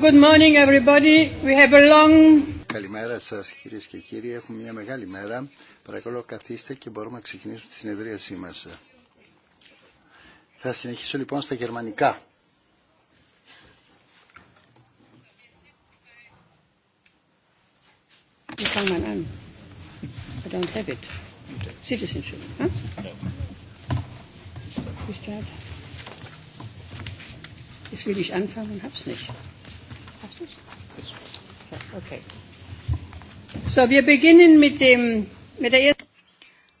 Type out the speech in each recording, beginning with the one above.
Good morning everybody. We have a long... Καλημέρα σα, κυρίε και κύριοι. Έχουμε μια μεγάλη μέρα. Παρακαλώ καθίστε και μπορούμε να ξεκινήσουμε τη συνεδρίασή μα. Θα συνεχίσω λοιπόν στα γερμανικά. Ich will dich anfangen, hab's nicht.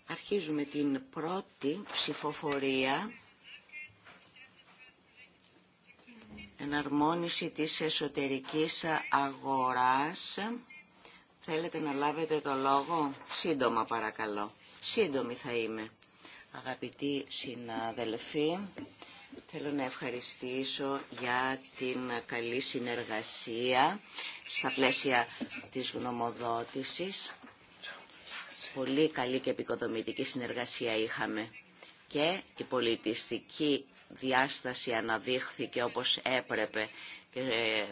Αρχίζουμε την πρώτη ψηφοφορία εναρμόνιση της εσωτερικής αγοράς. Θέλετε να λάβετε το λόγο. Σύντομα παρακαλώ. Σύντομη θα είμαι. Αγαπητοί συναδελφοί, Θέλω να ευχαριστήσω για την καλή συνεργασία στα πλαίσια της γνωμοδότησης. Πολύ καλή και επικοδομητική συνεργασία είχαμε. Και η πολιτιστική διάσταση αναδείχθηκε όπως έπρεπε και ε,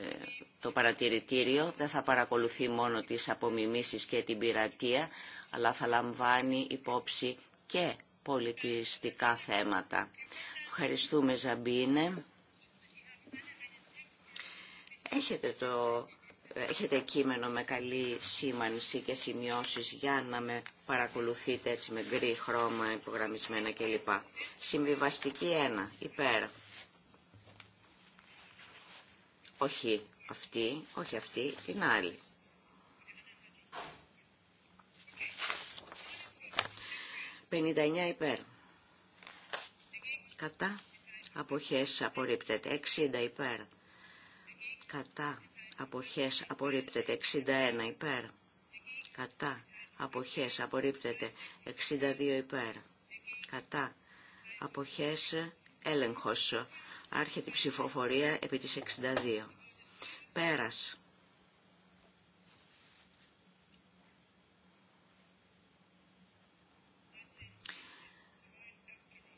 το παρατηρητήριο δεν θα παρακολουθεί μόνο τις απομιμήσεις και την πειρατεία, αλλά θα λαμβάνει υπόψη και πολιτιστικά θέματα. Ευχαριστούμε Ζαμπίνε. Έχετε το... Έχετε κείμενο με καλή σήμανση και σημειώσεις για να με παρακολουθείτε έτσι με γκρι χρώμα υπογραμμισμένα κλπ. Συμβιβαστική 1. Υπέρ. Όχι αυτή, όχι αυτή, την άλλη. Okay. υπέρ κατά αποχές απορρίπτεται 60 υπέρ κατά αποχές απορρίπτεται 61 υπέρ κατά αποχές απορρίπτεται 62 υπέρ κατά αποχές έλεγχος άρχεται ψηφοφορία επί της 62 πέρας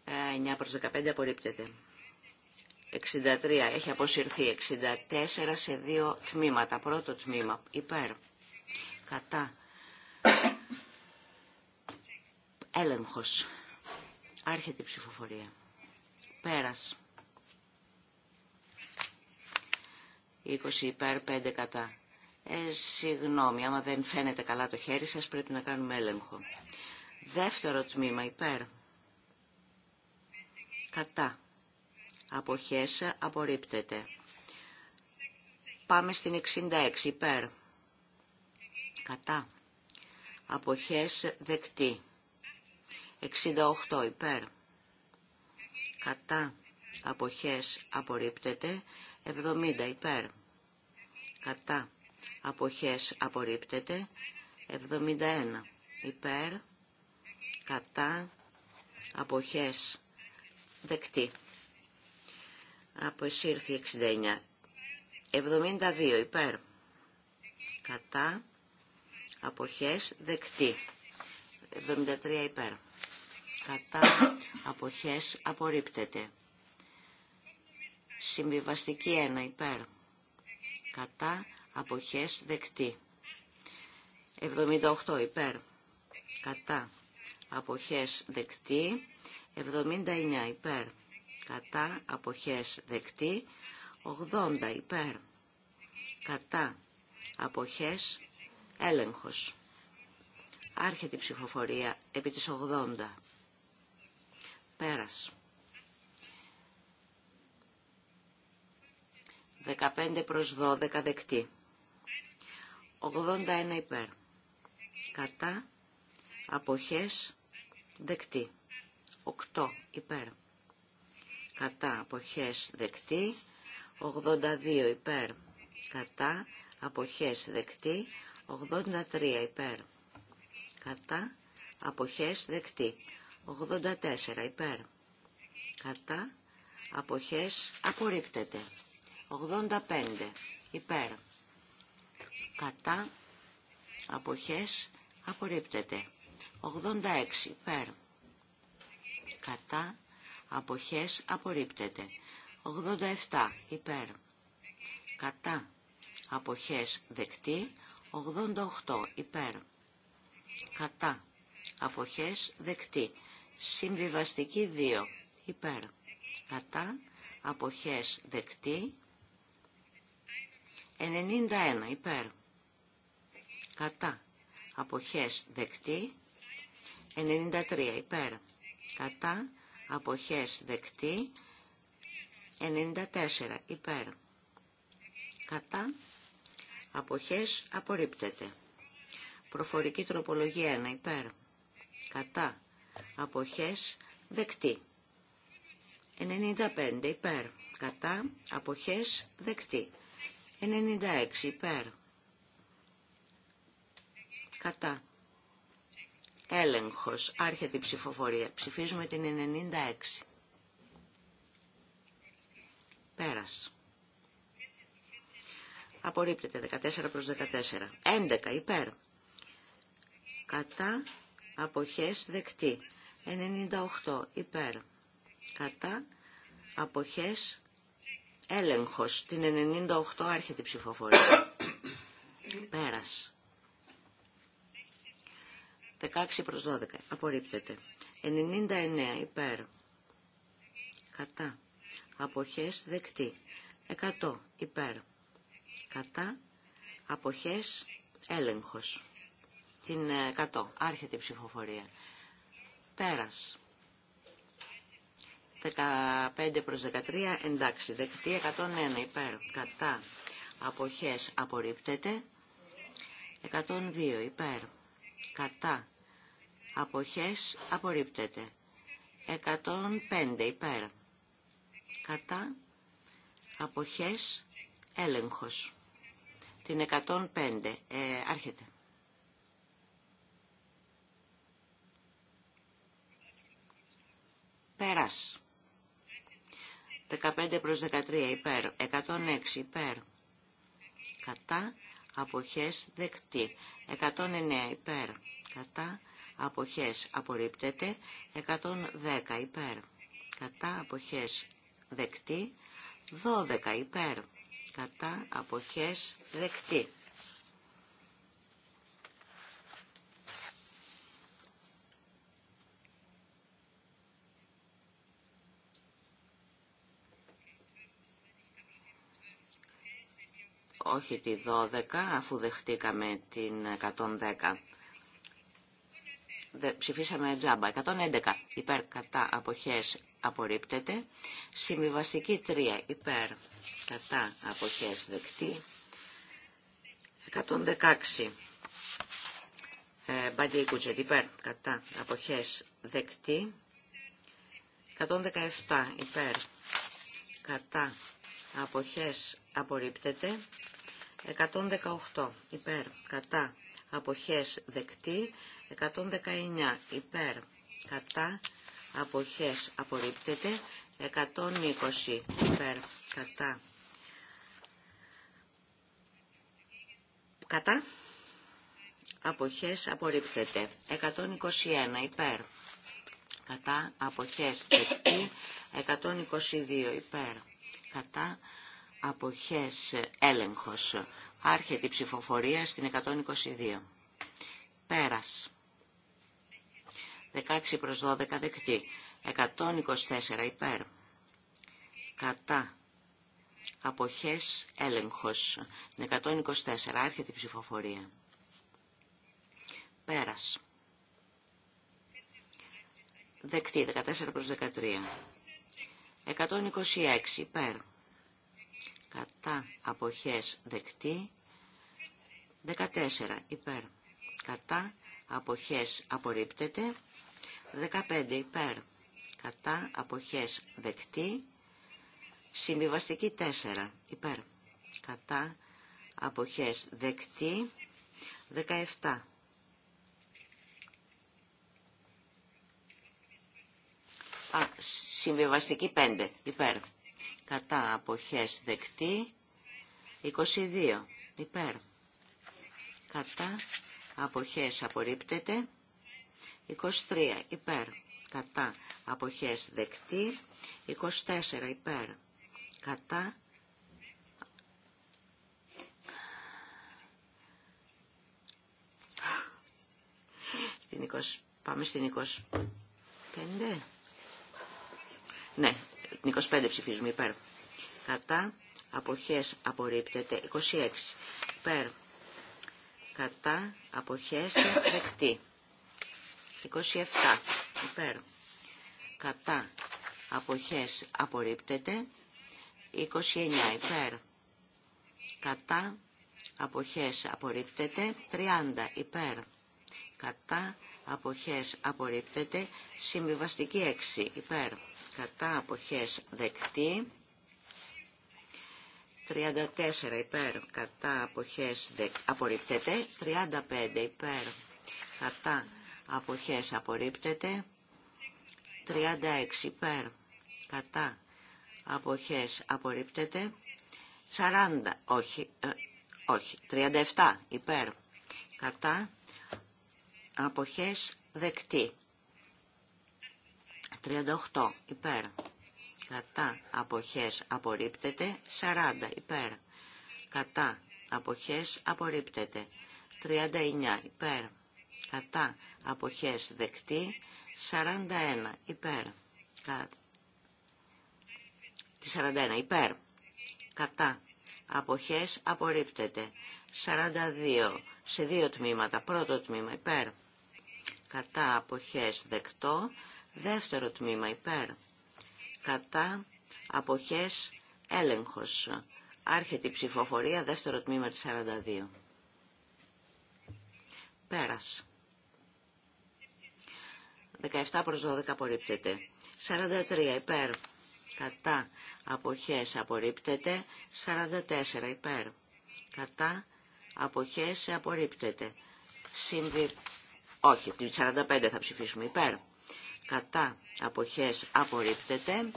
9 προς 15 απορρίπτεται. 63 έχει αποσυρθεί. 64 σε δύο τμήματα. Πρώτο τμήμα υπέρ. Κατά. Έλεγχος. Άρχεται η ψηφοφορία. Πέρας. 20 υπέρ, 5 κατά. Ε, συγγνώμη, άμα δεν φαίνεται καλά το χέρι σας πρέπει να κάνουμε έλεγχο. Δεύτερο τμήμα υπέρ κατά χέσα απορρίπτεται. Πάμε στην 66 υπέρ κατά αποχές δεκτή. 68 υπέρ κατά αποχές απορρίπτεται. 70 υπέρ κατά αποχές απορρίπτεται. 71 υπέρ κατά αποχές Δεκτή. Από ήρθε 69. 72 υπέρ. Κατά. Αποχές δεκτή. 73 υπέρ. Κατά. Αποχές απορρίπτεται. Συμβιβαστική 1 υπέρ. Κατά. Αποχές δεκτή. 78 υπέρ. Κατά. Αποχές δεκτή. 79 υπέρ κατά αποχές δεκτή 80 υπέρ κατά αποχές έλεγχος άρχεται η ψηφοφορία επί της 80 πέρας 15 προς 12 δεκτή 81 υπέρ κατά αποχές δεκτή 8 υπέρ. Κατά αποχές δεκτή. 82 υπέρ. Κατά αποχές δεκτή. 83 υπέρ. Κατά αποχές δεκτή. 84 υπέρ. Κατά αποχές απορρίπτεται. 85 υπέρ. Κατά αποχές απορρίπτεται. 86 υπέρ κατά αποχές απορρίπτεται. 87 υπέρ κατά αποχές δεκτή. 88 υπέρ κατά αποχές δεκτή. Συμβιβαστική 2 υπέρ κατά αποχές δεκτή. 91 υπέρ κατά αποχές δεκτή. 93 υπέρ κατά αποχές δεκτή 94 υπέρ κατά αποχές απορρίπτεται προφορική τροπολογία 1 υπέρ κατά αποχές δεκτή 95 υπέρ κατά αποχές δεκτή 96 υπέρ κατά Έλεγχος. Άρχεται η ψηφοφορία. Ψηφίζουμε την 96. Πέρας. Απορρίπτεται 14 προς 14. 11 υπέρ. Κατά αποχές δεκτή. 98 υπέρ. Κατά αποχές έλεγχος. Την 98 άρχεται η ψηφοφορία. Πέρας. 16 προς 12. Απορρίπτεται. 99 υπέρ. Κατά. Αποχές δεκτή. 100 υπέρ. Κατά. Αποχές έλεγχος. Την 100. Ε, Άρχεται η ψηφοφορία. Πέρας. 15 προς 13. Εντάξει. Δεκτή. 101 υπέρ. Κατά. Αποχές απορρίπτεται. 102 υπέρ κατά αποχές απορρίπτεται 105 υπέρ κατά αποχές έλεγχος την 105 ε, άρχεται πέρας 15 προς 13 υπέρ 106 υπέρ κατά αποχές δεκτή. 109 υπέρ κατά αποχές απορρίπτεται. 110 υπέρ κατά αποχές δεκτή. 12 υπέρ κατά αποχές δεκτή. όχι τη 12, αφού δεχτήκαμε την 110. Ψηφίσαμε τζάμπα. 111 υπέρ κατά αποχές απορρίπτεται. Συμβιβαστική 3 υπέρ κατά αποχές δεκτή. 116 Μπαντή Κούτζετ υπέρ κατά αποχές δεκτή. 117 υπέρ κατά αποχές απορρίπτεται. 118 υπέρ κατά αποχές δεκτή 119 υπέρ κατά αποχές απορρίπτεται 120 υπέρ κατά κατά αποχές απορρίπτεται 121 υπέρ κατά αποχές δεκτή 122 υπέρ κατά αποχές έλεγχος. Άρχεται η ψηφοφορία στην 122. Πέρας. 16 προς 12 δεκτή. 124 υπέρ. Κατά. Αποχές έλεγχος. 124. Άρχεται η ψηφοφορία. Πέρας. Δεκτή. 14 προς 13. 126 υπέρ κατά αποχές δεκτή 14 υπέρ κατά αποχές απορρίπτεται 15 υπέρ κατά αποχές δεκτή συμβιβαστική 4 υπέρ κατά αποχές δεκτή 17 Α, συμβιβαστική 5 υπέρ κατά αποχές δεκτή 22 υπέρ κατά αποχές απορρίπτεται 23 υπέρ κατά αποχές δεκτή 24 υπέρ κατά Πάμε στην 25. Ναι, 25 ψηφίζουμε υπέρ. Κατά αποχές απορρίπτεται 26 υπέρ. Κατά αποχές δεκτή. 27 υπέρ. Κατά αποχές απορρίπτεται 29 υπέρ. Κατά αποχές απορρίπτεται 30 υπέρ. Κατά αποχές απορρίπτεται συμβιβαστική 6 υπέρ κατά αποχές δεκτή 34 υπέρ κατά αποχές δεκ... απορρίπτεται 35 υπέρ κατά αποχές απορρίπτεται 36 υπέρ κατά αποχές απορρίπτεται 40 όχι, ε, όχι 37 υπέρ κατά αποχές δεκτή 38 υπέρ. Κατά αποχές απορρίπτεται. 40 υπέρ. Κατά αποχές απορρίπτεται. 39 υπέρ. Κατά αποχές δεκτή. 41 υπέρ. Κα... 41 υπέρ. Κατά αποχές απορρίπτεται. 42 σε δύο τμήματα. Πρώτο τμήμα υπέρ. Κατά αποχές δεκτό. Δεύτερο τμήμα υπέρ. Κατά αποχές έλεγχος. Άρχεται η ψηφοφορία, δεύτερο τμήμα της 42. Πέρας. 17 προς 12 απορρίπτεται. 43 υπέρ. Κατά αποχές απορρίπτεται. 44 υπέρ. Κατά αποχές απορρίπτεται. Συμβι... Όχι, την 45 θα ψηφίσουμε υπέρ κατά αποχές απορρίπτεται.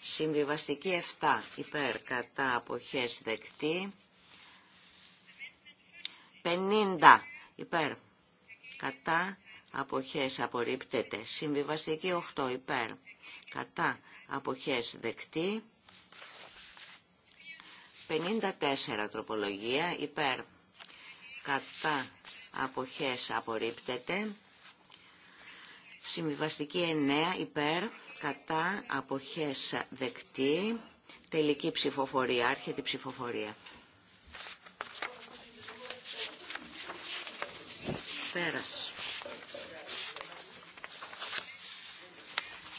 Συμβιβαστική 7 υπέρ κατά αποχές δεκτή. 50 υπέρ κατά αποχές απορρίπτεται. Συμβιβαστική 8 υπέρ κατά αποχές δεκτή. 54 τροπολογία υπέρ κατά αποχές απορρίπτεται. Συμβιβαστική 9 υπέρ, κατά, αποχές δεκτή, τελική ψηφοφορία, άρχεται η ψηφοφορία. Πέρας.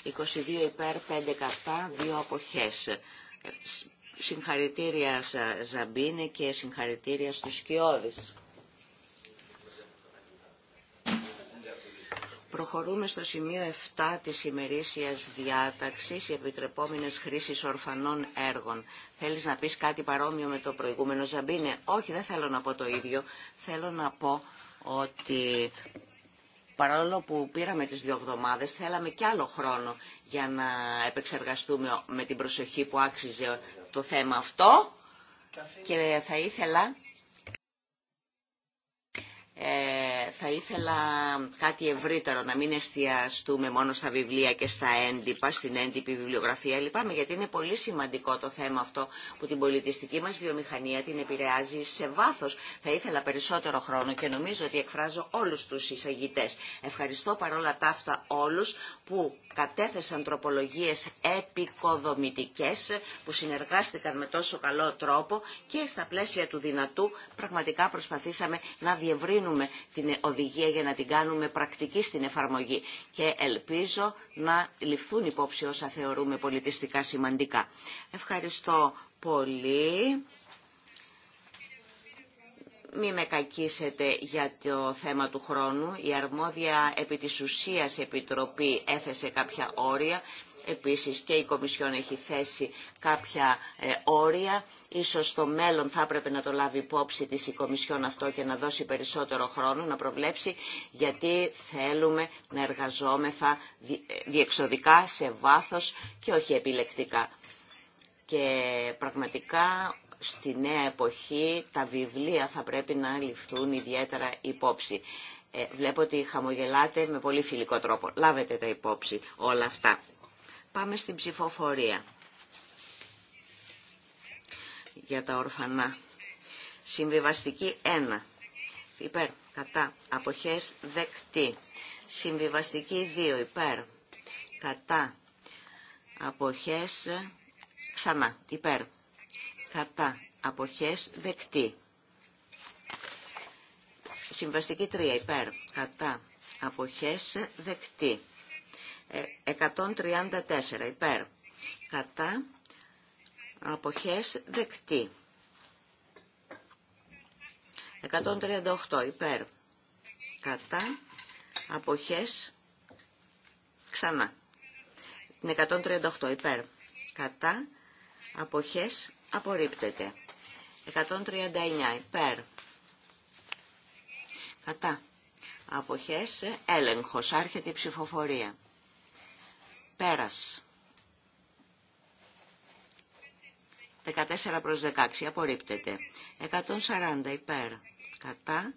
22 υπέρ, 5 κατά, 2 αποχές. Ε, συγχαρητήρια Ζαμπίνε και συγχαρητήρια στους Σκιώδης. Προχωρούμε στο σημείο 7 της ημερήσιας διάταξης, οι επιτρεπόμενες χρήσεις ορφανών έργων. Θέλεις να πεις κάτι παρόμοιο με το προηγούμενο Ζαμπίνε. Όχι, δεν θέλω να πω το ίδιο. Θέλω να πω ότι παρόλο που πήραμε τις δύο εβδομάδες, θέλαμε κι άλλο χρόνο για να επεξεργαστούμε με την προσοχή που άξιζε το θέμα αυτό. Και θα ήθελα ε, θα ήθελα κάτι ευρύτερο, να μην εστιαστούμε μόνο στα βιβλία και στα έντυπα, στην έντυπη βιβλιογραφία. Λυπάμαι γιατί είναι πολύ σημαντικό το θέμα αυτό που την πολιτιστική μας βιομηχανία την επηρεάζει σε βάθος. Θα ήθελα περισσότερο χρόνο και νομίζω ότι εκφράζω όλους τους εισαγητές. Ευχαριστώ παρόλα τα αυτά όλους που κατέθεσαν τροπολογίες επικοδομητικές που συνεργάστηκαν με τόσο καλό τρόπο και στα πλαίσια του δυνατού πραγματικά προσπαθήσαμε να διευρύνουμε κάνουμε την οδηγία για να την κάνουμε πρακτική στην εφαρμογή και ελπίζω να ληφθούν υπόψη όσα θεωρούμε πολιτιστικά σημαντικά. Ευχαριστώ πολύ. Μη με κακίσετε για το θέμα του χρόνου. Η αρμόδια επί της ουσίας επιτροπή έθεσε κάποια όρια. Επίσης και η Κομισιόν έχει θέσει κάποια ε, όρια. Ίσως στο μέλλον θα έπρεπε να το λάβει υπόψη της η Κομισιόν αυτό και να δώσει περισσότερο χρόνο να προβλέψει γιατί θέλουμε να εργαζόμεθα ε, διεξοδικά σε βάθος και όχι επιλεκτικά. Και πραγματικά στη νέα εποχή τα βιβλία θα πρέπει να ληφθούν ιδιαίτερα υπόψη. Ε, βλέπω ότι χαμογελάτε με πολύ φιλικό τρόπο. Λάβετε τα υπόψη όλα αυτά. Πάμε στην ψηφοφορία για τα ορφανά. Συμβιβαστική 1. Υπέρ. Κατά. Αποχές δεκτή. Συμβιβαστική 2. Υπέρ. Κατά. Αποχές ε, ξανά. Υπέρ. Κατά. Αποχές δεκτή. Συμβαστική 3. Υπέρ. Κατά. Αποχές δεκτή. 134 υπέρ. Κατά αποχές δεκτή. 138 υπέρ. Κατά αποχές ξανά. 138 υπέρ. Κατά αποχές απορρίπτεται. 139 υπέρ. Κατά. Αποχές έλεγχος. Άρχεται η ψηφοφορία. Πέρας. 14 προς 16 απορρίπτεται. 140 υπέρ. Κατά.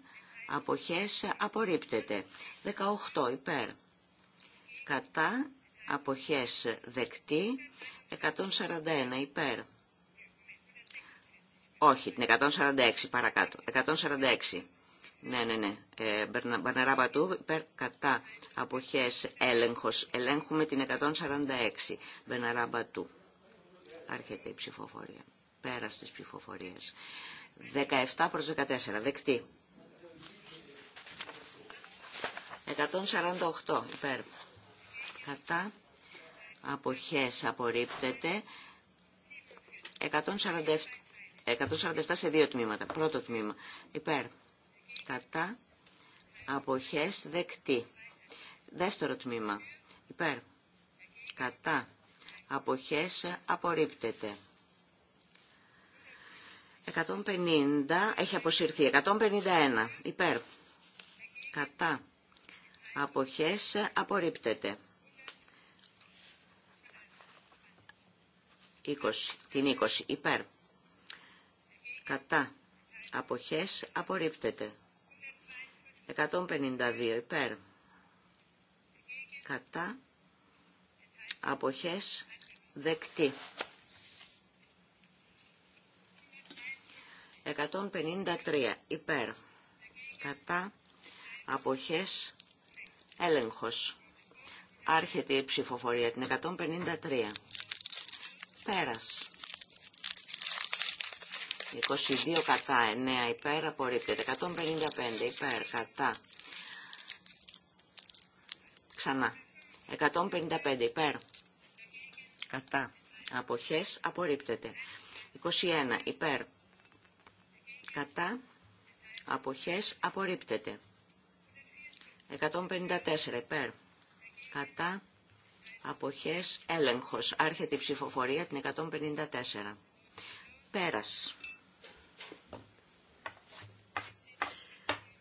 Αποχές απορρίπτεται. 18 υπέρ. Κατά. Αποχές δεκτή. 141 υπέρ. Όχι, την 146 παρακάτω. 146 ναι, ναι, ναι. Ε, του, υπέρ κατά αποχές έλεγχος. Ελέγχουμε την 146. Μπαρναράμπα του. Άρχεται η ψηφοφορία. Πέρα στις ψηφοφορίες. 17 προς 14. Δεκτή. 148. Υπέρ. Κατά αποχές απορρίπτεται. 147, 147 σε δύο τμήματα. Πρώτο τμήμα. Υπέρ κατά αποχές δεκτή. Δεύτερο τμήμα. Υπέρ. Κατά. Αποχές απορρίπτεται. 150. Έχει αποσυρθεί. 151. Υπέρ. Κατά. Αποχές απορρίπτεται. 20. Την 20. Υπέρ. Κατά. Αποχές απορρίπτεται. 152 υπέρ. Κατά αποχές δεκτή. 153 υπέρ. Κατά αποχές έλεγχος. Άρχεται η ψηφοφορία την 153. Πέρας. 22 κατά, 9 υπέρ, απορρίπτεται. 155 υπέρ, κατά. Ξανά. 155 υπέρ, κατά. Αποχές, απορρίπτεται. 21 υπέρ, κατά. Αποχές, απορρίπτεται. 154 υπέρ, κατά. Αποχές, έλεγχος. Άρχεται η ψηφοφορία την 154. Πέρας.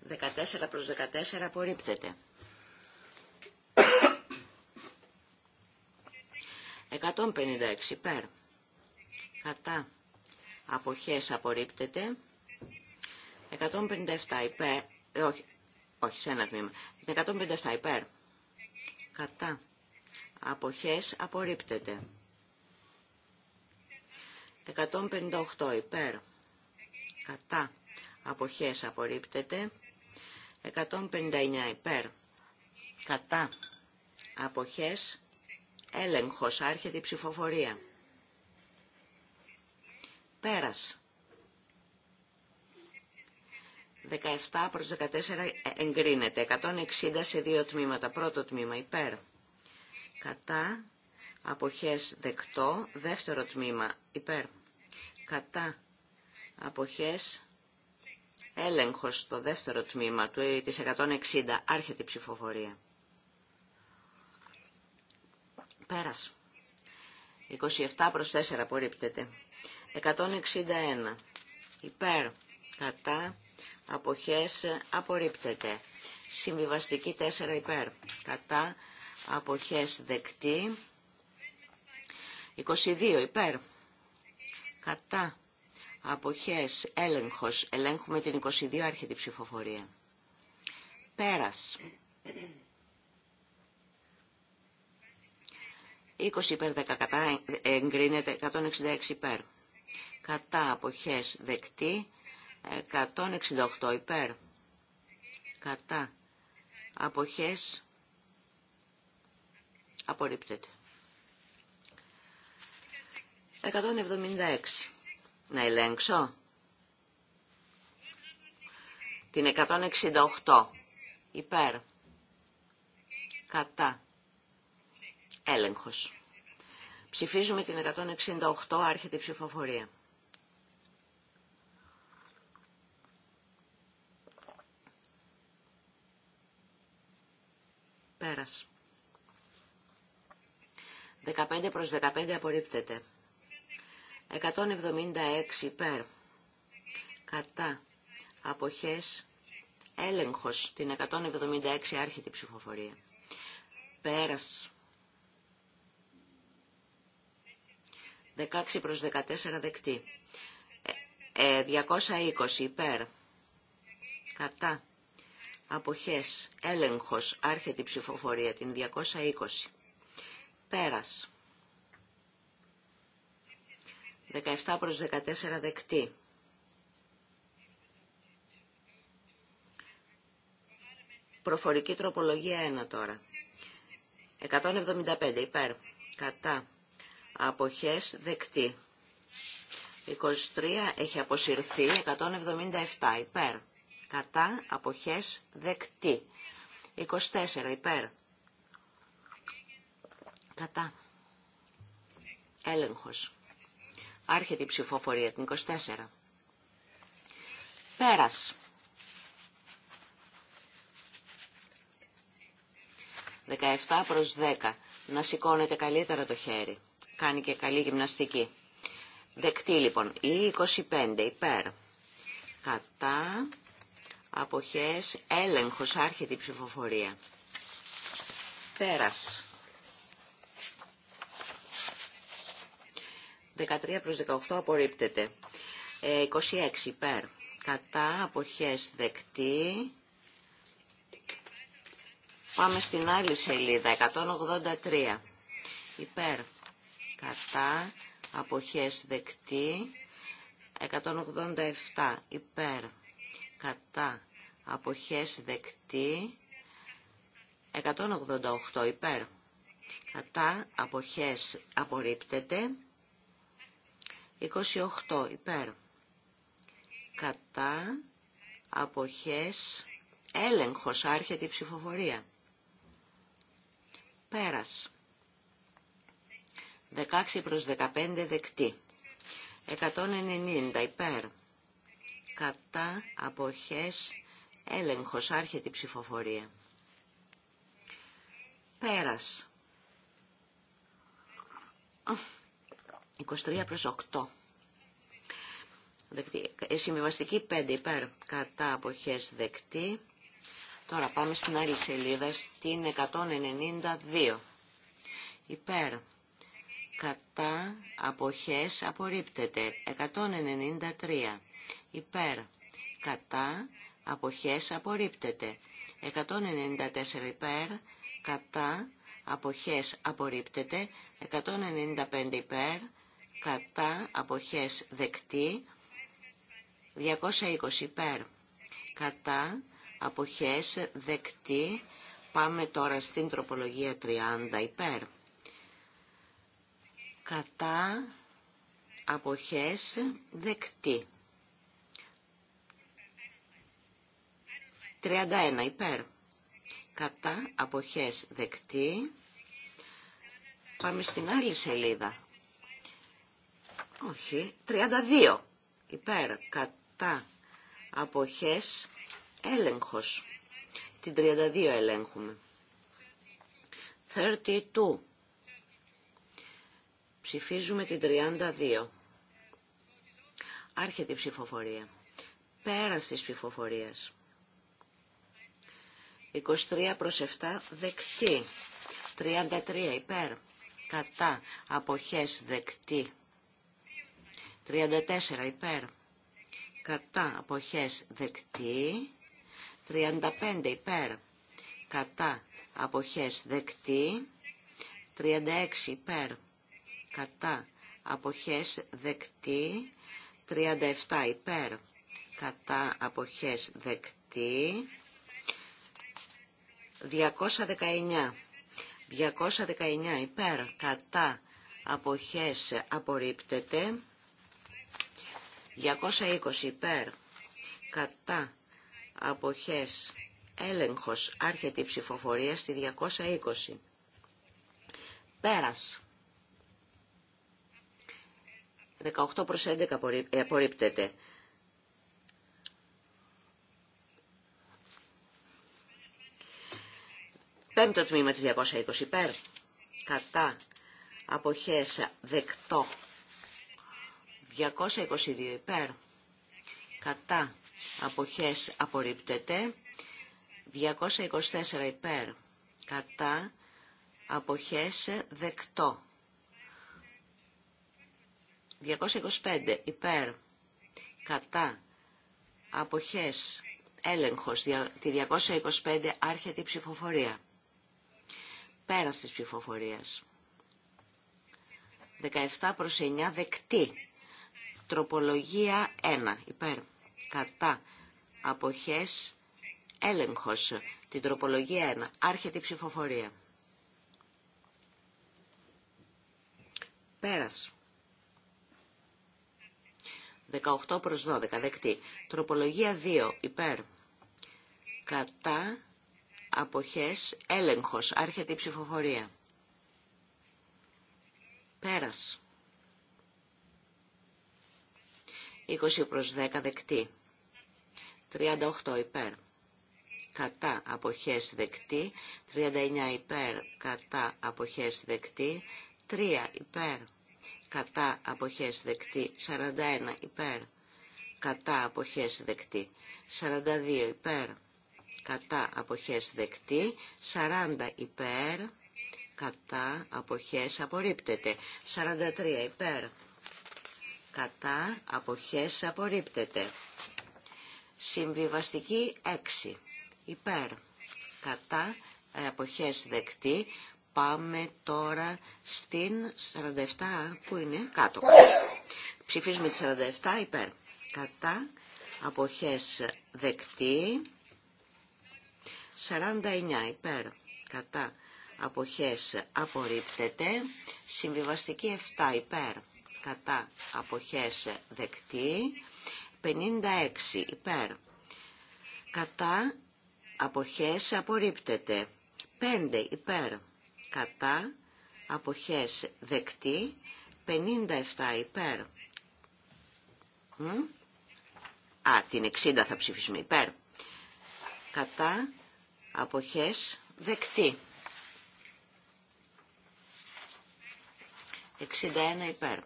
14 προς 14 απορρίπτεται. 156 υπέρ. Κατά. Αποχές απορρίπτεται. 157 υπέρ. Ε, όχι, όχι, σε ένα τμήμα. 157 υπέρ. Κατά. Αποχές απορρίπτεται. 158 υπέρ. Κατά. Αποχές απορρίπτεται. 159 υπέρ. Κατά. Αποχές. Έλεγχος. Άρχεται η ψηφοφορία. Πέρας. 17 προς 14 εγκρίνεται. 160 σε δύο τμήματα. Πρώτο τμήμα υπέρ. Κατά. Αποχές δεκτό. Δεύτερο τμήμα υπέρ. Κατά. Αποχές Έλεγχος στο δεύτερο τμήμα του ε, της 160. Άρχεται η ψηφοφορία. Πέρας. 27 προς 4 απορρίπτεται. 161. Υπέρ. Κατά. Αποχές απορρίπτεται. Συμβιβαστική 4 υπέρ. Κατά. Αποχές δεκτή. 22 υπέρ. Κατά. Αποχές, έλεγχος, ελέγχουμε την 22 άρχητη ψηφοφορία. Πέρας. 20 υπέρ 10 κατά εγκρίνεται 166 υπέρ. Κατά αποχές δεκτή 168 υπέρ. Κατά αποχές απορρίπτεται. 176 να ελέγξω. Την 168. Υπέρ. Κατά. Έλεγχος. Ψηφίζουμε την 168. Άρχεται η ψηφοφορία. Πέρας. 15 προς 15 απορρίπτεται. 176 υπέρ. Κατά. Αποχές. Έλεγχος. Την 176 άρχιτη ψηφοφορία. Πέρας. 16 προς 14 δεκτή. 220 ε, ε, υπέρ. Κατά. Αποχές. Έλεγχος. Άρχεται η ψηφοφορία. Την 220. Πέρας. 17 προς 14 δεκτή. Προφορική τροπολογία 1 τώρα. 175 υπέρ. Κατά. Αποχές δεκτή. 23 έχει αποσυρθεί. 177 υπέρ. Κατά. Αποχές δεκτή. 24 υπέρ. Κατά. Έλεγχος. Άρχεται η ψηφοφορία την 24. Πέρας. 17 προς 10. Να σηκώνετε καλύτερα το χέρι. Κάνει και καλή γυμναστική. Δεκτή λοιπόν. Ή 25 υπέρ. Κατά αποχές έλεγχος άρχεται η ψηφοφορία. Πέρας. 13 προς 18 απορρίπτεται. 26 ε, υπέρ. Κατά αποχές δεκτή. Πάμε στην άλλη σελίδα. 183 υπέρ. Κατά αποχές δεκτή. 187 υπέρ. Κατά αποχές δεκτή. 188 υπέρ. Κατά αποχές απορρίπτεται. 28 υπέρ. Κατά αποχές έλεγχος άρχεται η ψηφοφορία. Πέρας. 16 προς 15 δεκτή. 190 υπέρ. Κατά αποχές έλεγχος άρχεται η ψηφοφορία. Πέρας. 23 προς 8. Δεκτή. Ε, συμβιβαστική 5 υπέρ κατά αποχές δεκτή. Τώρα πάμε στην άλλη σελίδα, στην 192. Υπέρ κατά αποχές απορρίπτεται. 193. Υπέρ κατά αποχές απορρίπτεται. 194 υπέρ κατά αποχές απορρίπτεται. 195 υπέρ κατά αποχές δεκτή 220 υπέρ κατά αποχές δεκτή πάμε τώρα στην τροπολογία 30 υπέρ κατά αποχές δεκτή 31 υπέρ κατά αποχές δεκτή πάμε στην άλλη σελίδα όχι, 32 υπέρ κατά αποχές έλεγχος. Την 32 ελέγχουμε. 32. Ψηφίζουμε την 32. Άρχεται η ψηφοφορία. Πέρας της ψηφοφορίας. 23 προς 7 δεκτή. 33 υπέρ. Κατά. Αποχές δεκτή. 34 υπέρ κατά αποχές δεκτή. 35 υπέρ κατά αποχές δεκτή. 36 υπέρ κατά αποχές δεκτή. 37 υπέρ κατά αποχές δεκτή. 219. 219 υπέρ κατά αποχές απορρίπτεται. 220 υπέρ κατά αποχές έλεγχος άρχεται η ψηφοφορία στη 220. Πέρας. 18 προς 11 απορριπτεται ε, Πέμπτο τμήμα της 220 υπέρ. Κατά αποχές δεκτό. 222 υπέρ κατά αποχές απορρίπτεται 224 υπέρ κατά αποχές δεκτό 225 υπέρ κατά αποχές έλεγχος τη 225 άρχεται η ψηφοφορία πέρας της ψηφοφορίας 17 προς 9 δεκτή Τροπολογία 1. Υπέρ. Κατά. Αποχές. Έλεγχος. Την τροπολογία 1. Άρχεται η ψηφοφορία. Πέρας. 18 προς 12. Δεκτή. Τροπολογία 2. Υπέρ. Κατά. Αποχές. Έλεγχος. Άρχεται η ψηφοφορία. Πέρας. 20 προς 10 δεκτή. 38 υπέρ. Κατά αποχές δεκτή. 39 υπέρ. Κατά αποχές δεκτή. 3 υπέρ. Κατά αποχές δεκτή. 41 υπέρ. Κατά αποχές δεκτή. 42 υπέρ. Κατά αποχές δεκτή. 40 υπέρ. Κατά αποχές απορρίπτεται. 43 υπέρ κατά αποχές απορρίπτεται. Συμβιβαστική 6 υπέρ κατά αποχές δεκτή. Πάμε τώρα στην 47 που είναι κάτω. Ψηφίζουμε τη 47 υπέρ κατά αποχές δεκτή. 49 υπέρ κατά αποχές απορρίπτεται. Συμβιβαστική 7 υπέρ κατά αποχές δεκτή 56 υπέρ κατά αποχές απορρίπτεται 5 υπέρ κατά αποχές δεκτή 57 υπέρ Α, την 60 θα ψηφίσουμε υπέρ κατά αποχές δεκτή 61 υπέρ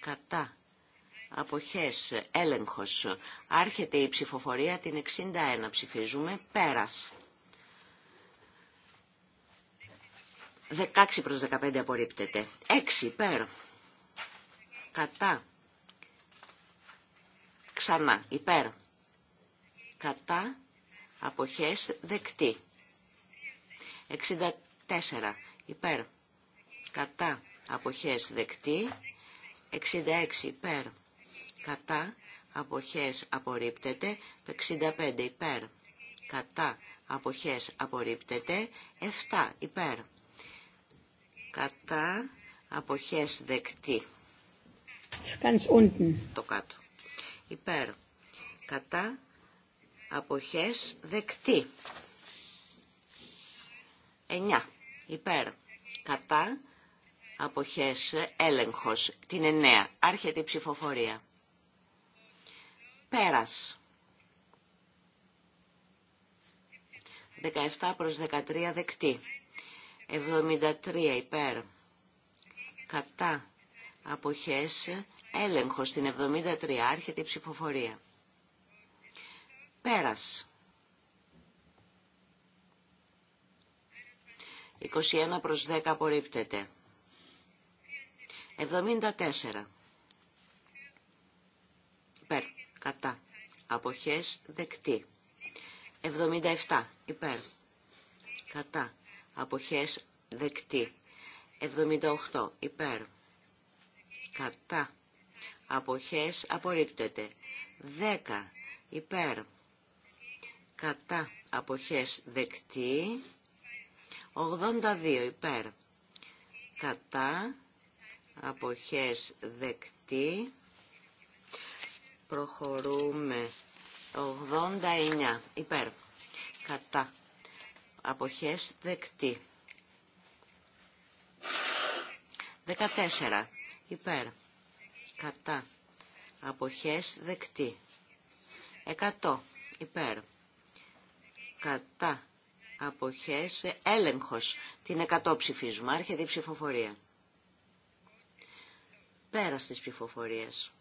κατά αποχές έλεγχος άρχεται η ψηφοφορία την 61 ψηφίζουμε πέρας 16 προς 15 απορρίπτεται 6 υπέρ κατά ξανά υπέρ κατά αποχές δεκτή 64 υπέρ κατά αποχές δεκτή 66 υπέρ κατά αποχές απορρίπτεται 65 υπέρ κατά αποχές απορρίπτεται 7 υπέρ κατά αποχές δεκτή το κάτω υπέρ κατά αποχές δεκτή 9 υπέρ κατά αποχές, έλεγχος, την 9, άρχεται η ψηφοφορία. Πέρας. 17 προς 13 δεκτή. 73 υπέρ. Κατά. Αποχές. Έλεγχος Την 73. Άρχεται η ψηφοφορία. Πέρας. 21 προς 10 απορρίπτεται. 74. Υπέρ. Κατά. Αποχές δεκτή. 77. Υπέρ. Κατά. Αποχές δεκτή. 78. Υπέρ. Κατά. Αποχές απορρίπτεται. 10. Υπέρ. Κατά. Αποχές δεκτή. 82. Υπέρ. Κατά αποχές δεκτή. Προχωρούμε 89 υπέρ κατά αποχές δεκτή. 14 υπέρ κατά αποχές δεκτή. 100 υπέρ κατά αποχές έλεγχος. Την 100 ψηφίζουμε. Άρχεται η ψηφοφορία. Πέρας της ψηφοφορίας.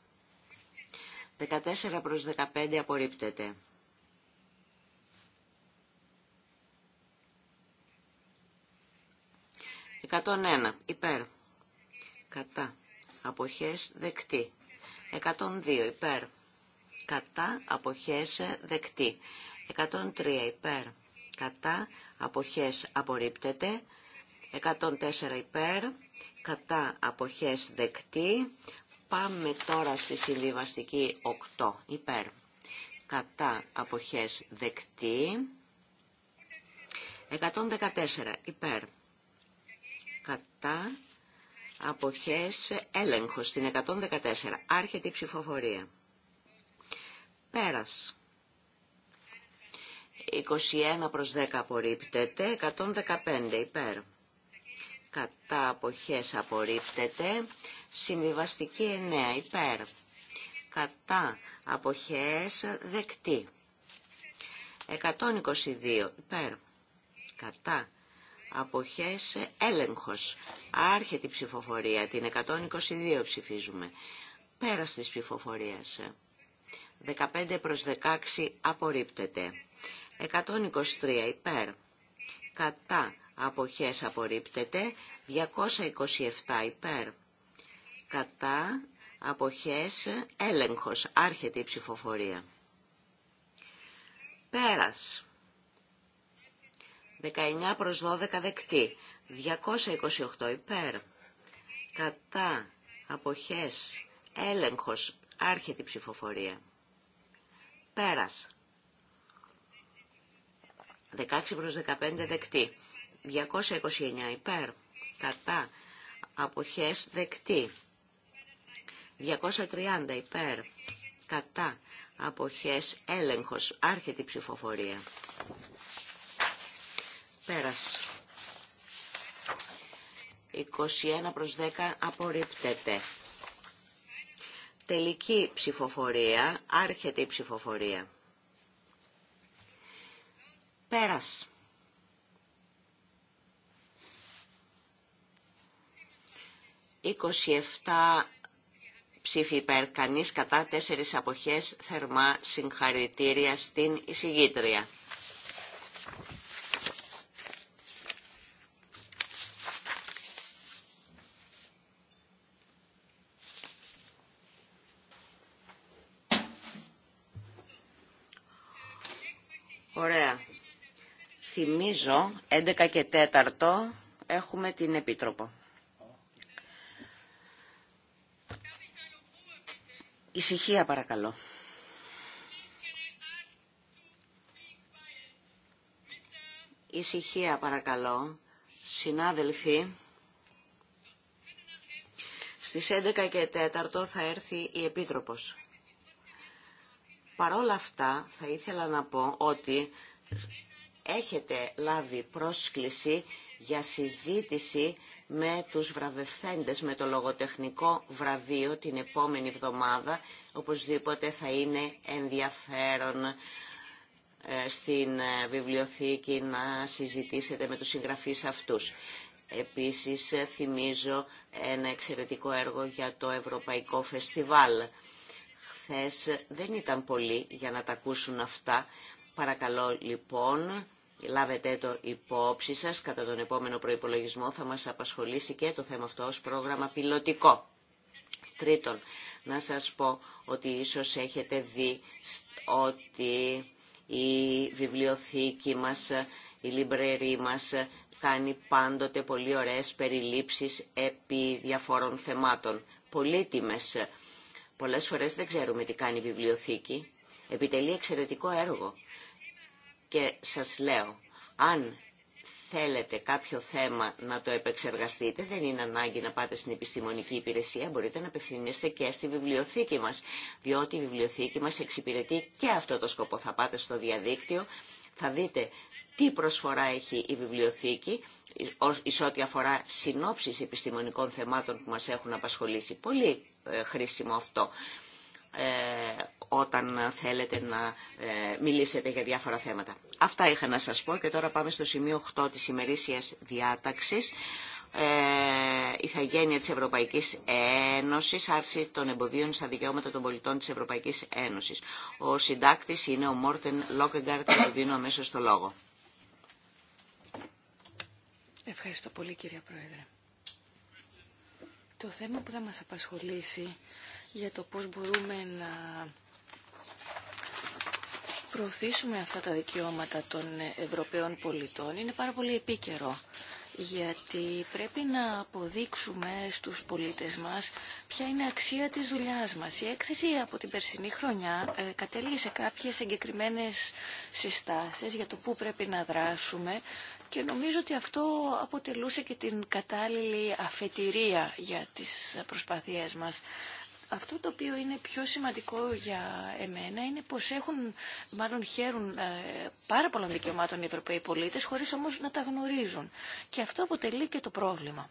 14 προς 15 απορρίπτεται. 101 υπέρ. Κατά. Αποχές δεκτή. 102 υπέρ. Κατά. Αποχές δεκτή. 103 υπέρ. Κατά. Αποχές απορρίπτεται. 104 υπέρ κατά αποχές δεκτή. Πάμε τώρα στη συμβιβαστική 8 υπέρ κατά αποχές δεκτή. 114 υπέρ κατά αποχές έλεγχος στην 114. Άρχεται η ψηφοφορία. Πέρας. 21 προς 10 απορρίπτεται, 115 υπέρ κατά αποχές απορρίπτεται, συμβιβαστική 9 υπέρ, κατά αποχές δεκτή, 122 υπέρ, κατά αποχές έλεγχος, άρχεται η ψηφοφορία, την 122 ψηφίζουμε, πέρας της ψηφοφορίας, 15 προς 16 απορρίπτεται, 123 υπέρ, κατά αποχές απορρίπτεται 227 υπέρ κατά αποχές έλεγχος άρχεται η ψηφοφορία πέρας 19 προς 12 δεκτή 228 υπέρ κατά αποχές έλεγχος άρχεται η ψηφοφορία πέρας 16 προς 15 δεκτή 229 υπέρ, κατά, αποχές δεκτή. 230 υπέρ, κατά, αποχές έλεγχος, άρχεται η ψηφοφορία. Πέρας. 21 προς 10 απορρίπτεται. Τελική ψηφοφορία, άρχεται η ψηφοφορία. Πέρας. 27 ψήφοι υπέρ, κανείς κατά τέσσερις αποχές, θερμά συγχαρητήρια στην εισηγήτρια. Ωραία. Θυμίζω, 11 και 4 έχουμε την Επίτροπο. Ησυχία παρακαλώ. Ησυχία παρακαλώ. Συνάδελφοι, στις 11 και 4 θα έρθει η Επίτροπος. Παρόλα αυτά θα ήθελα να πω ότι έχετε λάβει πρόσκληση για συζήτηση με τους βραβευθέντες με το λογοτεχνικό βραβείο την επόμενη εβδομάδα. Οπωσδήποτε θα είναι ενδιαφέρον ε, στην ε, βιβλιοθήκη να συζητήσετε με τους συγγραφείς αυτούς. Επίσης ε, θυμίζω ένα εξαιρετικό έργο για το Ευρωπαϊκό Φεστιβάλ. Χθες δεν ήταν πολύ για να τα ακούσουν αυτά. Παρακαλώ λοιπόν Λάβετε το υπόψη σας, κατά τον επόμενο προϋπολογισμό θα μας απασχολήσει και το θέμα αυτό ως πρόγραμμα πιλωτικό. Τρίτον, να σας πω ότι ίσως έχετε δει ότι η βιβλιοθήκη μας, η λιμπρερή μας κάνει πάντοτε πολύ ωραίες περιλήψεις επί διαφόρων θεμάτων. Πολύτιμες. Πολλές φορές δεν ξέρουμε τι κάνει η βιβλιοθήκη. Επιτελεί εξαιρετικό έργο. Και σας λέω, αν θέλετε κάποιο θέμα να το επεξεργαστείτε, δεν είναι ανάγκη να πάτε στην επιστημονική υπηρεσία, μπορείτε να απευθυνίσετε και στη βιβλιοθήκη μας, διότι η βιβλιοθήκη μας εξυπηρετεί και αυτό το σκοπό. Θα πάτε στο διαδίκτυο, θα δείτε τι προσφορά έχει η βιβλιοθήκη, εις ό,τι αφορά συνόψεις επιστημονικών θεμάτων που μας έχουν απασχολήσει. Πολύ ε, χρήσιμο αυτό. Ε, όταν θέλετε να ε, μιλήσετε για διάφορα θέματα. Αυτά είχα να σας πω και τώρα πάμε στο σημείο 8 της ημερήσιας διάταξης. Ε, θαγένεια της Ευρωπαϊκής Ένωσης, άρση των εμποδίων στα δικαιώματα των πολιτών της Ευρωπαϊκής Ένωσης. Ο συντάκτης είναι ο Μόρτεν Λόκεγκαρτ και του δίνω αμέσως το λόγο. Ευχαριστώ πολύ κυρία Πρόεδρε. Το θέμα που θα μας απασχολήσει για το πώς μπορούμε να προωθήσουμε αυτά τα δικαιώματα των Ευρωπαίων πολιτών είναι πάρα πολύ επίκαιρο γιατί πρέπει να αποδείξουμε στους πολίτες μας ποια είναι η αξία της δουλειάς μας. Η έκθεση από την περσινή χρονιά ε, κατέληγε σε κάποιες συγκεκριμένες συστάσεις για το πού πρέπει να δράσουμε και νομίζω ότι αυτό αποτελούσε και την κατάλληλη αφετηρία για τις προσπαθίες μας. Αυτό το οποίο είναι πιο σημαντικό για εμένα είναι πως έχουν, μάλλον χαίρουν ε, πάρα πολλών δικαιωμάτων οι Ευρωπαίοι πολίτες, χωρίς όμως να τα γνωρίζουν. Και αυτό αποτελεί και το πρόβλημα.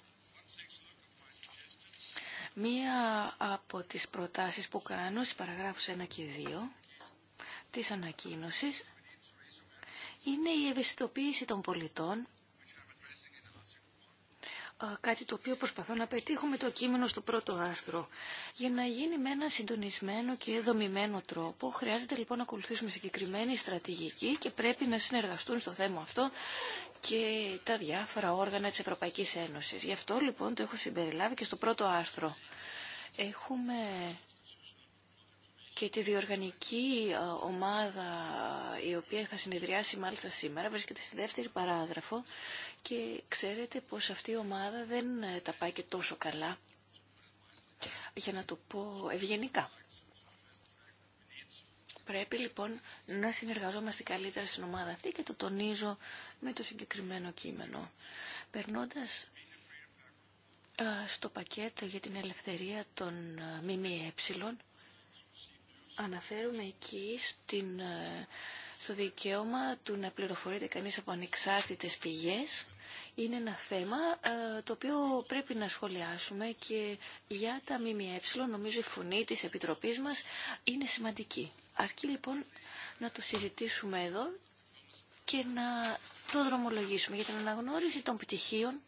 Μία από τις προτάσεις που κάνω στις παραγράφους 1 και 2 της ανακοίνωσης είναι η ευαισθητοποίηση των πολιτών κάτι το οποίο προσπαθώ να πετύχω με το κείμενο στο πρώτο άρθρο. Για να γίνει με ένα συντονισμένο και δομημένο τρόπο, χρειάζεται λοιπόν να ακολουθήσουμε συγκεκριμένη στρατηγική και πρέπει να συνεργαστούν στο θέμα αυτό και τα διάφορα όργανα της Ευρωπαϊκής Ένωσης. Γι' αυτό λοιπόν το έχω συμπεριλάβει και στο πρώτο άρθρο. Έχουμε και τη διοργανική ε, ομάδα η οποία θα συνεδριάσει μάλιστα σήμερα βρίσκεται στη δεύτερη παράγραφο και ξέρετε πως αυτή η ομάδα δεν ε, τα πάει και τόσο καλά για να το πω ευγενικά. Πρέπει λοιπόν να συνεργαζόμαστε καλύτερα στην ομάδα αυτή και το τονίζω με το συγκεκριμένο κείμενο. Περνώντας ε, στο πακέτο για την ελευθερία των ΜΜΕ Αναφέρουμε εκεί στην, ε, στο δικαίωμα του να πληροφορείται κανείς από ανεξάρτητες πηγές. Είναι ένα θέμα ε, το οποίο πρέπει να σχολιάσουμε και για τα ΜΜΕ νομίζω η φωνή της Επιτροπής μας είναι σημαντική. Αρκεί λοιπόν να το συζητήσουμε εδώ και να το δρομολογήσουμε για την αναγνώριση των πτυχίων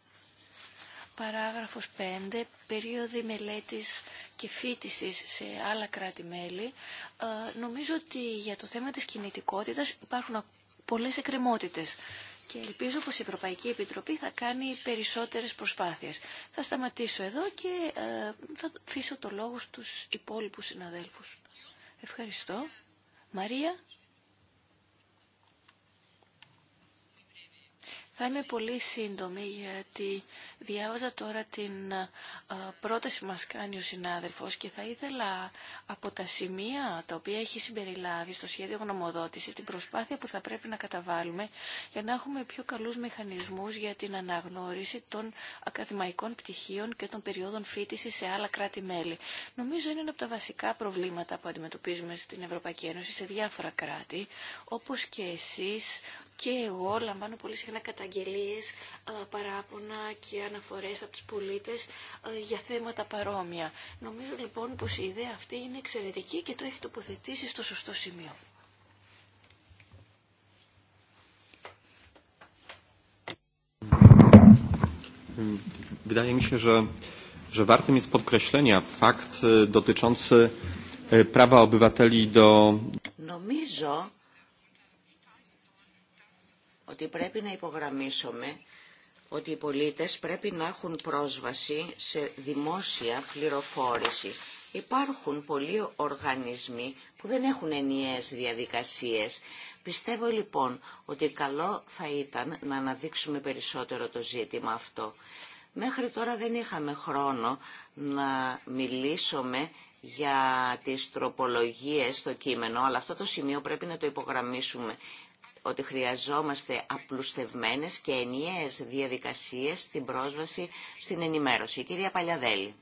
Παράγραφος 5. Περίοδη μελέτης και φίτησης σε άλλα κράτη-μέλη. Ε, νομίζω ότι για το θέμα της κινητικότητας υπάρχουν πολλές εκκρεμότητες και ελπίζω πως η Ευρωπαϊκή Επιτροπή θα κάνει περισσότερες προσπάθειες. Θα σταματήσω εδώ και ε, θα αφήσω το λόγο στους υπόλοιπους συναδέλφους. Ευχαριστώ. Μαρία Θα είμαι πολύ σύντομη γιατί διάβαζα τώρα την ε, πρόταση που μας κάνει ο συνάδελφος και θα ήθελα από τα σημεία τα οποία έχει συμπεριλάβει στο σχέδιο γνωμοδότησης την προσπάθεια που θα πρέπει να καταβάλουμε για να έχουμε πιο καλούς μηχανισμούς για την αναγνώριση των ακαδημαϊκών πτυχίων και των περιόδων φίτηση σε άλλα κράτη-μέλη. Νομίζω είναι ένα από τα βασικά προβλήματα που αντιμετωπίζουμε στην Ευρωπαϊκή Ένωση σε διάφορα κράτη, όπως και εσείς και εγώ λαμβάνω πολύ συχνά καταγγελίες, ε, παράπονα και αναφορές από τους πολίτες ε, για θέματα παρόμοια. Νομίζω λοιπόν πως η ιδέα αυτή είναι εξαιρετική και το έχει τοποθετήσει στο σωστό σημείο. Wydaje mi się, że, że wartym jest podkreślenia fakt e, dotyczący e, prawa obywateli do... Νομίζω ότι πρέπει να υπογραμμίσουμε ότι οι πολίτες πρέπει να έχουν πρόσβαση σε δημόσια πληροφόρηση. Υπάρχουν πολλοί οργανισμοί που δεν έχουν ενιαίες διαδικασίες. Πιστεύω λοιπόν ότι καλό θα ήταν να αναδείξουμε περισσότερο το ζήτημα αυτό. Μέχρι τώρα δεν είχαμε χρόνο να μιλήσουμε για τις τροπολογίες στο κείμενο, αλλά αυτό το σημείο πρέπει να το υπογραμμίσουμε ότι χρειαζόμαστε απλουστευμένες και ενιαίες διαδικασίες στην πρόσβαση στην ενημέρωση. κυρία Παλιαδέλη.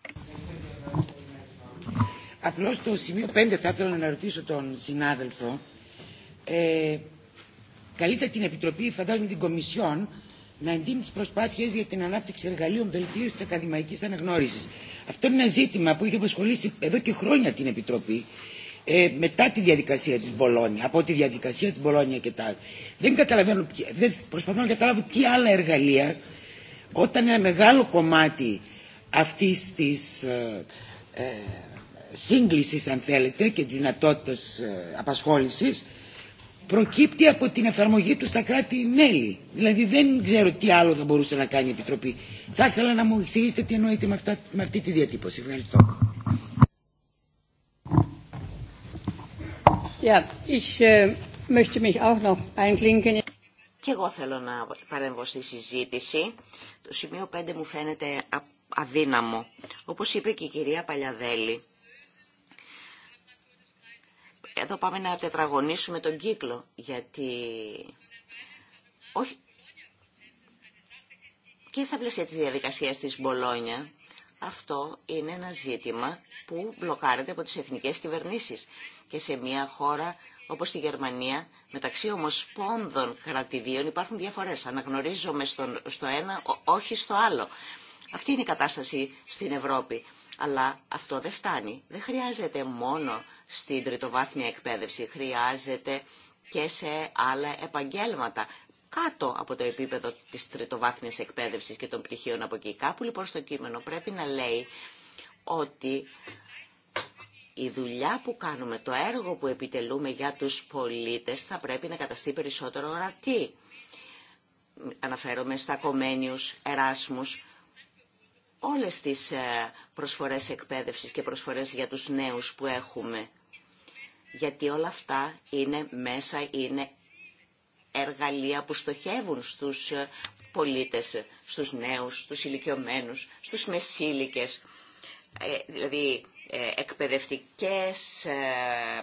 Απλώς στο σημείο 5 θα ήθελα να ρωτήσω τον συνάδελφο. Ε, την Επιτροπή, φαντάζομαι την Κομισιόν, να εντείνει τι προσπάθειες για την ανάπτυξη εργαλείων βελτίωση τη ακαδημαϊκής αναγνώριση. Αυτό είναι ένα ζήτημα που είχε απασχολήσει εδώ και χρόνια την Επιτροπή ε, μετά τη διαδικασία της Μπολόνια, από τη διαδικασία της Μπολόνια και τα Δεν καταλαβαίνω, δεν προσπαθώ να καταλάβω τι άλλα εργαλεία όταν ένα μεγάλο κομμάτι αυτής της ε, ε, σύγκλησης αν θέλετε και της δυνατότητα ε, απασχόλησης προκύπτει από την εφαρμογή του στα κράτη-μέλη. Δηλαδή δεν ξέρω τι άλλο θα μπορούσε να κάνει η Επιτροπή. Θα ήθελα να μου εξηγήσετε τι εννοείται με, με αυτή τη διατύπωση. Ευχαριστώ. Äh, και εγώ θέλω να παρέμβω στη συζήτηση. Το σημείο 5 μου φαίνεται αδύναμο. Όπως είπε και η κυρία Παλιαδέλη, εδώ πάμε να τετραγωνίσουμε τον κύκλο, γιατί όχι... και στα πλαίσια της διαδικασίας της Μπολόνια αυτό είναι ένα ζήτημα που μπλοκάρεται από τις εθνικές κυβερνήσεις. Και σε μια χώρα όπως τη Γερμανία, μεταξύ ομοσπόνδων κρατηδίων υπάρχουν διαφορές. Αναγνωρίζομαι στον, στο ένα, όχι στο άλλο. Αυτή είναι η κατάσταση στην Ευρώπη. Αλλά αυτό δεν φτάνει. Δεν χρειάζεται μόνο στην τριτοβάθμια εκπαίδευση. Χρειάζεται και σε άλλα επαγγέλματα κάτω από το επίπεδο της τριτοβάθμιας εκπαίδευσης και των πτυχίων από εκεί. Κάπου λοιπόν στο κείμενο πρέπει να λέει ότι η δουλειά που κάνουμε, το έργο που επιτελούμε για τους πολίτες θα πρέπει να καταστεί περισσότερο ορατή. Αναφέρομαι στα κομμένιους, εράσμους, όλες τις ε, προσφορές εκπαίδευσης και προσφορές για τους νέους που έχουμε. Γιατί όλα αυτά είναι μέσα, είναι εργαλεία που στοχεύουν στους ε, πολίτες, στους νέους, στους ηλικιωμένους, στους μεσήλικες, ε, δηλαδή ε, εκπαιδευτικές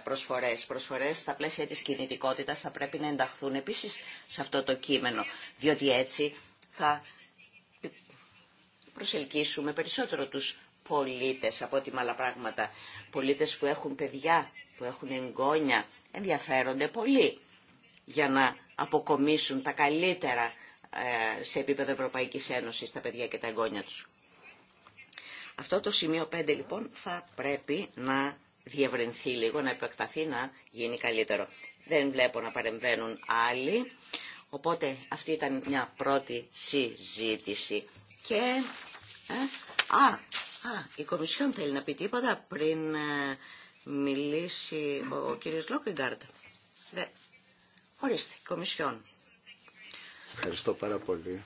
προσφορές, προσφορές στα πλαίσια της κινητικότητας θα πρέπει να ενταχθούν επίσης σε αυτό το κείμενο, διότι έτσι θα προσελκύσουμε περισσότερο τους πολίτες από ό,τι με άλλα πράγματα. Πολίτες που έχουν παιδιά, που έχουν εγγόνια, ενδιαφέρονται πολύ για να αποκομίσουν τα καλύτερα ε, σε επίπεδο Ευρωπαϊκής Ένωσης τα παιδιά και τα εγγόνια τους. Αυτό το σημείο 5 λοιπόν θα πρέπει να διευρυνθεί λίγο, να επεκταθεί, να γίνει καλύτερο. Δεν βλέπω να παρεμβαίνουν άλλοι. Οπότε αυτή ήταν μια πρώτη συζήτηση. Και... Ε, α, α, η Κομισιόν θέλει να πει τίποτα πριν ε, μιλήσει ο κύριος Λόκεγκάρτ. Ορίστε, Κομισιόν. Ευχαριστώ πάρα πολύ.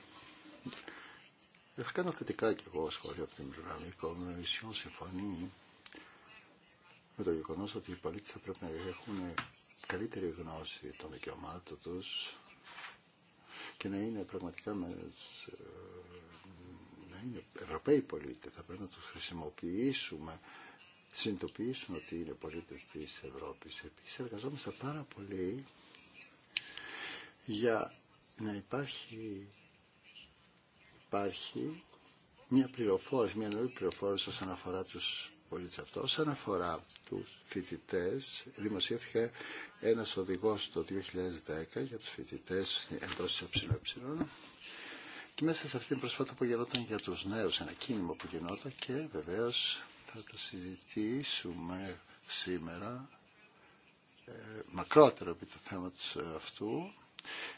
Ε, θα κάνω θετικά και εγώ σχόλια από την πλευρά μου. Η Κομισιόν συμφωνεί με το γεγονό ότι οι πολίτε θα πρέπει να έχουν καλύτερη γνώση των δικαιωμάτων του και να είναι πραγματικά με, ε, να είναι Ευρωπαίοι πολίτε. Θα πρέπει να του χρησιμοποιήσουμε, συνειδητοποιήσουν ότι είναι πολίτε τη Ευρώπη. Επίση, εργαζόμαστε πάρα πολύ για να υπάρχει, υπάρχει μια πληροφόρηση, μια νέα πληροφόρηση όσον αφορά τους πολίτες αυτό. Όσον αφορά τους φοιτητές, δημοσιεύθηκε ένας οδηγός το 2010 για τους φοιτητές εντός ΕΕ και μέσα σε αυτήν προσπάθεια που γινόταν για τους νέους, ένα κίνημα που γινόταν και βεβαίως θα το συζητήσουμε σήμερα ε, μακρότερο επί του θέματος αυτού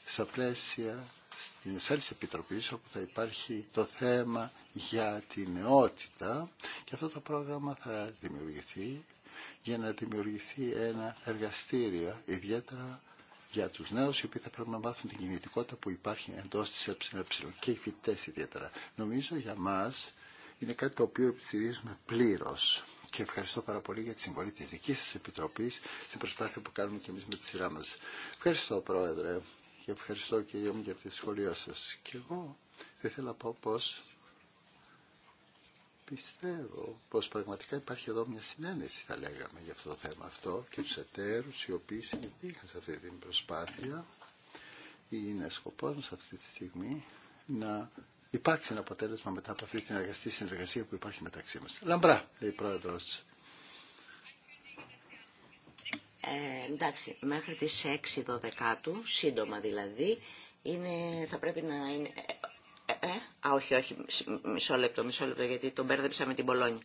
στα πλαίσια στην άλλη Επιτροπή, όπου θα υπάρχει το θέμα για την νεότητα και αυτό το πρόγραμμα θα δημιουργηθεί για να δημιουργηθεί ένα εργαστήριο ιδιαίτερα για τους νέους οι οποίοι θα πρέπει να μάθουν την κινητικότητα που υπάρχει εντός της ΕΕ και οι φοιτές ιδιαίτερα. Νομίζω για μας είναι κάτι το οποίο επιστηρίζουμε πλήρως και ευχαριστώ πάρα πολύ για τη συμβολή της δικής σας Επιτροπής στην προσπάθεια που κάνουμε και εμείς με τη σειρά μας. Ευχαριστώ Πρόεδρε και ευχαριστώ κύριε μου για τη σχολεία σας. Και εγώ θα ήθελα να πω πως πιστεύω πως πραγματικά υπάρχει εδώ μια συνένεση θα λέγαμε για αυτό το θέμα αυτό και τους εταίρους οι οποίοι συμμετείχαν σε αυτή την προσπάθεια είναι σκοπός μας αυτή τη στιγμή να υπάρξει ένα αποτέλεσμα μετά από αυτή την εργαστή συνεργασία που υπάρχει μεταξύ μας. Λαμπρά, λέει η πρόεδρος. Ε, εντάξει, μέχρι τις 6.12, σύντομα δηλαδή, είναι, θα πρέπει να είναι... Ε, ε, ε, α, όχι, όχι, μισό λεπτό, μισό λεπτό, γιατί τον μπέρδεψα με την Πολόνη.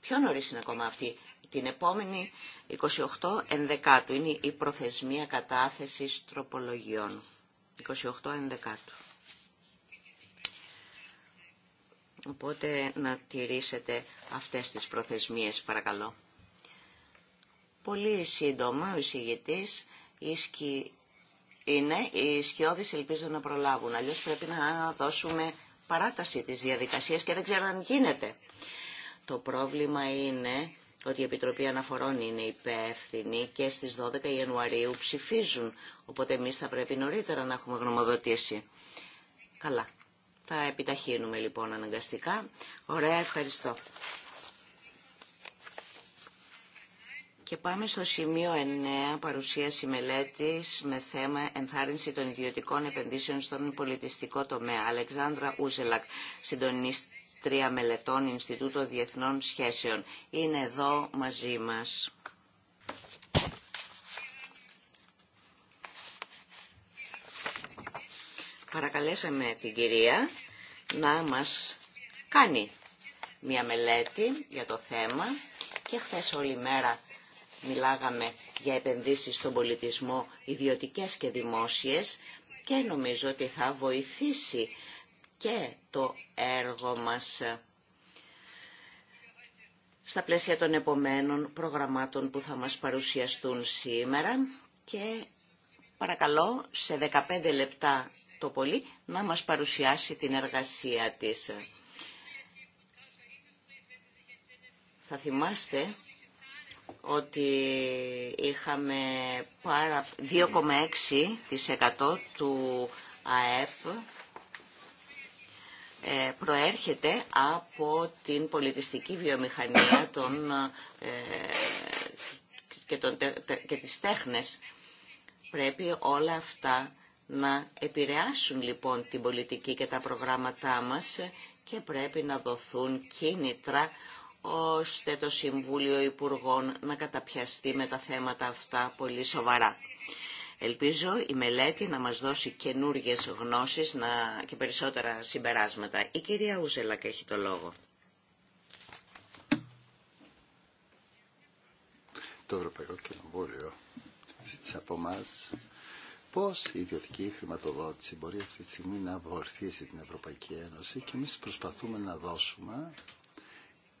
Πιο νωρίς είναι ακόμα αυτή. Την επόμενη 28 ενδεκάτου είναι η προθεσμία κατάθεσης τροπολογιών. 28 ενδεκάτου. Οπότε να τηρήσετε αυτές τις προθεσμίες παρακαλώ. Πολύ σύντομα ο εισηγητής είναι οι σκιώδεις ελπίζω να προλάβουν. Αλλιώς πρέπει να δώσουμε παράταση της διαδικασίας και δεν ξέρω αν γίνεται. Το πρόβλημα είναι ότι η Επιτροπή Αναφορών είναι υπεύθυνη και στις 12 Ιανουαρίου ψηφίζουν, οπότε εμείς θα πρέπει νωρίτερα να έχουμε γνωμοδοτήσει. Καλά. Θα επιταχύνουμε λοιπόν αναγκαστικά. Ωραία, ευχαριστώ. Και πάμε στο σημείο 9, παρουσίαση μελέτης με θέμα ενθάρρυνση των ιδιωτικών επενδύσεων στον πολιτιστικό τομέα. Αλεξάνδρα Ούζελακ, συντονίστρια μελετών Ινστιτούτο Διεθνών Σχέσεων. Είναι εδώ μαζί μας. παρακαλέσαμε την κυρία να μας κάνει μια μελέτη για το θέμα και χθε όλη μέρα μιλάγαμε για επενδύσεις στον πολιτισμό ιδιωτικές και δημόσιες και νομίζω ότι θα βοηθήσει και το έργο μας στα πλαίσια των επομένων προγραμμάτων που θα μας παρουσιαστούν σήμερα και παρακαλώ σε 15 λεπτά το πολύ να μας παρουσιάσει την εργασία της. Θα θυμάστε ότι είχαμε 2,6% του ΑΕΠ ε, προέρχεται από την πολιτιστική βιομηχανία των, ε, και, των, και τις τέχνες. Πρέπει όλα αυτά να επηρεάσουν λοιπόν την πολιτική και τα προγράμματά μας και πρέπει να δοθούν κίνητρα ώστε το Συμβούλιο Υπουργών να καταπιαστεί με τα θέματα αυτά πολύ σοβαρά. Ελπίζω η μελέτη να μας δώσει καινούργιες γνώσεις και περισσότερα συμπεράσματα. Η κυρία Ούζελακ έχει το λόγο. Το Ευρωπαϊκό Κοινοβούλιο ζήτησε από εμάς πώς η ιδιωτική χρηματοδότηση μπορεί αυτή τη στιγμή να βοηθήσει την Ευρωπαϊκή Ένωση και εμείς προσπαθούμε να δώσουμε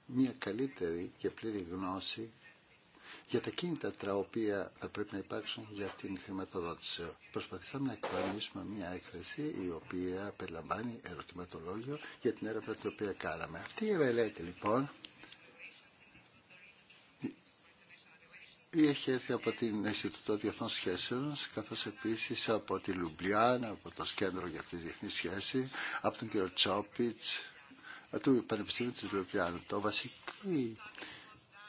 μια καλύτερη και πλήρη γνώση για τα κίνητα τα οποία θα πρέπει να υπάρξουν για την χρηματοδότηση. Προσπαθήσαμε να εκφανίσουμε μια έκθεση η οποία περιλαμβάνει ερωτηματολόγιο για την έρευνα την οποία κάναμε. Αυτή η μελέτη λοιπόν ή έχει έρθει από την Ινστιτούτο Διεθνών Σχέσεων, καθώ επίση από τη Λουμπλιάν, από το Σκέντρο για τη Διεθνή Σχέση, από τον κύριο Τσόπιτ, του Πανεπιστήμιου τη Λουμπλιάν. Το βασική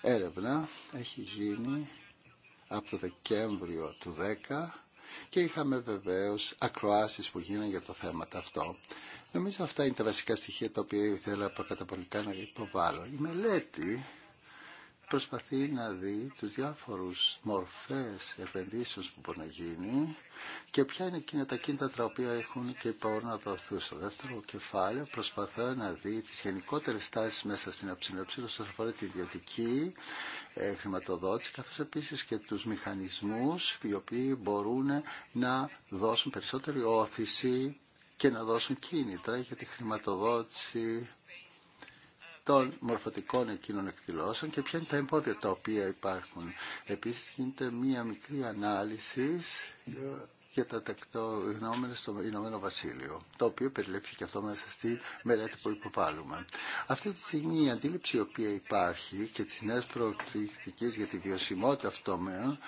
έρευνα έχει γίνει από το Δεκέμβριο του 2010 και είχαμε βεβαίως ακροάσεις που γίνανε για το θέμα αυτό. Νομίζω αυτά είναι τα βασικά στοιχεία τα οποία ήθελα προκαταπολικά να υποβάλω. Η μελέτη προσπαθεί να δει τους διάφορους μορφές επενδύσεων που μπορεί να γίνει και ποια είναι εκείνα τα κίνητρα τα οποία έχουν και μπορούν να δοθούν. Στο δεύτερο κεφάλαιο προσπαθώ να δει τις γενικότερες τάσεις μέσα στην αψινόψη, όσον αφορά την ιδιωτική ε, χρηματοδότηση καθώς επίσης και τους μηχανισμούς οι οποίοι μπορούν να δώσουν περισσότερη όθηση και να δώσουν κίνητρα για τη χρηματοδότηση των μορφωτικών εκείνων εκδηλώσεων και ποια είναι τα εμπόδια τα οποία υπάρχουν. Επίσης γίνεται μία μικρή ανάλυση για τα τεκτογνώμενα στο Ηνωμένο Βασίλειο, το οποίο περιλέψει και αυτό μέσα στη μελέτη που υποβάλλουμε. Αυτή τη στιγμή η αντίληψη η οποία υπάρχει και τις νέες προοπτικές για τη βιωσιμότητα αυτών ε,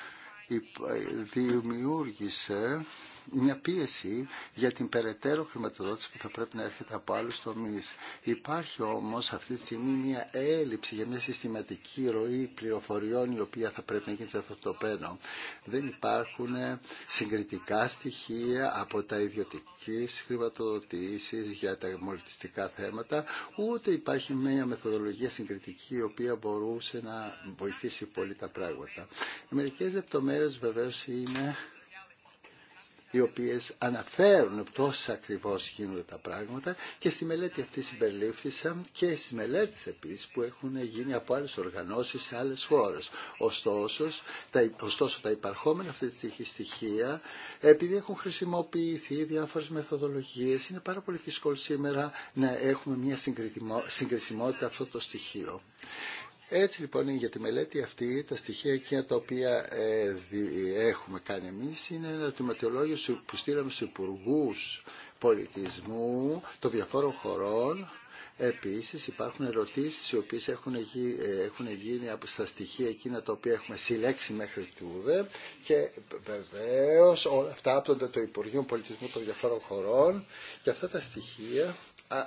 δημιούργησε μια πίεση για την περαιτέρω χρηματοδότηση που θα πρέπει να έρχεται από άλλου τομεί. Υπάρχει όμω αυτή τη στιγμή μια έλλειψη για μια συστηματική ροή πληροφοριών η οποία θα πρέπει να γίνει σε αυτό το πένο. Δεν υπάρχουν συγκριτικά στοιχεία από τα ιδιωτική χρηματοδοτήσει για τα μολυτιστικά θέματα, ούτε υπάρχει μια μεθοδολογία συγκριτική η οποία μπορούσε να βοηθήσει πολύ τα πράγματα. Οι λεπτομέρειε βεβαίω είναι οι οποίες αναφέρουν πώς ακριβώς γίνονται τα πράγματα και στη μελέτη αυτή συμπεριλήφθησαν και στι μελέτες επίσης που έχουν γίνει από άλλες οργανώσεις σε άλλες χώρες. Ωστόσο τα, ωστόσο, τα υπαρχόμενα αυτή τη στοιχεία, επειδή έχουν χρησιμοποιηθεί διάφορες μεθοδολογίες, είναι πάρα πολύ δύσκολο σήμερα να έχουμε μια συγκρισιμότητα αυτό το στοιχείο. Έτσι λοιπόν για τη μελέτη αυτή τα στοιχεία εκείνα τα οποία ε, έχουμε κάνει εμείς είναι ένα ερωτηματιολόγιο που στείλαμε στους υπουργού πολιτισμού των διαφόρων χωρών Επίσης υπάρχουν ερωτήσεις οι οποίες έχουν, ε, έχουν γίνει από στα στοιχεία εκείνα τα οποία έχουμε συλλέξει μέχρι τούδε και βεβαίω όλα αυτά άπτονται το Υπουργείο Πολιτισμού των διαφόρων χωρών και αυτά τα στοιχεία α,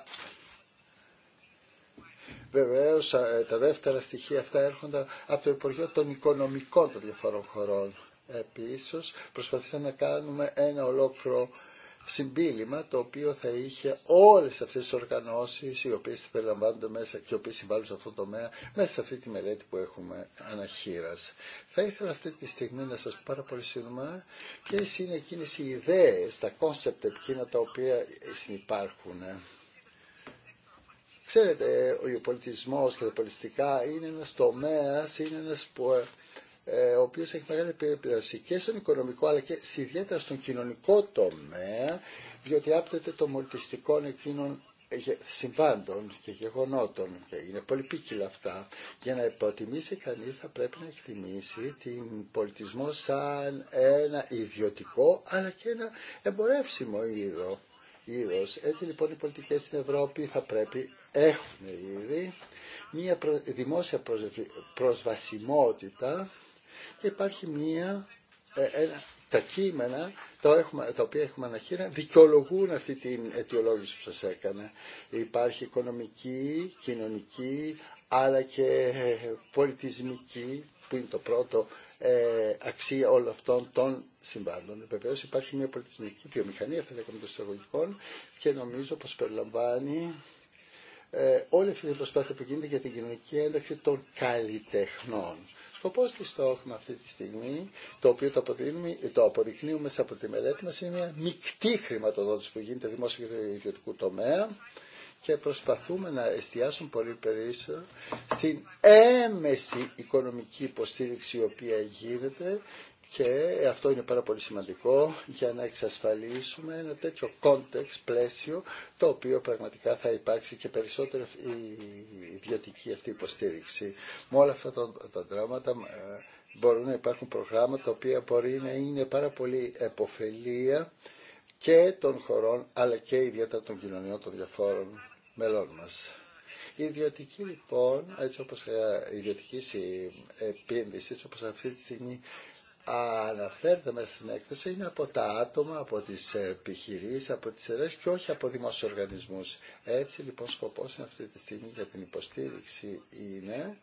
Βεβαίω ε, τα δεύτερα στοιχεία αυτά έρχονται από το Υπουργείο των Οικονομικών των διαφορών χωρών. Επίση, προσπαθήσαμε να κάνουμε ένα ολόκληρο συμπίλημα το οποίο θα είχε όλε αυτέ τι οργανώσει, οι οποίε περιλαμβάνονται μέσα και οι οποίε συμβάλλουν σε αυτό το τομέα μέσα σε αυτή τη μελέτη που έχουμε αναχείραση. Θα ήθελα αυτή τη στιγμή να σα πω πάρα πολύ σύντομα ποιε είναι εκείνε οι ιδέε, τα κόνσεπτ εκείνα τα οποία συνεπάρχουν. Ξέρετε, ο πολιτισμός και τα πολιτιστικά είναι ένας τομέας, είναι ένας που, ε, ε, ο οποίος έχει μεγάλη επίδραση και στον οικονομικό αλλά και ιδιαίτερα στον κοινωνικό τομέα, διότι άπτεται των πολιτιστικών εκείνων συμβάντων και γεγονότων και είναι πολύ ποικίλα αυτά για να υποτιμήσει κανείς θα πρέπει να εκτιμήσει την πολιτισμό σαν ένα ιδιωτικό αλλά και ένα εμπορεύσιμο είδο. Είδος. Έτσι λοιπόν οι πολιτικές στην Ευρώπη θα πρέπει έχουν ήδη μία δημόσια προσβασιμότητα και υπάρχει μία, ε, ένα, τα κείμενα τα, έχουμε, τα οποία έχουμε αναχείρα δικαιολογούν αυτή την αιτιολόγηση που σας έκανα. Υπάρχει οικονομική, κοινωνική, αλλά και ε, πολιτισμική, που είναι το πρώτο ε, αξία όλων αυτών των συμβάντων. Βεβαίω υπάρχει μια πολιτισμική βιομηχανία, θα λέγαμε των και νομίζω πως περιλαμβάνει ε, όλη αυτή η προσπάθεια που γίνεται για την κοινωνική ένταξη των καλλιτεχνών. Σκοπό τη το έχουμε αυτή τη στιγμή, το οποίο το, το αποδεικνύουμε μέσα από τη μελέτη μα, είναι μια μεικτή χρηματοδότηση που γίνεται δημόσιο και ιδιωτικού τομέα και προσπαθούμε να εστιάσουμε πολύ περισσότερο στην έμεση οικονομική υποστήριξη η οποία γίνεται και αυτό είναι πάρα πολύ σημαντικό για να εξασφαλίσουμε ένα τέτοιο κόντεξ, πλαίσιο, το οποίο πραγματικά θα υπάρξει και περισσότερη η ιδιωτική αυτή υποστήριξη. Με όλα αυτά τα, δράματα ε, μπορούν να υπάρχουν προγράμματα τα οποία μπορεί να είναι πάρα πολύ εποφελία και των χωρών αλλά και ιδιαίτερα των κοινωνιών των διαφόρων μελών μας. Η ιδιωτική λοιπόν, έτσι όπως ε, η ιδιωτική επένδυση, έτσι όπως αυτή τη στιγμή αναφέρεται μέσα στην έκθεση είναι από τα άτομα, από τις επιχειρήσεις, από τις αιρές και όχι από δημόσιους οργανισμούς. Έτσι λοιπόν σκοπός αυτή τη στιγμή για την υποστήριξη είναι,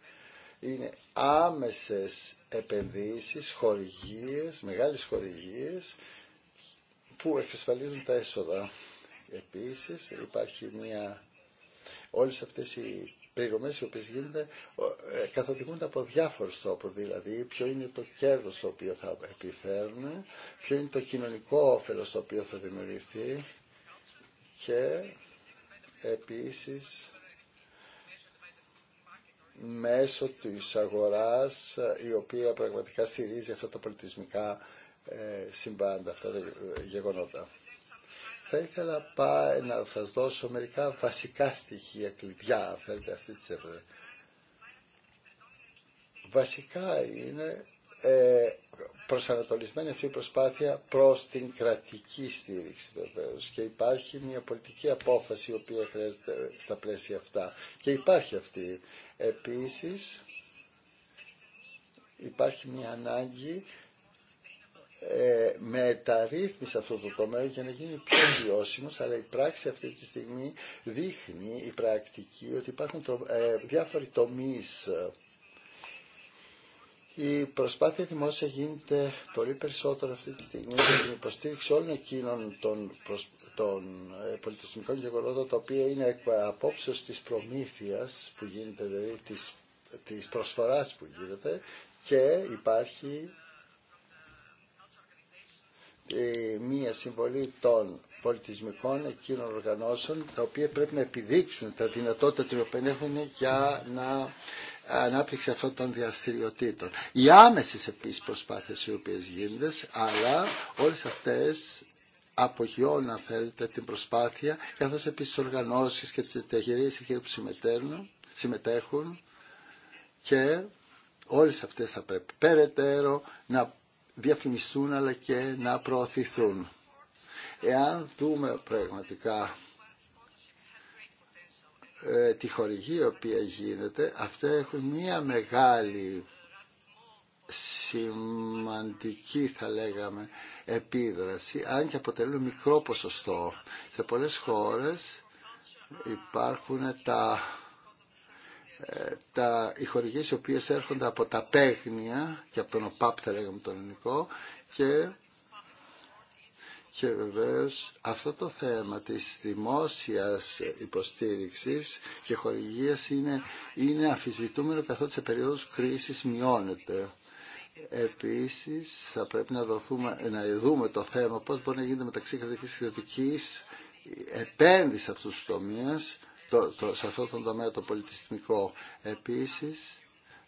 είναι άμεσες επενδύσεις, χορηγίες, μεγάλες χορηγίες που εξασφαλίζουν τα έσοδα. Επίσης υπάρχει μια... Όλες αυτές οι πληρωμές οι οποίε γίνονται ε, καθοδηγούνται από διάφορου τρόπου. δηλαδή ποιο είναι το κέρδο το οποίο θα επιφέρουν, ποιο είναι το κοινωνικό όφελο το οποίο θα δημιουργηθεί και επίσης μέσω της αγοράς η οποία πραγματικά στηρίζει αυτά τα πολιτισμικά ε, συμβάντα, αυτά τα γεγονότα. Θα ήθελα πά, να σας δώσω μερικά βασικά στοιχεία, κλειδιά, αυτή τη Βασικά είναι ε, προσανατολισμένη αυτή η προσπάθεια προς την κρατική στήριξη βεβαίω. και υπάρχει μια πολιτική απόφαση η οποία χρειάζεται στα πλαίσια αυτά και υπάρχει αυτή. Επίσης υπάρχει μια ανάγκη ε, μεταρρύθμισε αυτό το τομέα για να γίνει πιο βιώσιμο, αλλά η πράξη αυτή τη στιγμή δείχνει η πρακτική ότι υπάρχουν ε, διάφοροι τομείς η προσπάθεια δημόσια γίνεται πολύ περισσότερο αυτή τη στιγμή για την υποστήριξη όλων εκείνων των, προσ... των ε, πολιτισμικών γεγονότων τα οποία είναι απόψεως της προμήθειας που γίνεται, δηλαδή της, της προσφοράς που γίνεται και υπάρχει ε, μία συμβολή των πολιτισμικών εκείνων οργανώσεων τα οποία πρέπει να επιδείξουν τα δυνατότητα του οποία για να ανάπτυξη αυτών των διαστηριοτήτων. Οι άμεσες επίσης προσπάθειες οι οποίες γίνονται, αλλά όλες αυτές απογειώνουν αν θέλετε την προσπάθεια καθώς επίσης οργανώσεις και τα και που συμμετέχουν, και όλες αυτές θα πρέπει περαιτέρω να διαφημιστούν αλλά και να προωθηθούν. Εάν δούμε πραγματικά ε, τη χορηγή η οποία γίνεται, αυτά έχουν μία μεγάλη σημαντική θα λέγαμε επίδραση, αν και αποτελούν μικρό ποσοστό. Σε πολλές χώρες υπάρχουν τα τα, οι χορηγίες οι οποίες έρχονται από τα παίγνια και από τον ΟΠΑΠ θα λέγαμε τον ελληνικό και, και βεβαίως αυτό το θέμα της δημόσιας υποστήριξης και χορηγίας είναι, είναι αφισβητούμενο καθότι σε περίοδους κρίσης μειώνεται. Επίσης θα πρέπει να, δοθούμε, να δούμε το θέμα πώς μπορεί να γίνεται μεταξύ κρατικής και ιδιωτικής επένδυση αυτούς τους τομείς το, το, σε αυτό τον τομέα το πολιτιστικό. Επίσης,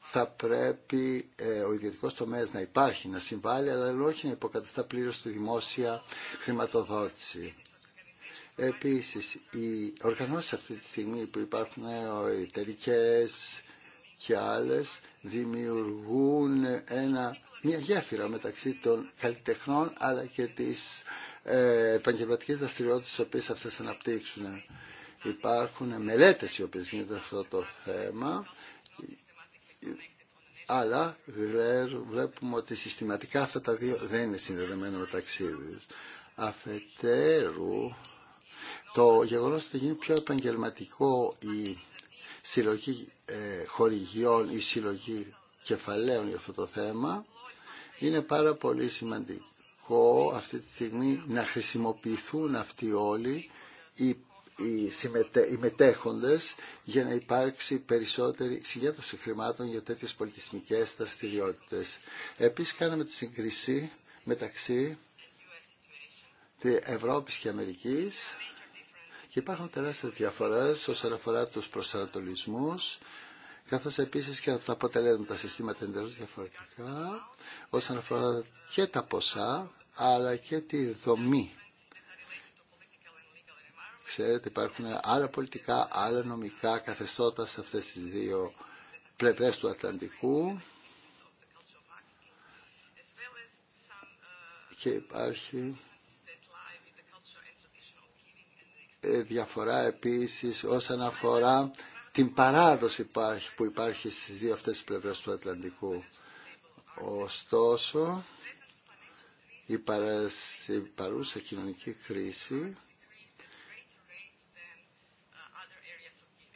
θα πρέπει ε, ο ιδιωτικός τομέας να υπάρχει, να συμβάλλει, αλλά όχι να υποκαταστά πλήρως τη δημόσια χρηματοδότηση. Επίσης, οι οργανώσεις αυτή τη στιγμή που υπάρχουν ε, εταιρικέ και άλλες δημιουργούν ε, ένα, μια γέφυρα μεταξύ των καλλιτεχνών αλλά και της ε, επαγγελματικής δραστηριότητας τις οποίες αναπτύξουν. Υπάρχουν μελέτες οι οποίες γίνονται αυτό το θέμα, αλλά βλέπουμε ότι συστηματικά αυτά τα δύο δεν είναι συνδεδεμένα με ταξίδιους. Αφετέρου, το γεγονός ότι γίνει πιο επαγγελματικό η συλλογή ε, χορηγιών, η συλλογή κεφαλαίων για αυτό το θέμα, είναι πάρα πολύ σημαντικό αυτή τη στιγμή να χρησιμοποιηθούν αυτοί όλοι οι οι, συμμετέ, μετέχοντες για να υπάρξει περισσότερη συγκέντρωση χρημάτων για τέτοιες πολιτισμικές δραστηριότητε. Επίσης κάναμε τη συγκρίση μεταξύ τη Ευρώπης και Αμερικής και υπάρχουν τεράστιες διαφορές όσον αφορά τους προσανατολισμούς καθώς επίσης και τα αποτελέσματα συστήματα εντελώς διαφορετικά όσον αφορά και τα ποσά αλλά και τη δομή Ξέρετε υπάρχουν άλλα πολιτικά, άλλα νομικά καθεστώτα σε αυτές τις δύο πλευρές του Ατλαντικού και υπάρχει ε, διαφορά επίσης όσον αφορά την παράδοση που υπάρχει στις δύο αυτές τις πλευρές του Ατλαντικού. Ωστόσο, η παρούσα κοινωνική κρίση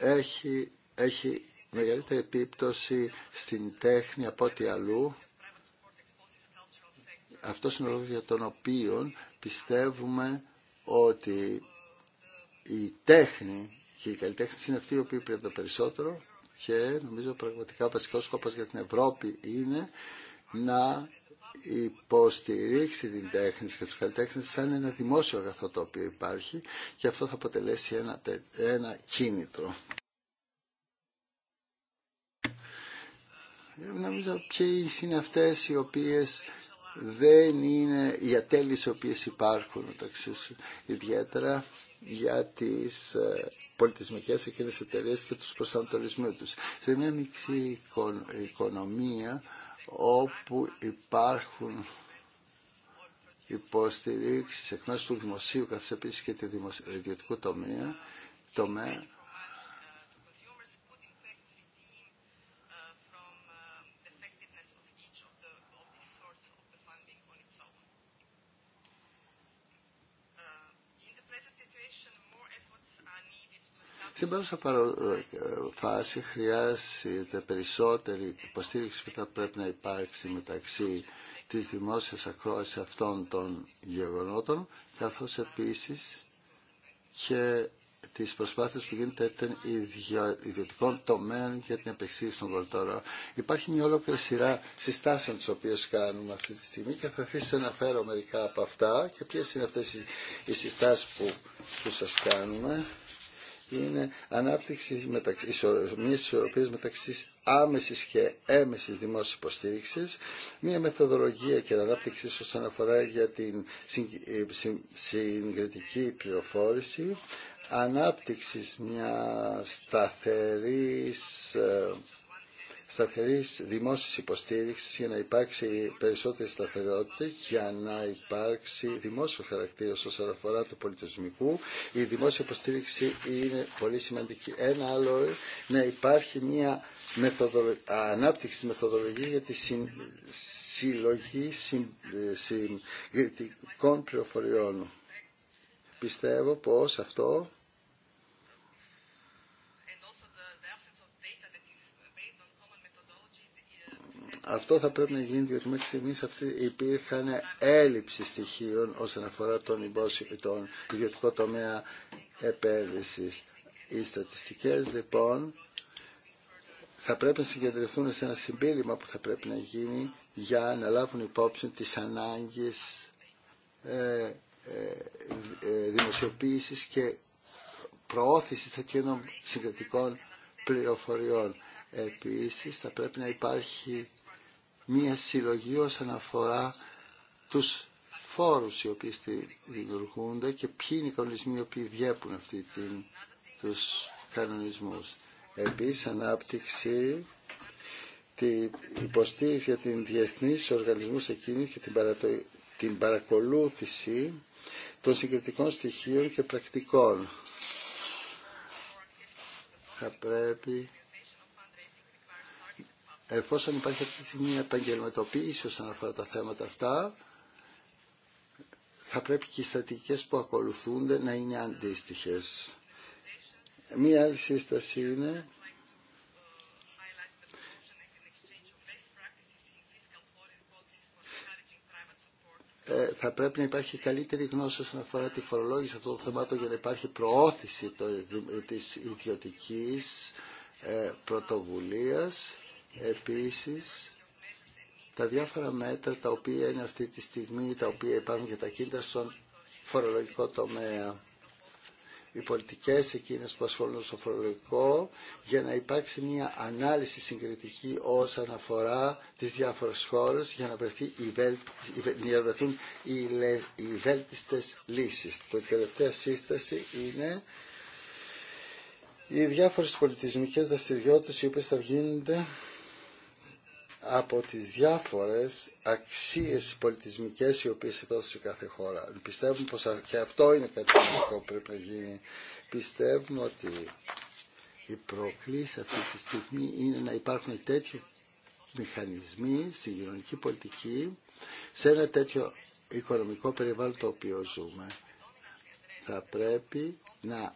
έχει, έχει μεγαλύτερη επίπτωση στην τέχνη από ό,τι αλλού. Αυτό είναι ο λόγος για τον οποίο πιστεύουμε ότι η τέχνη και η καλλιτέχνη είναι αυτοί οι οποίοι πρέπει το περισσότερο και νομίζω πραγματικά βασικό σκόπος για την Ευρώπη είναι να υποστηρίξει την τέχνη και τους καλλιτέχνες σαν ένα δημόσιο αγαθό το οποίο υπάρχει και αυτό θα αποτελέσει ένα, ένα κίνητρο. Ε, νομίζω ποιε είναι αυτές οι οποίες δεν είναι οι ατέλειες οι οποίες υπάρχουν μεταξύ ιδιαίτερα για τις ε, πολιτισμικές εκείνες εταιρείες και τους προσανατολισμούς τους. Σε μια μικρή οικονομία όπου υπάρχουν υποστηρίξει εκ μέρου του δημοσίου καθώ επίση και του ιδιωτικού τομέα, τομέα Στην πρώτη ε, φάση χρειάζεται περισσότερη υποστήριξη που θα πρέπει να υπάρξει μεταξύ της δημόσιας ακρόασης αυτών των γεγονότων, καθώς επίσης και τις προσπάθειες που γίνεται των ιδιωτικών τομέων για την επεξήγηση των κολτόρων. Υπάρχει μια ολόκληρη σειρά συστάσεων τις οποίες κάνουμε αυτή τη στιγμή και θα αφήσω να φέρω μερικά από αυτά και ποιες είναι αυτές οι συστάσεις που, που σας κάνουμε είναι ανάπτυξη μια ισορροπία μεταξύ άμεση και έμεση δημόσια υποστήριξη, μια μεθοδολογία και ανάπτυξη όσον αφορά για την ε, συγκριτική πληροφόρηση, ανάπτυξη μια σταθερής ε, σταθερής δημόσιας υποστήριξης για να υπάρξει περισσότερη σταθερότητα, για να υπάρξει δημόσιο χαρακτήρα όσον αφορά του πολιτισμικού. Η δημόσια υποστήριξη είναι πολύ σημαντική. Ένα άλλο να υπάρχει μια ανάπτυξη της μεθοδολογίας για τη συλλογή συγκριτικών πληροφοριών. Πιστεύω πως αυτό Αυτό θα πρέπει να γίνει διότι μέχρι στιγμή υπήρχαν έλλειψη στοιχείων όσον αφορά τον, τον ιδιωτικό τομέα επένδυσης. Οι στατιστικές λοιπόν θα πρέπει να συγκεντρωθούν σε ένα συμπίλημα που θα πρέπει να γίνει για να λάβουν υπόψη τις ανάγκες ε, ε, ε, δημοσιοποίησης και προώθησης τέτοιων συγκριτικών πληροφοριών. Επίσης θα πρέπει να υπάρχει μια συλλογή όσον αφορά τους φόρους οι οποίοι δημιουργούνται και ποιοι είναι οι κανονισμοί οι οποίοι διέπουν αυτή την, τους κανονισμούς. Επίσης ανάπτυξη τη υποστήριξη για την διεθνής οργανισμούς εκείνη και την, την παρακολούθηση των συγκριτικών στοιχείων και πρακτικών. Θα πρέπει εφόσον υπάρχει αυτή τη στιγμή επαγγελματοποίηση όσον αφορά τα θέματα αυτά, θα πρέπει και οι στρατηγικές που ακολουθούνται να είναι αντίστοιχες. Μία άλλη σύσταση είναι ε, θα πρέπει να υπάρχει καλύτερη γνώση όσον αφορά τη φορολόγηση αυτών των θεμάτων για να υπάρχει προώθηση της ιδιωτικής ε, πρωτοβουλίας Επίσης, τα διάφορα μέτρα τα οποία είναι αυτή τη στιγμή, τα οποία υπάρχουν για τα κίνητα στον φορολογικό τομέα. Οι πολιτικές εκείνες που ασχολούνται στο φορολογικό για να υπάρξει μια ανάλυση συγκριτική όσον αφορά τις διάφορες χώρες για να, βρεθεί βελ, βρεθούν οι, οι βέλτιστες λύσεις. Το τελευταία σύσταση είναι οι διάφορες πολιτισμικές δραστηριότητες οι οποίες θα γίνονται από τις διάφορες αξίες πολιτισμικές οι οποίες σε κάθε χώρα. Πιστεύουμε πως και αυτό είναι κάτι που πρέπει να γίνει. Πιστεύουμε ότι η προκλήση αυτή τη στιγμή είναι να υπάρχουν τέτοιοι μηχανισμοί στην κοινωνική πολιτική σε ένα τέτοιο οικονομικό περιβάλλον το οποίο ζούμε. Θα πρέπει να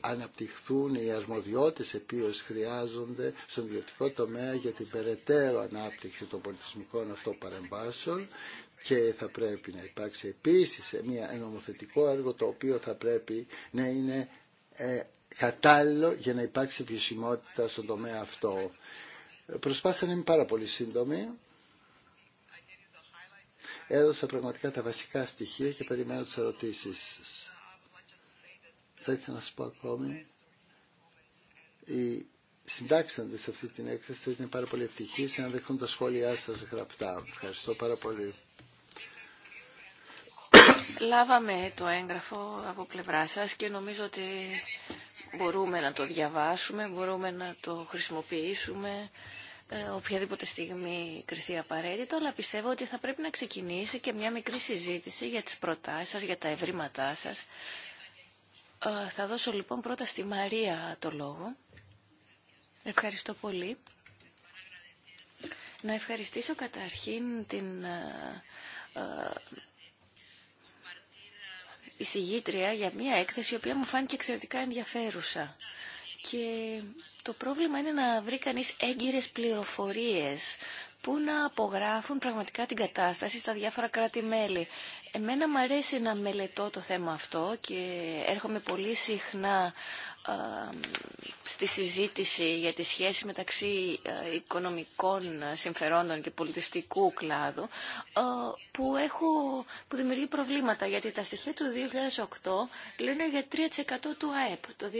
αναπτυχθούν οι αρμοδιότητες επίως χρειάζονται στον ιδιωτικό τομέα για την περαιτέρω ανάπτυξη των πολιτισμικών αυτών παρεμβάσεων και θα πρέπει να υπάρξει επίσης ένα νομοθετικό έργο το οποίο θα πρέπει να είναι ε, κατάλληλο για να υπάρξει βιωσιμότητα στον τομέα αυτό. Προσπάθησα να είμαι πάρα πολύ σύντομη. Έδωσα πραγματικά τα βασικά στοιχεία και περιμένω τις ερωτήσεις σας θα ήθελα να σας πω ακόμη, οι σε αυτή την έκθεση θα ήταν πάρα πολύ ευτυχεί να δεχτούν τα σχόλιά σα γραπτά. Ευχαριστώ πάρα πολύ. Λάβαμε το έγγραφο από πλευρά σα και νομίζω ότι μπορούμε να το διαβάσουμε, μπορούμε να το χρησιμοποιήσουμε ε, οποιαδήποτε στιγμή κριθεί απαραίτητο, αλλά πιστεύω ότι θα πρέπει να ξεκινήσει και μια μικρή συζήτηση για τις προτάσεις σας, για τα ευρήματά σας ε, θα δώσω λοιπόν πρώτα στη Μαρία το λόγο. Ευχαριστώ πολύ. Να ευχαριστήσω καταρχήν την ε, ε, εισηγήτρια για μια έκθεση η οποία μου φάνηκε εξαιρετικά ενδιαφέρουσα. Και το πρόβλημα είναι να βρει κανείς έγκυρες πληροφορίες που να απογράφουν πραγματικά την κατάσταση στα διάφορα κράτη-μέλη. Εμένα μου αρέσει να μελετώ το θέμα αυτό και έρχομαι πολύ συχνά στη συζήτηση για τη σχέση μεταξύ ε, οικονομικών ε, συμφερόντων και πολιτιστικού κλάδου ε, που, έχω, που δημιουργεί προβλήματα γιατί τα στοιχεία του 2008 λένε για 3% του ΑΕΠ. Το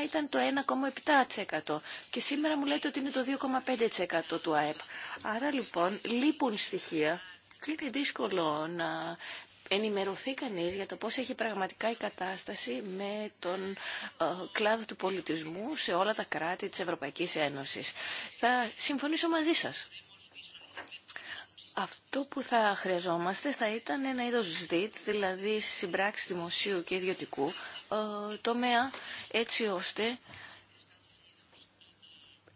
2009 ήταν το 1,7% και σήμερα μου λέτε ότι είναι το 2,5% του ΑΕΠ. Άρα λοιπόν λείπουν στοιχεία και είναι δύσκολο να ενημερωθεί κανείς για το πώς έχει πραγματικά η κατάσταση με τον ε, κλάδο του πολιτισμού σε όλα τα κράτη της Ευρωπαϊκής Ένωσης. Θα συμφωνήσω μαζί σας. Αυτό που θα χρειαζόμαστε θα ήταν ένα είδος ΣΔΙΤ, δηλαδή συμπράξη δημοσίου και ιδιωτικού ε, τομέα, έτσι ώστε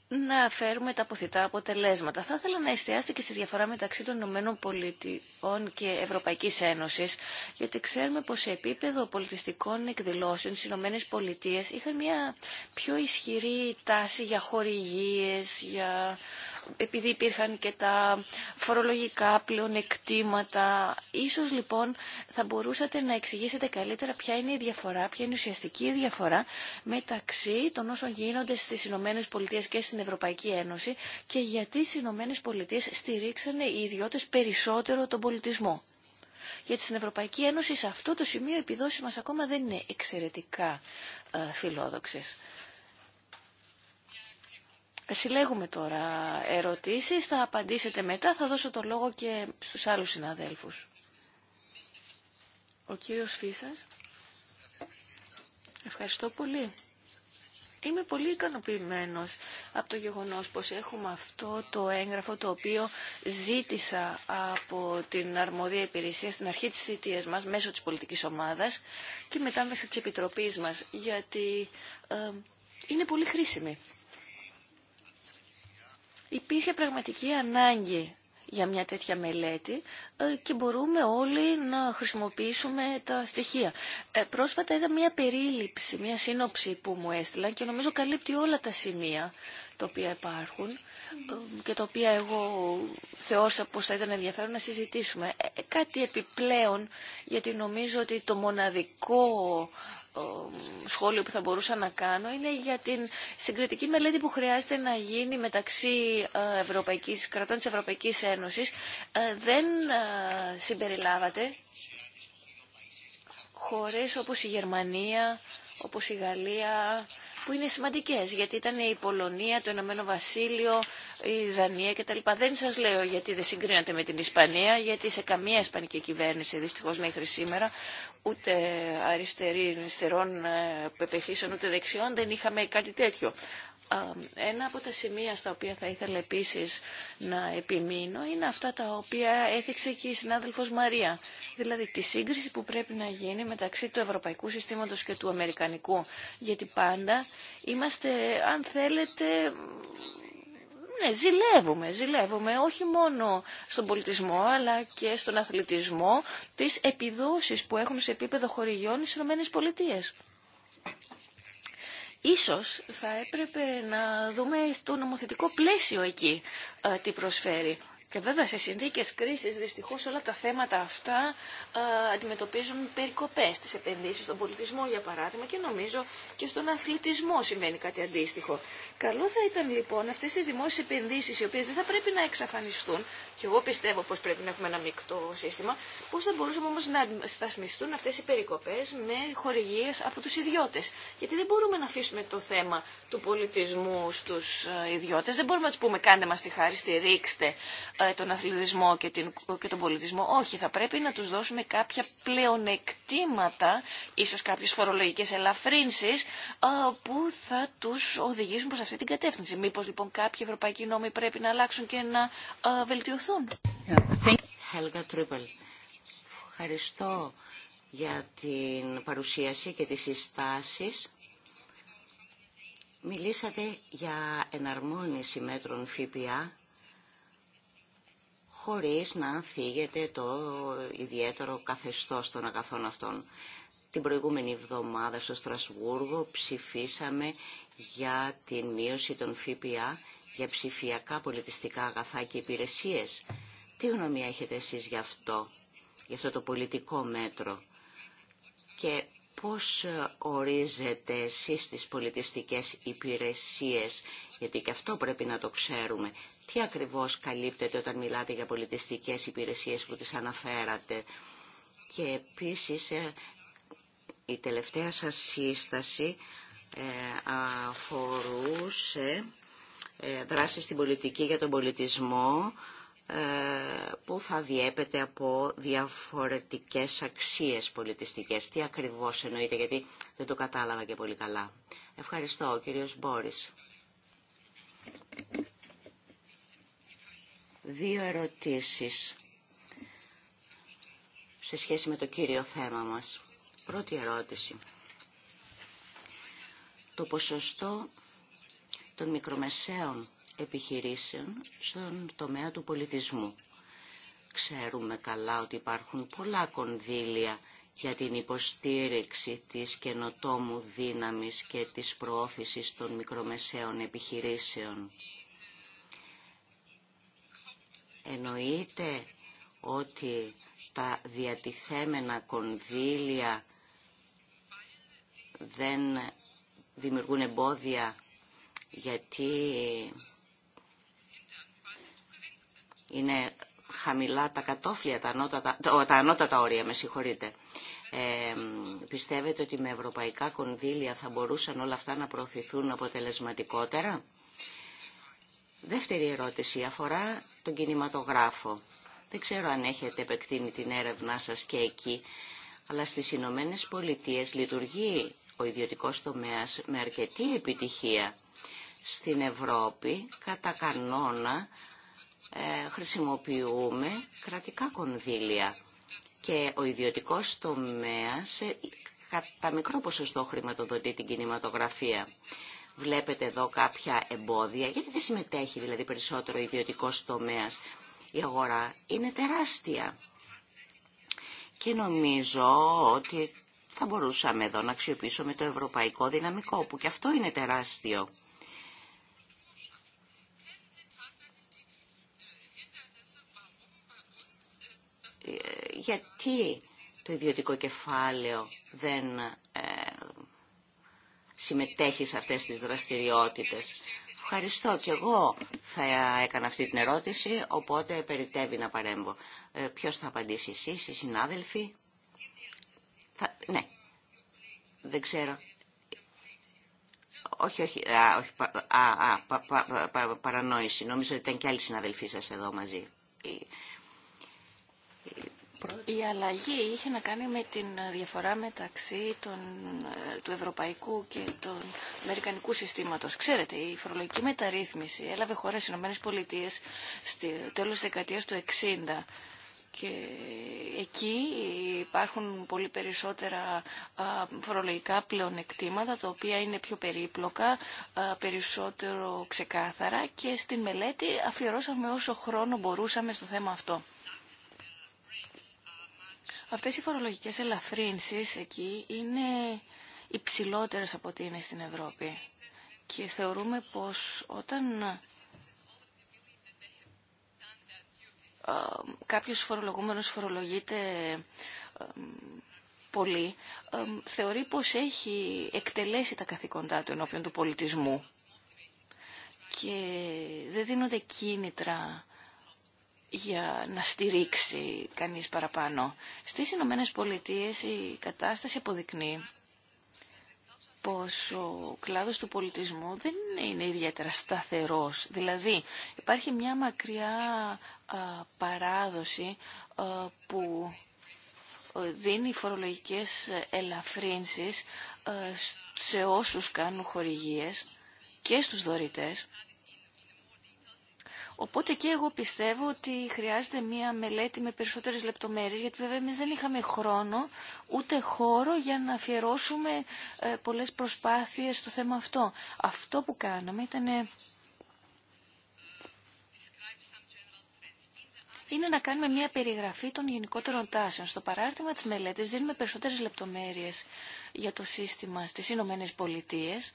να φέρουμε τα αποθητά αποτελέσματα. Θα ήθελα να εστιάσετε και στη διαφορά μεταξύ των Ηνωμένων Πολιτειών και Ευρωπαϊκής Ένωσης, γιατί ξέρουμε πως σε επίπεδο πολιτιστικών εκδηλώσεων στι Ηνωμένε Πολιτείες είχαν μια πιο ισχυρή τάση για χορηγίε, για επειδή υπήρχαν και τα φορολογικά πλεονεκτήματα. Ίσως λοιπόν θα μπορούσατε να εξηγήσετε καλύτερα ποια είναι η διαφορά, ποια είναι η ουσιαστική διαφορά μεταξύ των όσων γίνονται στις Ηνωμένες Πολιτείες και στην Ευρωπαϊκή Ένωση και γιατί στις Ηνωμένες Πολιτείες στηρίξανε οι ιδιώτες περισσότερο τον πολιτισμό. Γιατί στην Ευρωπαϊκή Ένωση σε αυτό το σημείο οι επιδόσεις μας ακόμα δεν είναι εξαιρετικά ε, φιλόδοξες. Συλλέγουμε τώρα ερωτήσεις, θα απαντήσετε μετά, θα δώσω το λόγο και στους άλλους συναδέλφους. Ο κύριος Φίσας. Ευχαριστώ πολύ. Είμαι πολύ ικανοποιημένο από το γεγονός πως έχουμε αυτό το έγγραφο το οποίο ζήτησα από την αρμόδια υπηρεσία στην αρχή της θητείας μας μέσω της πολιτικής ομάδας και μετά μέσα της επιτροπής μας γιατί ε, είναι πολύ χρήσιμη. Υπήρχε πραγματική ανάγκη για μια τέτοια μελέτη ε, και μπορούμε όλοι να χρησιμοποιήσουμε τα στοιχεία. Ε, πρόσφατα είδα μια περίληψη, μια σύνοψη που μου έστειλαν και νομίζω καλύπτει όλα τα σημεία τα οποία υπάρχουν ε, και τα οποία εγώ θεώρησα πως θα ήταν ενδιαφέρον να συζητήσουμε. Κάτι επιπλέον, γιατί νομίζω ότι το μοναδικό σχόλιο που θα μπορούσα να κάνω είναι για την συγκριτική μελέτη που χρειάζεται να γίνει μεταξύ ε, Ευρωπαϊκής, κρατών της Ευρωπαϊκής Ένωσης. Ε, δεν ε, συμπεριλάβατε χώρες όπως η Γερμανία, όπως η Γαλλία, που είναι σημαντικές, γιατί ήταν η Πολωνία, το Ηνωμένο Βασίλειο, η Δανία κτλ. Δεν σας λέω γιατί δεν συγκρίνατε με την Ισπανία, γιατί σε καμία ισπανική κυβέρνηση, δυστυχώς μέχρι σήμερα, ούτε αριστερή, αριστερών ε, πεπεθήσεων, ούτε δεξιών δεν είχαμε κάτι τέτοιο. Ένα από τα σημεία στα οποία θα ήθελα επίσης να επιμείνω είναι αυτά τα οποία έθιξε και η συνάδελφος Μαρία. Δηλαδή τη σύγκριση που πρέπει να γίνει μεταξύ του ευρωπαϊκού συστήματος και του αμερικανικού. Γιατί πάντα είμαστε, αν θέλετε, ναι, ζηλεύουμε, ζηλεύουμε όχι μόνο στον πολιτισμό αλλά και στον αθλητισμό τις επιδόσεις που έχουν σε επίπεδο χορηγιών οι ΗΠΑ. Ίσως θα έπρεπε να δούμε στο νομοθετικό πλαίσιο εκεί ε, τι προσφέρει. Και βέβαια σε συνθήκες κρίσης δυστυχώς όλα τα θέματα αυτά αντιμετωπίζουν περικοπές στις επενδύσεις στον πολιτισμό για παράδειγμα και νομίζω και στον αθλητισμό συμβαίνει κάτι αντίστοιχο. Καλό θα ήταν λοιπόν αυτές τις δημόσιες επενδύσεις οι οποίες δεν θα πρέπει να εξαφανιστούν και εγώ πιστεύω πως πρέπει να έχουμε ένα μεικτό σύστημα πώς θα μπορούσαμε όμως να σταθμιστούν αυτές οι περικοπές με χορηγίες από τους ιδιώτες. Γιατί δεν μπορούμε να αφήσουμε το θέμα του πολιτισμού στους ε, ιδιώτε. δεν μπορούμε να του πούμε κάντε μας τη χάρη, στηρίξτε ε, τον αθλητισμό και, τον πολιτισμό. Όχι, θα πρέπει να τους δώσουμε κάποια πλεονεκτήματα, ίσως κάποιες φορολογικές ελαφρύνσεις, που θα τους οδηγήσουν προς αυτή την κατεύθυνση. Μήπως λοιπόν κάποιοι ευρωπαϊκοί νόμοι πρέπει να αλλάξουν και να βελτιωθούν. Ευχαριστώ για την παρουσίαση και τις συστάσεις. Μιλήσατε για εναρμόνιση μέτρων ΦΠΑ χωρίς να θίγεται το ιδιαίτερο καθεστώς των αγαθών αυτών. Την προηγούμενη εβδομάδα στο Στρασβούργο ψηφίσαμε για την μείωση των ΦΠΑ για ψηφιακά πολιτιστικά αγαθά και υπηρεσίες. Τι γνώμη έχετε εσείς γι' αυτό, γι' αυτό το πολιτικό μέτρο και πώς ορίζετε εσείς τις πολιτιστικές υπηρεσίες γιατί και αυτό πρέπει να το ξέρουμε. Τι ακριβώς καλύπτεται όταν μιλάτε για πολιτιστικές υπηρεσίες που τις αναφέρατε. Και επίσης ε, η τελευταία σας σύσταση ε, αφορούσε ε, δράσεις στην πολιτική για τον πολιτισμό που θα διέπεται από διαφορετικές αξίες πολιτιστικές. Τι ακριβώς εννοείται, γιατί δεν το κατάλαβα και πολύ καλά. Ευχαριστώ, κύριος Μπόρης. Δύο ερωτήσεις σε σχέση με το κύριο θέμα μας. Πρώτη ερώτηση. Το ποσοστό των μικρομεσαίων επιχειρήσεων στον τομέα του πολιτισμού. Ξέρουμε καλά ότι υπάρχουν πολλά κονδύλια για την υποστήριξη της καινοτόμου δύναμης και της προώθησης των μικρομεσαίων επιχειρήσεων. Εννοείται ότι τα διατιθέμενα κονδύλια δεν δημιουργούν εμπόδια γιατί είναι χαμηλά τα κατόφλια, τα ανώτατα, τα ανώτατα όρια, με συγχωρείτε. Ε, πιστεύετε ότι με ευρωπαϊκά κονδύλια θα μπορούσαν όλα αυτά να προωθηθούν αποτελεσματικότερα. Δεύτερη ερώτηση αφορά τον κινηματογράφο. Δεν ξέρω αν έχετε επεκτείνει την έρευνά σας και εκεί, αλλά στις Ηνωμένε Πολιτείε λειτουργεί ο ιδιωτικός τομέας με αρκετή επιτυχία. Στην Ευρώπη, κατά κανόνα, ε, χρησιμοποιούμε κρατικά κονδύλια και ο ιδιωτικός τομέας ε, κατά μικρό ποσοστό χρηματοδοτεί την κινηματογραφία. Βλέπετε εδώ κάποια εμπόδια, γιατί δεν συμμετέχει δηλαδή περισσότερο ο ιδιωτικός τομέας. Η αγορά είναι τεράστια. Και νομίζω ότι θα μπορούσαμε εδώ να αξιοποιήσουμε το ευρωπαϊκό δυναμικό, που και αυτό είναι τεράστιο. γιατί το ιδιωτικό κεφάλαιο δεν ε, συμμετέχει σε αυτές τις δραστηριότητες. Ευχαριστώ και εγώ θα έκανα αυτή την ερώτηση, οπότε περιτεύει να παρέμβω. Ε, ποιος θα απαντήσει εσείς, οι συνάδελφοι. Ναι, δεν ξέρω. Όχι, όχι, α, όχι, α, α παρανόηση. Νομίζω ότι ήταν και άλλοι συναδελφοί σας εδώ μαζί. Η αλλαγή είχε να κάνει με την διαφορά μεταξύ των, ε, του ευρωπαϊκού και του αμερικανικού συστήματος. Ξέρετε, η φορολογική μεταρρύθμιση έλαβε χώρα στις πολιτείες στο τέλος της δεκαετίας του 60 και εκεί υπάρχουν πολύ περισσότερα φορολογικά πλεονεκτήματα τα οποία είναι πιο περίπλοκα, περισσότερο ξεκάθαρα και στην μελέτη αφιερώσαμε όσο χρόνο μπορούσαμε στο θέμα αυτό. Αυτές οι φορολογικές ελαφρύνσεις εκεί είναι υψηλότερες από ό,τι είναι στην Ευρώπη. Και θεωρούμε πως όταν κάποιος φορολογούμενος φορολογείται πολύ, θεωρεί πως έχει εκτελέσει τα καθήκοντά του ενώπιον του πολιτισμού και δεν δίνονται κίνητρα για να στηρίξει κανείς παραπάνω. Στις Ηνωμένε Πολιτείε η κατάσταση αποδεικνύει πως ο κλάδος του πολιτισμού δεν είναι ιδιαίτερα σταθερός. Δηλαδή υπάρχει μια μακριά παράδοση που δίνει φορολογικές ελαφρύνσεις σε όσους κάνουν χορηγίες και στους δωρητές Οπότε και εγώ πιστεύω ότι χρειάζεται μία μελέτη με περισσότερες λεπτομέρειες, γιατί βέβαια εμείς δεν είχαμε χρόνο ούτε χώρο για να αφιερώσουμε ε, πολλές προσπάθειες στο θέμα αυτό. Αυτό που κάναμε ήταν είναι να κάνουμε μια περιγραφή των γενικότερων τάσεων. Στο παράρτημα της μελέτης δίνουμε περισσότερες λεπτομέρειες για το σύστημα στις Ηνωμένε Πολιτείες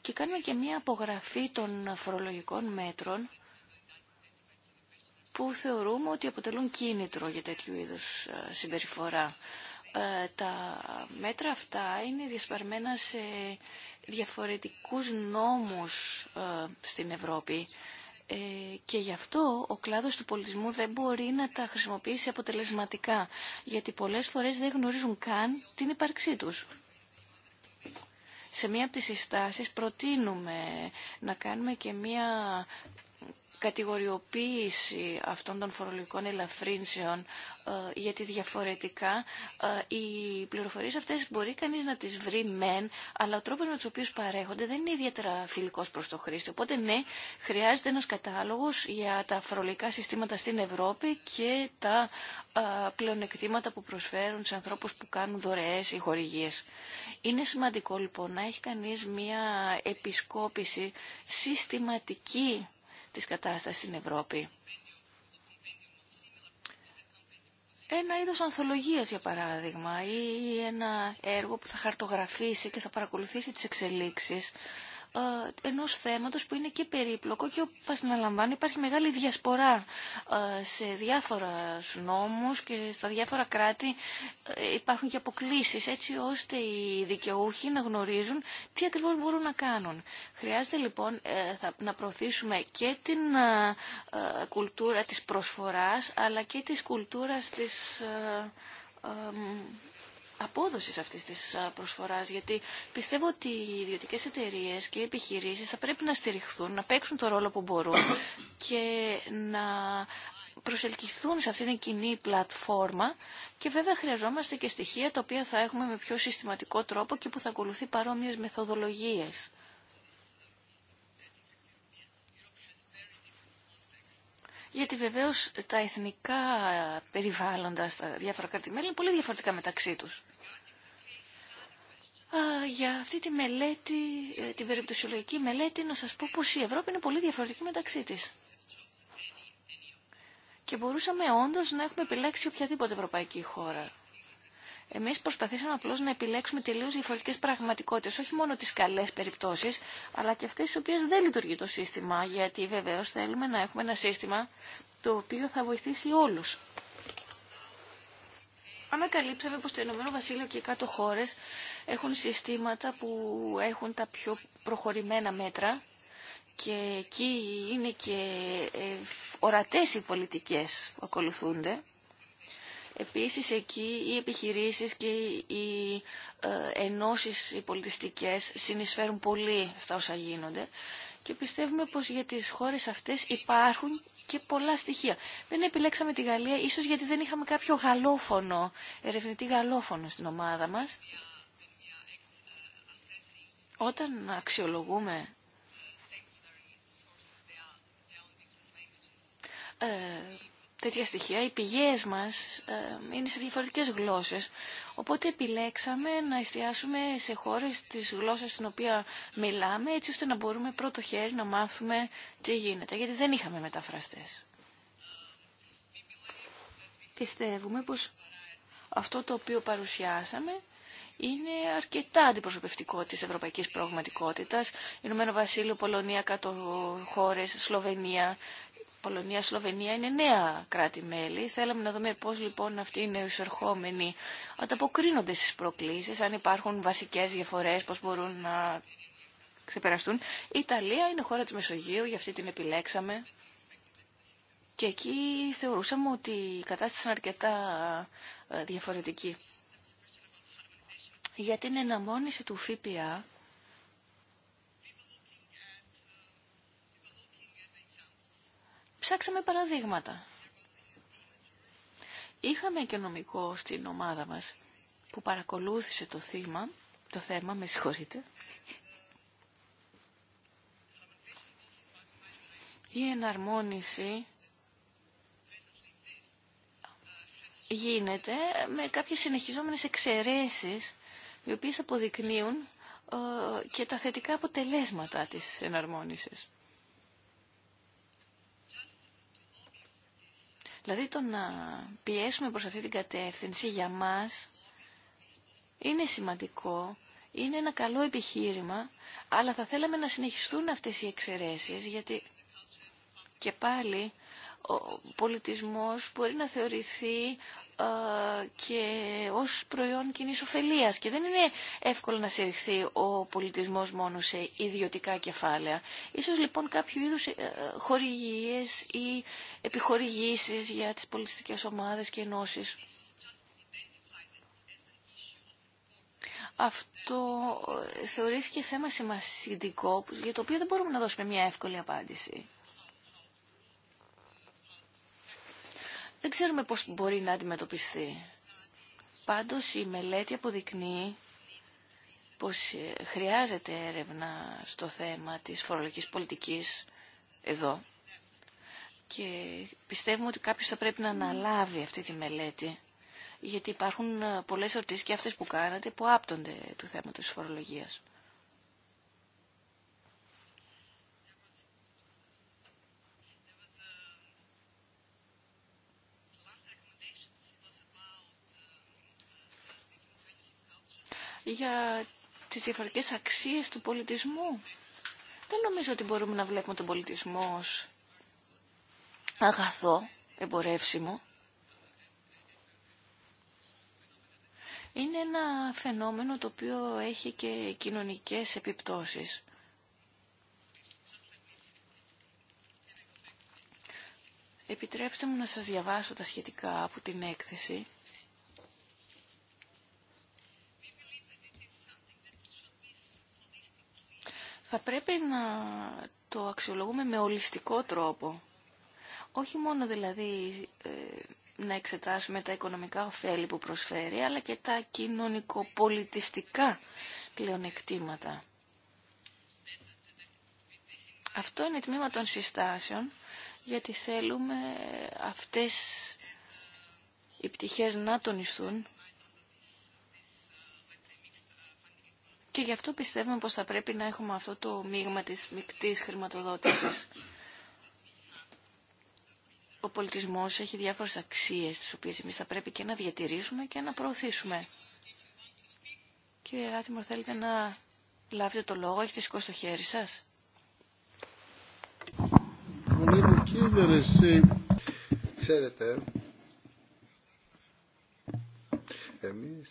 και κάνουμε και μια απογραφή των φορολογικών μέτρων που θεωρούμε ότι αποτελούν κίνητρο για τέτοιου είδους ε, συμπεριφορά. Ε, τα μέτρα αυτά είναι διασπαρμένα σε διαφορετικούς νόμους ε, στην Ευρώπη και γι' αυτό ο κλάδος του πολιτισμού δεν μπορεί να τα χρησιμοποιήσει αποτελεσματικά, γιατί πολλές φορές δεν γνωρίζουν καν την ύπαρξή τους. Σε μία από τις συστάσεις προτείνουμε να κάνουμε και μία κατηγοριοποίηση αυτών των φορολογικών ελαφρύνσεων ε, γιατί διαφορετικά ε, οι πληροφορίες αυτές μπορεί κανείς να τις βρει μεν αλλά ο τρόπος με τους οποίους παρέχονται δεν είναι ιδιαίτερα φιλικός προς το χρήστη. Οπότε ναι, χρειάζεται ένας κατάλογος για τα φορολογικά συστήματα στην Ευρώπη και τα ε, πλεονεκτήματα που προσφέρουν σε ανθρώπους που κάνουν δωρεές ή χορηγίες. Είναι σημαντικό λοιπόν να έχει κανείς μια επισκόπηση συστηματική της κατάστασης στην Ευρώπη. Ένα είδος ανθολογίας, για παράδειγμα, ή ένα έργο που θα χαρτογραφήσει και θα παρακολουθήσει τις εξελίξεις ε, ενός θέματος που είναι και περίπλοκο και όπως αναλαμβάνω υπάρχει μεγάλη διασπορά ε, σε διάφορα νόμους και στα διάφορα κράτη ε, υπάρχουν και αποκλήσεις έτσι ώστε οι δικαιούχοι να γνωρίζουν τι ακριβώς μπορούν να κάνουν. Χρειάζεται λοιπόν να προωθήσουμε και την κουλτούρα της προσφοράς αλλά και της κουλτούρας της Απόδοση αυτή τη προσφορά, γιατί πιστεύω ότι οι ιδιωτικέ εταιρείε και οι επιχειρήσεις θα πρέπει να στηριχθούν, να παίξουν το ρόλο που μπορούν και να προσελκυθούν σε αυτήν την κοινή πλατφόρμα και βέβαια χρειαζόμαστε και στοιχεία τα οποία θα έχουμε με πιο συστηματικό τρόπο και που θα ακολουθεί παρόμοιες μεθοδολογίες. γιατί βεβαίω τα εθνικά περιβάλλοντα στα διάφορα κρατημέλη είναι πολύ διαφορετικά μεταξύ τους. για αυτή τη μελέτη, ε, την περιπτωσιολογική μελέτη, να σα πω πω η Ευρώπη είναι πολύ διαφορετική μεταξύ της. Και μπορούσαμε όντως να έχουμε επιλέξει οποιαδήποτε ευρωπαϊκή χώρα. Εμεί προσπαθήσαμε απλώ να επιλέξουμε τελείω διαφορετικέ πραγματικότητε, όχι μόνο τις καλέ περιπτώσεις, αλλά και αυτές τι οποίες δεν λειτουργεί το σύστημα, γιατί βεβαίω θέλουμε να έχουμε ένα σύστημα το οποίο θα βοηθήσει όλους. Ανακαλύψαμε πως το Ηνωμένο Βασίλειο και οι κάτω χώρες έχουν συστήματα που έχουν τα πιο προχωρημένα μέτρα και εκεί είναι και ε, ορατές οι πολιτικές που ακολουθούνται. Επίσης εκεί οι επιχειρήσεις και οι ε, ενώσεις οι πολιτιστικές συνεισφέρουν πολύ στα όσα γίνονται και πιστεύουμε πως για τις χώρες αυτές υπάρχουν και πολλά στοιχεία. Δεν επιλέξαμε τη Γαλλία, ίσως γιατί δεν είχαμε κάποιο γαλλόφωνο, ερευνητή γαλλόφωνο στην ομάδα μας. Όταν αξιολογούμε ε, τέτοια στοιχεία, οι πηγές μας ε, είναι σε διαφορετικές γλώσσες. Οπότε επιλέξαμε να εστιάσουμε σε χώρες της γλώσσας στην οποία μιλάμε, έτσι ώστε να μπορούμε πρώτο χέρι να μάθουμε τι γίνεται, γιατί δεν είχαμε μεταφραστές. Πιστεύουμε πως αυτό το οποίο παρουσιάσαμε είναι αρκετά αντιπροσωπευτικό της ευρωπαϊκής πραγματικότητας. Ηνωμένο Βασίλειο, Πολωνία, κάτω χώρες, Σλοβενία, Πολωνία, Σλοβενία είναι νέα κράτη-μέλη. Θέλαμε να δούμε πώς λοιπόν αυτοί οι εισερχόμενοι ανταποκρίνονται στις προκλήσεις, αν υπάρχουν βασικές διαφορές, πώς μπορούν να ξεπεραστούν. Η Ιταλία είναι χώρα της Μεσογείου, για αυτή την επιλέξαμε. Και εκεί θεωρούσαμε ότι η κατάσταση είναι αρκετά ε, διαφορετική. Για την εναμόνιση του ΦΠΑ, Ψάξαμε παραδείγματα. Είχαμε και νομικό στην ομάδα μας που παρακολούθησε το θύμα, το θέμα, με συγχωρείτε. Η εναρμόνιση γίνεται με κάποιες συνεχιζόμενες εξαιρέσεις οι οποίες αποδεικνύουν ε, και τα θετικά αποτελέσματα της εναρμόνισης. Δηλαδή το να πιέσουμε προς αυτή την κατεύθυνση για μας είναι σημαντικό, είναι ένα καλό επιχείρημα, αλλά θα θέλαμε να συνεχιστούν αυτές οι εξαιρέσεις, γιατί και πάλι ο πολιτισμός μπορεί να θεωρηθεί και ως προϊόν κοινή ωφελία. Και δεν είναι εύκολο να συρριχθεί ο πολιτισμός μόνο σε ιδιωτικά κεφάλαια. Ίσως λοιπόν κάποιο είδους ε, χορηγίες ή επιχορηγήσεις για τις πολιτιστικές ομάδες και ενώσεις. Αυτό ε, θεωρήθηκε θέμα σημαντικό για το οποίο δεν μπορούμε να δώσουμε μια εύκολη απάντηση. δεν ξέρουμε πώς μπορεί να αντιμετωπιστεί. Πάντως η μελέτη αποδεικνύει πως ε, χρειάζεται έρευνα στο θέμα της φορολογικής πολιτικής εδώ και πιστεύουμε ότι κάποιος θα πρέπει να αναλάβει αυτή τη μελέτη γιατί υπάρχουν ε, πολλές ερωτήσεις και αυτές που κάνατε που άπτονται του θέματος της φορολογίας. για τις διαφορετικές αξίες του πολιτισμού. Δεν νομίζω ότι μπορούμε να βλέπουμε τον πολιτισμό ως αγαθό, εμπορεύσιμο. Είναι ένα φαινόμενο το οποίο έχει και κοινωνικές επιπτώσεις. Επιτρέψτε μου να σας διαβάσω τα σχετικά από την έκθεση. θα πρέπει να το αξιολογούμε με ολιστικό τρόπο. Όχι μόνο δηλαδή ε, να εξετάσουμε τα οικονομικά ωφέλη που προσφέρει, αλλά και τα κοινωνικοπολιτιστικά πλεονεκτήματα. Αυτό είναι τμήμα των συστάσεων, γιατί θέλουμε αυτές οι πτυχές να τονιστούν Και γι' αυτό πιστεύουμε πως θα πρέπει να έχουμε αυτό το μείγμα της μικτής χρηματοδότησης. Ο πολιτισμός έχει διάφορες αξίες τις οποίες εμείς θα πρέπει και να διατηρήσουμε και να προωθήσουμε. Κύριε Ράτιμορ, θέλετε να λάβετε το λόγο, έχετε σηκώσει το χέρι σας. Ξέρετε, εμείς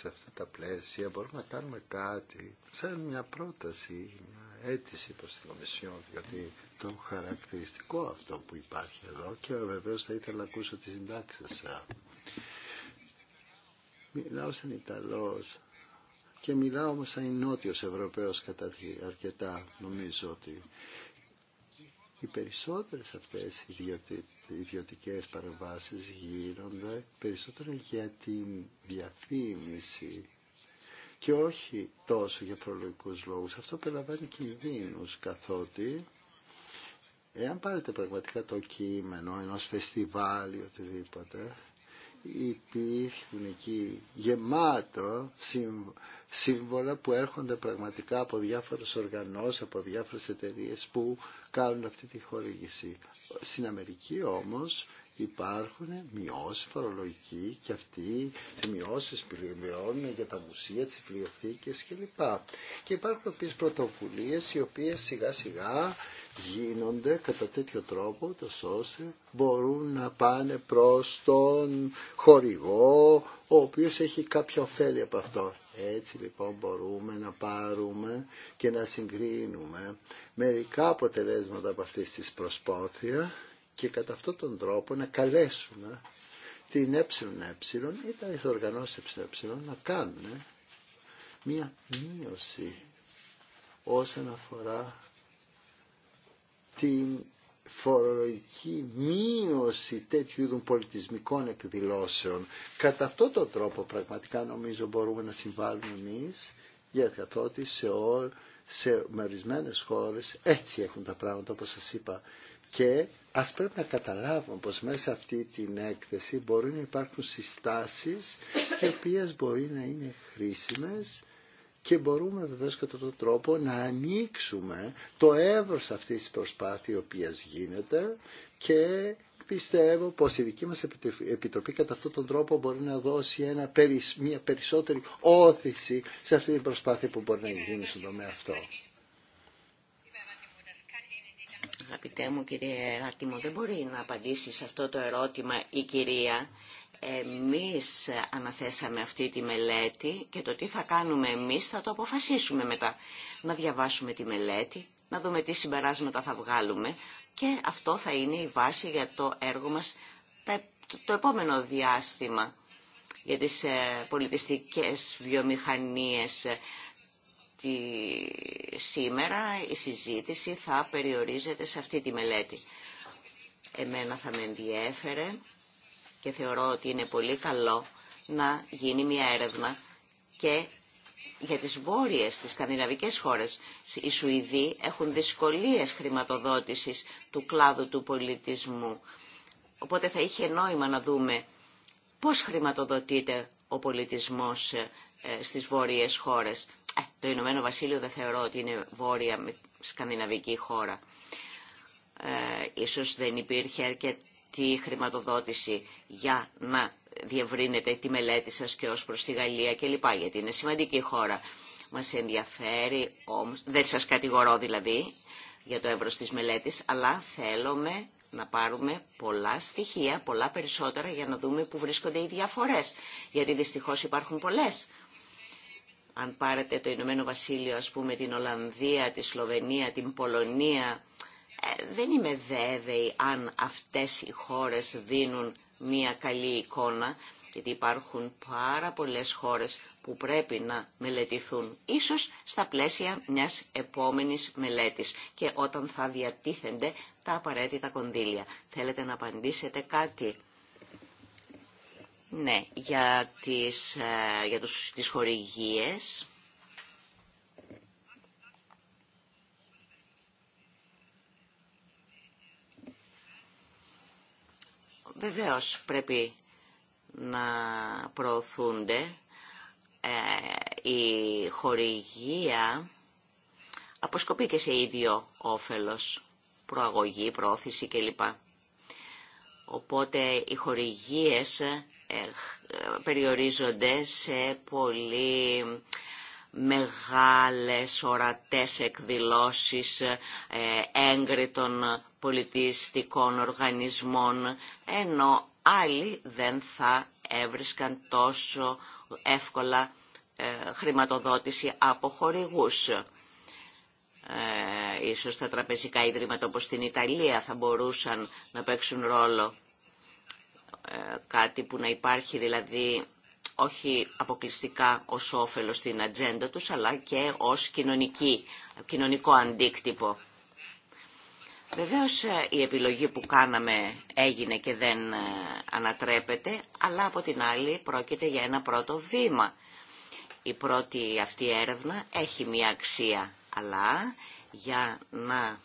σε αυτά τα πλαίσια μπορούμε να κάνουμε κάτι σαν μια πρόταση, μια αίτηση προς την Κομισιόν, γιατί το χαρακτηριστικό αυτό που υπάρχει εδώ και βεβαίως θα ήθελα να ακούσω τις συντάξεις σας. Μιλάω σαν Ιταλός και μιλάω όμως σαν Νότιος Ευρωπαίος κατά αρκετά νομίζω ότι οι περισσότερες αυτές οι ιδιωτικές παρεμβάσεις γίνονται περισσότερο για την διαφήμιση και όχι τόσο για φορολογικούς λόγους. Αυτό περιλαμβάνει κινδύνους καθότι εάν πάρετε πραγματικά το κείμενο ενός φεστιβάλ ή οτιδήποτε υπήρχουν εκεί γεμάτο σύμβολα που έρχονται πραγματικά από διάφορες οργανώσεις, από διάφορες εταιρείες που κάνουν αυτή τη χορήγηση. Στην Αμερική όμως υπάρχουν μειώσει φορολογική και αυτοί οι μειώσει πληρώνουν για τα μουσεία, τι βιβλιοθήκε κλπ. Και υπάρχουν επίση πρωτοβουλίε οι οποίε σιγά σιγά γίνονται κατά τέτοιο τρόπο ώστε μπορούν να πάνε προς τον χορηγό ο οποίος έχει κάποια ωφέλη από αυτό. Έτσι λοιπόν μπορούμε να πάρουμε και να συγκρίνουμε μερικά αποτελέσματα από αυτή τη προσπάθεια και κατά αυτόν τον τρόπο να καλέσουμε την ΕΕ ή τα οργανώσεις ΕΕ να κάνουν μία μείωση όσον αφορά την φορολογική μείωση τέτοιου είδου πολιτισμικών εκδηλώσεων. Κατά αυτόν τον τρόπο πραγματικά νομίζω μπορούμε να συμβάλλουμε εμείς για ότι σε, ό, σε χώρες έτσι έχουν τα πράγματα όπως σας είπα και ας πρέπει να καταλάβουμε πως μέσα αυτή την έκθεση μπορεί να υπάρχουν συστάσεις οι οποίες μπορεί να είναι χρήσιμες και μπορούμε βεβαίως κατά τον τρόπο να ανοίξουμε το έβρος αυτής της προσπάθειας η οποία γίνεται και πιστεύω πως η δική μας Επιτροπή κατά αυτόν τον τρόπο μπορεί να δώσει μια περισσότερη όθηση σε αυτή την προσπάθεια που μπορεί να γίνει στον τομέα αυτό. Αγαπητέ μου κύριε Ράτιμο, δεν μπορεί να απαντήσει σε αυτό το ερώτημα η κυρία. Εμείς αναθέσαμε αυτή τη μελέτη και το τι θα κάνουμε εμείς θα το αποφασίσουμε μετά. Να διαβάσουμε τη μελέτη, να δούμε τι συμπεράσματα θα βγάλουμε και αυτό θα είναι η βάση για το έργο μας το επόμενο διάστημα για τις ε, πολιτιστικές βιομηχανίες ότι σήμερα η συζήτηση θα περιορίζεται σε αυτή τη μελέτη. Εμένα θα με ενδιέφερε και θεωρώ ότι είναι πολύ καλό να γίνει μια έρευνα και για τις βόρειες, τις σκανδιναβικές χώρες. Οι Σουηδοί έχουν δυσκολίες χρηματοδότησης του κλάδου του πολιτισμού. Οπότε θα είχε νόημα να δούμε πώς χρηματοδοτείται ο πολιτισμός ε, ε, στις βόρειες χώρες. Ε, το Ηνωμένο Βασίλειο δεν θεωρώ ότι είναι βόρεια σκανδιναβική χώρα. Ε, ίσως δεν υπήρχε αρκετή χρηματοδότηση για να διευρύνετε τη μελέτη σας και ως προς τη Γαλλία κλπ. Γιατί είναι σημαντική χώρα. Μας ενδιαφέρει όμως, δεν σας κατηγορώ δηλαδή για το εύρος της μελέτης, αλλά θέλουμε να πάρουμε πολλά στοιχεία, πολλά περισσότερα για να δούμε που βρίσκονται οι διαφορές. Γιατί δυστυχώς υπάρχουν πολλές. Αν πάρετε το Ηνωμένο Βασίλειο, ας πούμε, την Ολλανδία, τη Σλοβενία, την Πολωνία, ε, δεν είμαι βέβαιη αν αυτές οι χώρες δίνουν μια καλή εικόνα, γιατί υπάρχουν πάρα πολλές χώρες που πρέπει να μελετηθούν, ίσως στα πλαίσια μιας επόμενης μελέτης και όταν θα διατίθενται τα απαραίτητα κονδύλια. Θέλετε να απαντήσετε κάτι. Ναι, για τις, ε, για τους, τις χορηγίες... Βεβαίως πρέπει να προωθούνται ε, η χορηγία αποσκοπεί και σε ίδιο όφελος, προαγωγή, πρόθεση κλπ. Οπότε οι χορηγίες περιορίζονται σε πολύ μεγάλες ορατές εκδηλώσεις ε, έγκριτων πολιτιστικών οργανισμών, ενώ άλλοι δεν θα έβρισκαν τόσο εύκολα ε, χρηματοδότηση από χορηγούς. Ε, ίσως τα τραπεζικά ιδρύματα όπως στην Ιταλία θα μπορούσαν να παίξουν ρόλο ε, κάτι που να υπάρχει δηλαδή όχι αποκλειστικά ως όφελο στην ατζέντα τους, αλλά και ως κοινωνική, κοινωνικό αντίκτυπο. Βεβαίως ε, η επιλογή που κάναμε έγινε και δεν ε, ανατρέπεται, αλλά από την άλλη πρόκειται για ένα πρώτο βήμα. Η πρώτη αυτή έρευνα έχει μία αξία, αλλά για να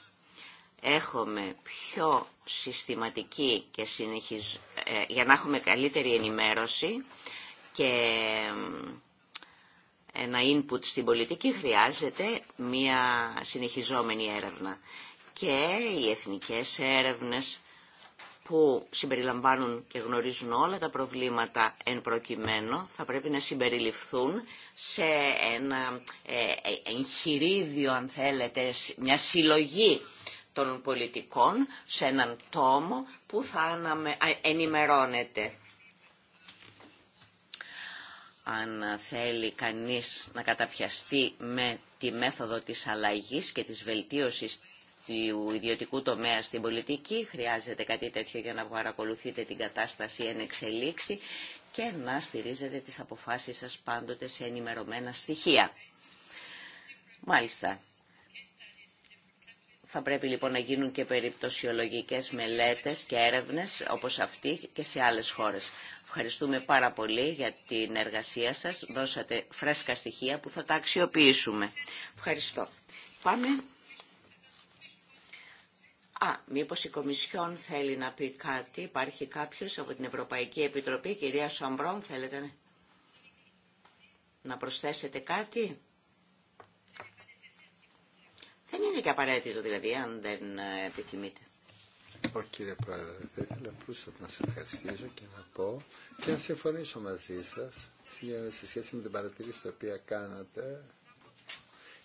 έχουμε πιο συστηματική και συνεχιζ... Ε, για να έχουμε καλύτερη ενημέρωση και ε, ένα input στην πολιτική χρειάζεται μία συνεχιζόμενη έρευνα. Και οι εθνικές έρευνες που συμπεριλαμβάνουν και γνωρίζουν όλα τα προβλήματα εν προκειμένου θα πρέπει να συμπεριληφθούν σε ένα ε, εγχειρίδιο, αν θέλετε, μια συλλογή των πολιτικών σε έναν τόμο που θα ενημερώνεται. Αν θέλει κανείς να καταπιαστεί με τη μέθοδο της αλλαγής και της βελτίωσης του ιδιωτικού τομέα στην πολιτική, χρειάζεται κάτι τέτοιο για να παρακολουθείτε την κατάσταση εν εξελίξη και να στηρίζετε τις αποφάσεις σας πάντοτε σε ενημερωμένα στοιχεία. Μάλιστα, θα πρέπει λοιπόν να γίνουν και περιπτωσιολογικές μελέτες και έρευνες όπως αυτή και σε άλλες χώρες. Ευχαριστούμε πάρα πολύ για την εργασία σας. Δώσατε φρέσκα στοιχεία που θα τα αξιοποιήσουμε. Ευχαριστώ. Πάμε. Α, μήπως η Κομισιόν θέλει να πει κάτι. Υπάρχει κάποιος από την Ευρωπαϊκή Επιτροπή. Κυρία Σαμπρόν, θέλετε να προσθέσετε κάτι. Δεν είναι και απαραίτητο δηλαδή, αν δεν ε, επιθυμείτε. Ω κύριε Πρόεδρε, θα ήθελα πρώτα να σα ευχαριστήσω και να πω και να συμφωνήσω μαζί σας σε σχέση με την παρατηρήση που οποία κάνατε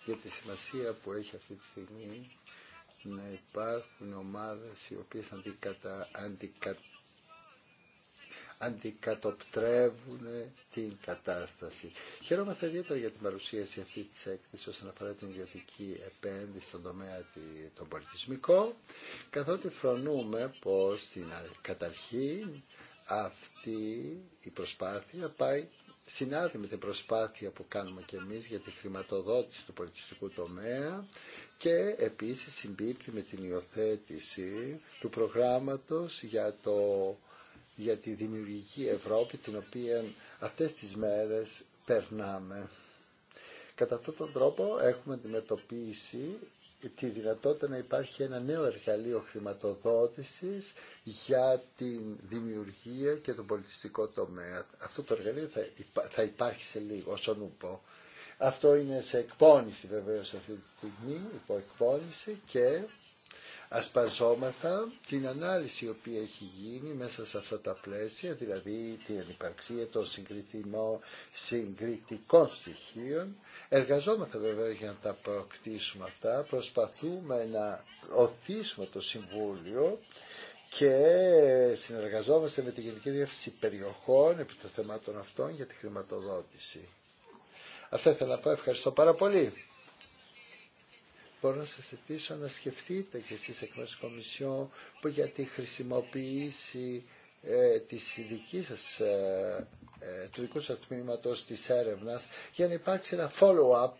για τη σημασία που έχει αυτή τη στιγμή να υπάρχουν ομάδες οι οποίες αντικατα αντικατοπτρεύουν την κατάσταση. Χαιρόμαστε ιδιαίτερα για την παρουσίαση αυτή της έκθεσης όσον αφορά την ιδιωτική επένδυση στον τομέα των πολιτισμικό, καθότι φρονούμε πως στην καταρχήν αυτή η προσπάθεια πάει συνάδει με την προσπάθεια που κάνουμε και εμείς για τη χρηματοδότηση του πολιτιστικού τομέα και επίσης συμπίπτει με την υιοθέτηση του προγράμματος για το για τη δημιουργική Ευρώπη την οποία αυτές τις μέρες περνάμε. Κατά αυτόν τον τρόπο έχουμε αντιμετωπίσει τη δυνατότητα να υπάρχει ένα νέο εργαλείο χρηματοδότησης για την δημιουργία και τον πολιτιστικό τομέα. Αυτό το εργαλείο θα, θα υπάρχει σε λίγο, όσον ούπο. Αυτό είναι σε εκπόνηση βεβαίως αυτή τη στιγμή, υπό εκπόνηση και ασπαζόμαθα την ανάλυση η οποία έχει γίνει μέσα σε αυτά τα πλαίσια, δηλαδή την ανυπαρξία των συγκριτικών στοιχείων. εργαζόμαθα βέβαια για να τα προκτήσουμε αυτά, προσπαθούμε να οθήσουμε το Συμβούλιο και συνεργαζόμαστε με τη Γενική Διεύθυνση Περιοχών επί των θεμάτων αυτών για τη χρηματοδότηση. Αυτά ήθελα να πω. Ευχαριστώ πάρα πολύ μπορώ να σας ζητήσω να σκεφτείτε και εσείς εκ μέρους Κομισιόν που για τη χρησιμοποίηση ε, της δικής σας, ε, ε, του δικού σας τμήματος της έρευνας για να υπάρξει ένα follow-up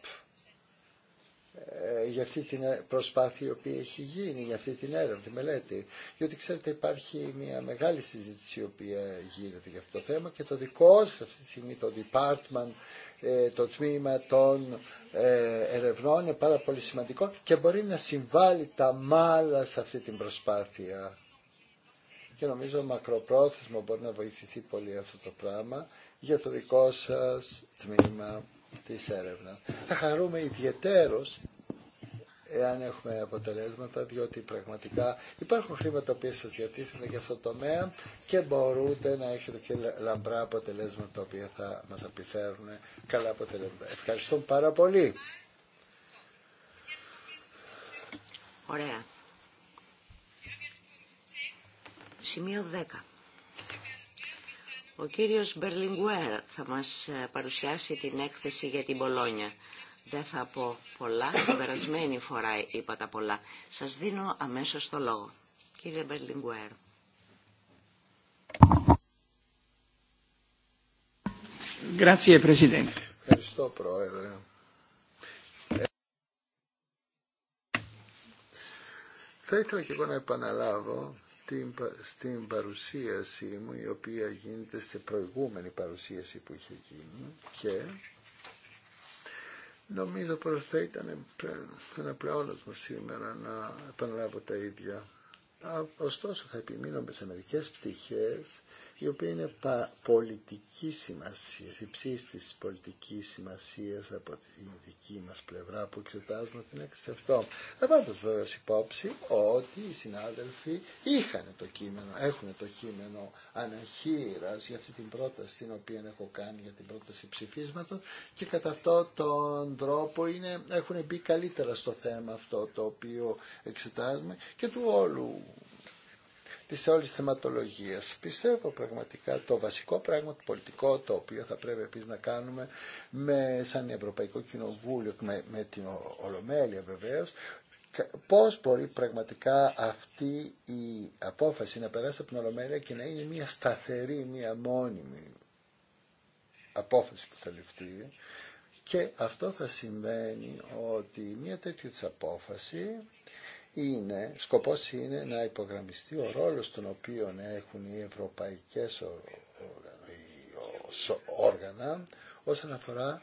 ε, για αυτή την προσπάθεια η οποία έχει γίνει, για αυτή την έρευνα, τη μελέτη. Γιατί ξέρετε υπάρχει μια μεγάλη συζήτηση η οποία γίνεται για αυτό το θέμα και το δικό αυτή τη στιγμή το department, ε, το τμήμα των ε, ερευνών είναι πάρα πολύ σημαντικό και μπορεί να συμβάλλει τα μάλα σε αυτή την προσπάθεια. Και νομίζω μακροπρόθεσμο μπορεί να βοηθηθεί πολύ αυτό το πράγμα για το δικό σας τμήμα της έρευνας. Θα χαρούμε ιδιαιτέρως εάν έχουμε αποτελέσματα, διότι πραγματικά υπάρχουν χρήματα που σας διατίθενται για αυτό το τομέα και μπορούτε να έχετε και λαμπρά αποτελέσματα τα οποία θα μας επιφέρουν καλά αποτελέσματα. Ευχαριστώ πάρα πολύ. Ωραία. Σημείο 10. Ο κύριος Μπερλιγκουέρ θα μας ε, παρουσιάσει την έκθεση για την Πολόνια. Δεν θα πω πολλά, την περασμένη φορά είπα τα πολλά. Σας δίνω αμέσως το λόγο. Κύριε Μπερλιγκουέρ. Ευχαριστώ, Πρόεδρε. Ε, θα ήθελα και εγώ να επαναλάβω στην παρουσίαση μου η οποία γίνεται στην προηγούμενη παρουσίαση που είχε γίνει και νομίζω πως θα ήταν ένα μου σήμερα να επαναλάβω τα ίδια. Ωστόσο θα επιμείνω σε μερικές πτυχές η οποία είναι πολιτική σημασία, υψή της πολιτικής σημασίας από τη δική μας πλευρά που εξετάζουμε την έκθεση αυτό. Λαμβάνοντας βέβαια υπόψη ότι οι συνάδελφοι είχαν το κείμενο, έχουν το κείμενο αναχείρας για αυτή την πρόταση την οποία έχω κάνει για την πρόταση ψηφίσματο και κατά αυτόν τον τρόπο είναι, έχουν μπει καλύτερα στο θέμα αυτό το οποίο εξετάζουμε και του όλου της όλης θεματολογίας. Πιστεύω πραγματικά το βασικό πράγμα το πολιτικό το οποίο θα πρέπει επίσης να κάνουμε με, σαν Ευρωπαϊκό Κοινοβούλιο με, με την Ολομέλεια βεβαίως πώς μπορεί πραγματικά αυτή η απόφαση να περάσει από την Ολομέλεια και να είναι μια σταθερή, μια μόνιμη απόφαση που θα ληφθεί και αυτό θα σημαίνει ότι μια τέτοια απόφαση είναι, σκοπός είναι να υπογραμμιστεί ο ρόλος τον οποίο έχουν οι ευρωπαϊκές όργανα όσον αφορά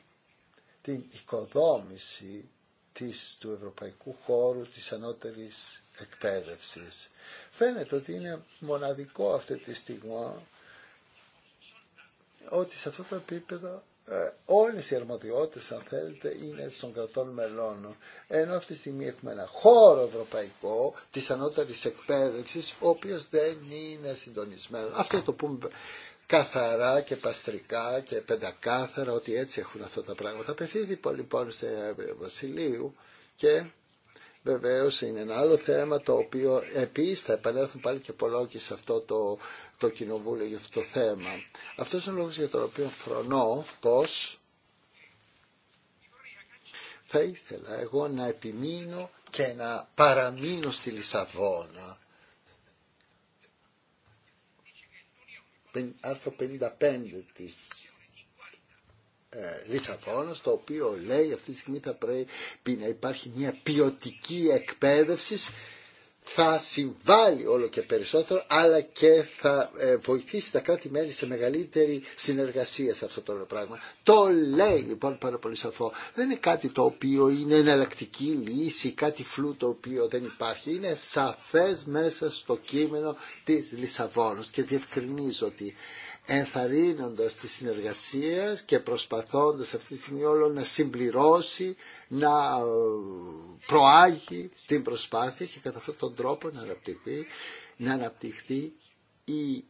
την οικοδόμηση της, του ευρωπαϊκού χώρου της ανώτερης εκπαίδευσης. Φαίνεται ότι είναι μοναδικό αυτή τη στιγμή ότι σε αυτό το επίπεδο ε, όλες οι αρμοδιότητες αν θέλετε είναι των κρατών μελών ενώ αυτή τη στιγμή έχουμε ένα χώρο ευρωπαϊκό της ανώτερης εκπαίδευση, ο οποίο δεν είναι συντονισμένο αυτό το πούμε καθαρά και παστρικά και πεντακάθαρα ότι έτσι έχουν αυτά τα πράγματα πολύ λοιπόν στο ε, Βασιλείου και Βεβαίω είναι ένα άλλο θέμα το οποίο επίση θα επανέλθουν πάλι και πολλοί σε αυτό το, το κοινοβούλιο για αυτό το θέμα. Αυτό είναι ο λόγο για τον οποίο φρονώ πω θα ήθελα εγώ να επιμείνω και να παραμείνω στη Λισαβόνα. Άρθρο 55 της ε, Λισαβόνο, το οποίο λέει αυτή τη στιγμή θα πρέπει να υπάρχει μια ποιοτική εκπαίδευση θα συμβάλλει όλο και περισσότερο αλλά και θα ε, βοηθήσει τα κράτη-μέλη σε μεγαλύτερη συνεργασία σε αυτό το πράγμα. Το λέει λοιπόν πάρα πολύ σαφό. Δεν είναι κάτι το οποίο είναι εναλλακτική λύση, κάτι φλού το οποίο δεν υπάρχει. Είναι σαφές μέσα στο κείμενο της Λισαβόνος και διευκρινίζω ότι ενθαρρύνοντας τη συνεργασία και προσπαθώντας αυτή τη στιγμή όλο να συμπληρώσει, να ε, προάγει την προσπάθεια και κατά αυτόν τον τρόπο να αναπτυχθεί, να αναπτυχθεί η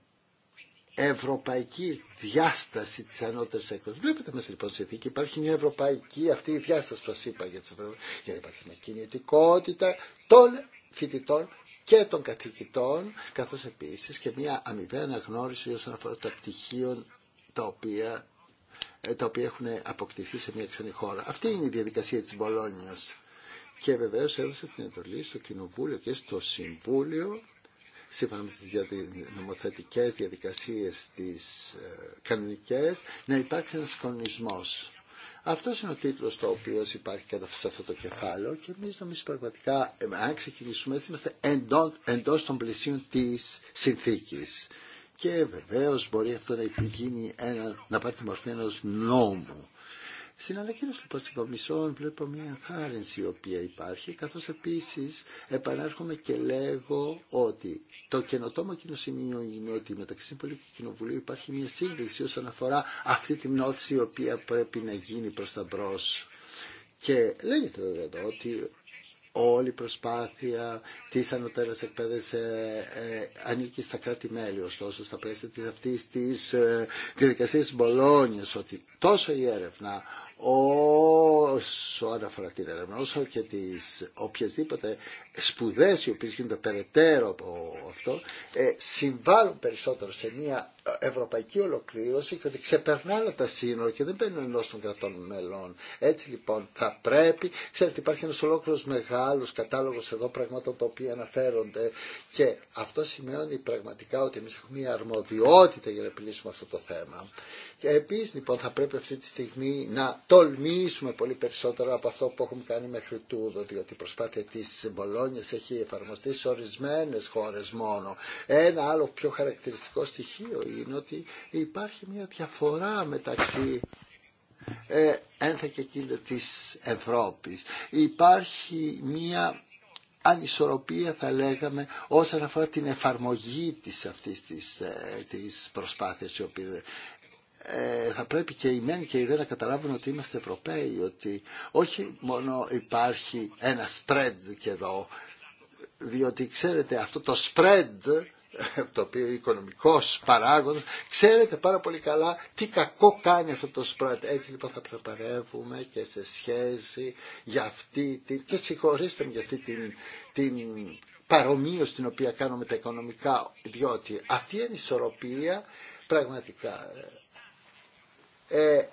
ευρωπαϊκή διάσταση της ανώτερης έκδοσης. Βλέπετε μας λοιπόν σε δίκη υπάρχει μια ευρωπαϊκή αυτή η διάσταση που σας είπα για, τις για να υπάρχει μια κινητικότητα των φοιτητών και των καθηγητών, καθώς επίσης και μια αμοιβαία αναγνώριση όσον αφορά τα πτυχίων τα οποία, ε, τα οποία έχουν αποκτηθεί σε μια ξένη χώρα. Αυτή είναι η διαδικασία της Μπολόνιας. Και βεβαίως έδωσε την εντολή στο Κοινοβούλιο και στο Συμβούλιο σύμφωνα με τις νομοθετικές διαδικασίες τι ε, κανονικές, να υπάρξει ένας κανονισμός αυτό είναι ο τίτλο το οποίο υπάρχει κατά σε αυτό το κεφάλαιο και εμεί νομίζω πραγματικά, ε, αν ξεκινήσουμε έτσι, είμαστε εντό των πλαισίων τη συνθήκη. Και βεβαίω μπορεί αυτό να επιγίνει ένα, να πάρει τη μορφή ενό νόμου. Στην ανακοίνωση λοιπόν των κομισών βλέπω μια ενθάρρυνση η οποία υπάρχει, καθώ επίση επανέρχομαι και λέγω ότι το καινοτόμο κοινό σημείο είναι ότι μεταξύ πολιτικού και Κοινοβουλίου υπάρχει μια σύγκριση όσον αφορά αυτή την όθηση η οποία πρέπει να γίνει προς τα μπρος. Και λέγεται εδώ ότι όλη η προσπάθεια της ανωτέρας εκπαίδευση ε, ε, ανήκει στα κράτη-μέλη, ωστόσο στα πλαίσια της αυτής της ε, διαδικασίας Μπολόνιας, ότι τόσο η έρευνα όσο αναφορά την έρευνα, όσο και τις οποιασδήποτε σπουδές οι οποίες γίνονται περαιτέρω από αυτό, ε, συμβάλλουν περισσότερο σε μια ευρωπαϊκή ολοκλήρωση και ότι ξεπερνάνε τα σύνορα και δεν παίρνουν ενό των κρατών μελών. Έτσι λοιπόν θα πρέπει, ξέρετε υπάρχει ένας ολόκληρος μεγάλος κατάλογος εδώ πραγμάτων τα οποία αναφέρονται και αυτό σημαίνει πραγματικά ότι εμείς έχουμε μια αρμοδιότητα για να επιλύσουμε αυτό το θέμα. Και επίσης λοιπόν θα πρέπει αυτή τη στιγμή να τολμήσουμε πολύ περισσότερο από αυτό που έχουμε κάνει μέχρι τούδο, διότι η προσπάθεια τη Μπολόνια έχει εφαρμοστεί σε ορισμένε χώρες μόνο. Ένα άλλο πιο χαρακτηριστικό στοιχείο είναι ότι υπάρχει μια διαφορά μεταξύ ε, και κίνδυνο της Ευρώπης. Υπάρχει μια ανισορροπία θα λέγαμε όσον αφορά την εφαρμογή της αυτής της, ε, της προσπάθειας η οποία ε, θα πρέπει και οι μεν και οι δε να καταλάβουν ότι είμαστε Ευρωπαίοι, ότι όχι μόνο υπάρχει ένα spread και εδώ, διότι ξέρετε αυτό το spread το οποίο οικονομικός παράγοντας, ξέρετε πάρα πολύ καλά τι κακό κάνει αυτό το spread. Έτσι λοιπόν θα προπαρεύουμε και σε σχέση για αυτή την, και συγχωρήστε με για αυτή την, την παρομοίωση την οποία κάνουμε τα οικονομικά, διότι αυτή η ανισορροπία πραγματικά ε, ε,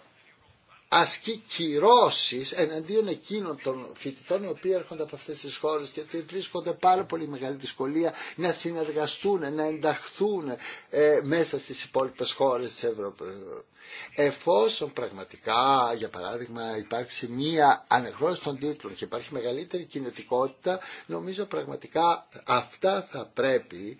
ασκεί κυρώσει εναντίον εκείνων των φοιτητών οι οποίοι έρχονται από αυτέ τι χώρε και ότι βρίσκονται πάρα πολύ μεγάλη δυσκολία να συνεργαστούν, να ενταχθούν ε, μέσα στις υπόλοιπε χώρε τη Ευρώπη. Εφόσον πραγματικά, για παράδειγμα, υπάρξει μία ανεχρώση των τίτλων και υπάρχει μεγαλύτερη κινητικότητα, νομίζω πραγματικά αυτά θα πρέπει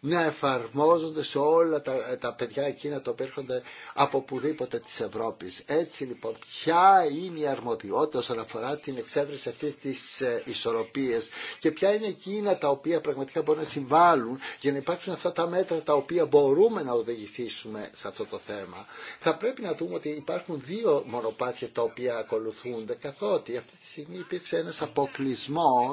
να εφαρμόζονται σε όλα τα, τα παιδιά εκείνα τα οποία έρχονται από πουδήποτε της Ευρώπης. Έτσι λοιπόν, ποια είναι η αρμοδιότητα όσον αφορά την εξέβριση αυτής της ε, ισορροπίας και ποια είναι εκείνα τα οποία πραγματικά μπορούν να συμβάλλουν για να υπάρξουν αυτά τα μέτρα τα οποία μπορούμε να οδηγηθήσουμε σε αυτό το θέμα. Θα πρέπει να δούμε ότι υπάρχουν δύο μονοπάτια τα οποία ακολουθούνται καθότι αυτή τη στιγμή υπήρξε ένας αποκλεισμό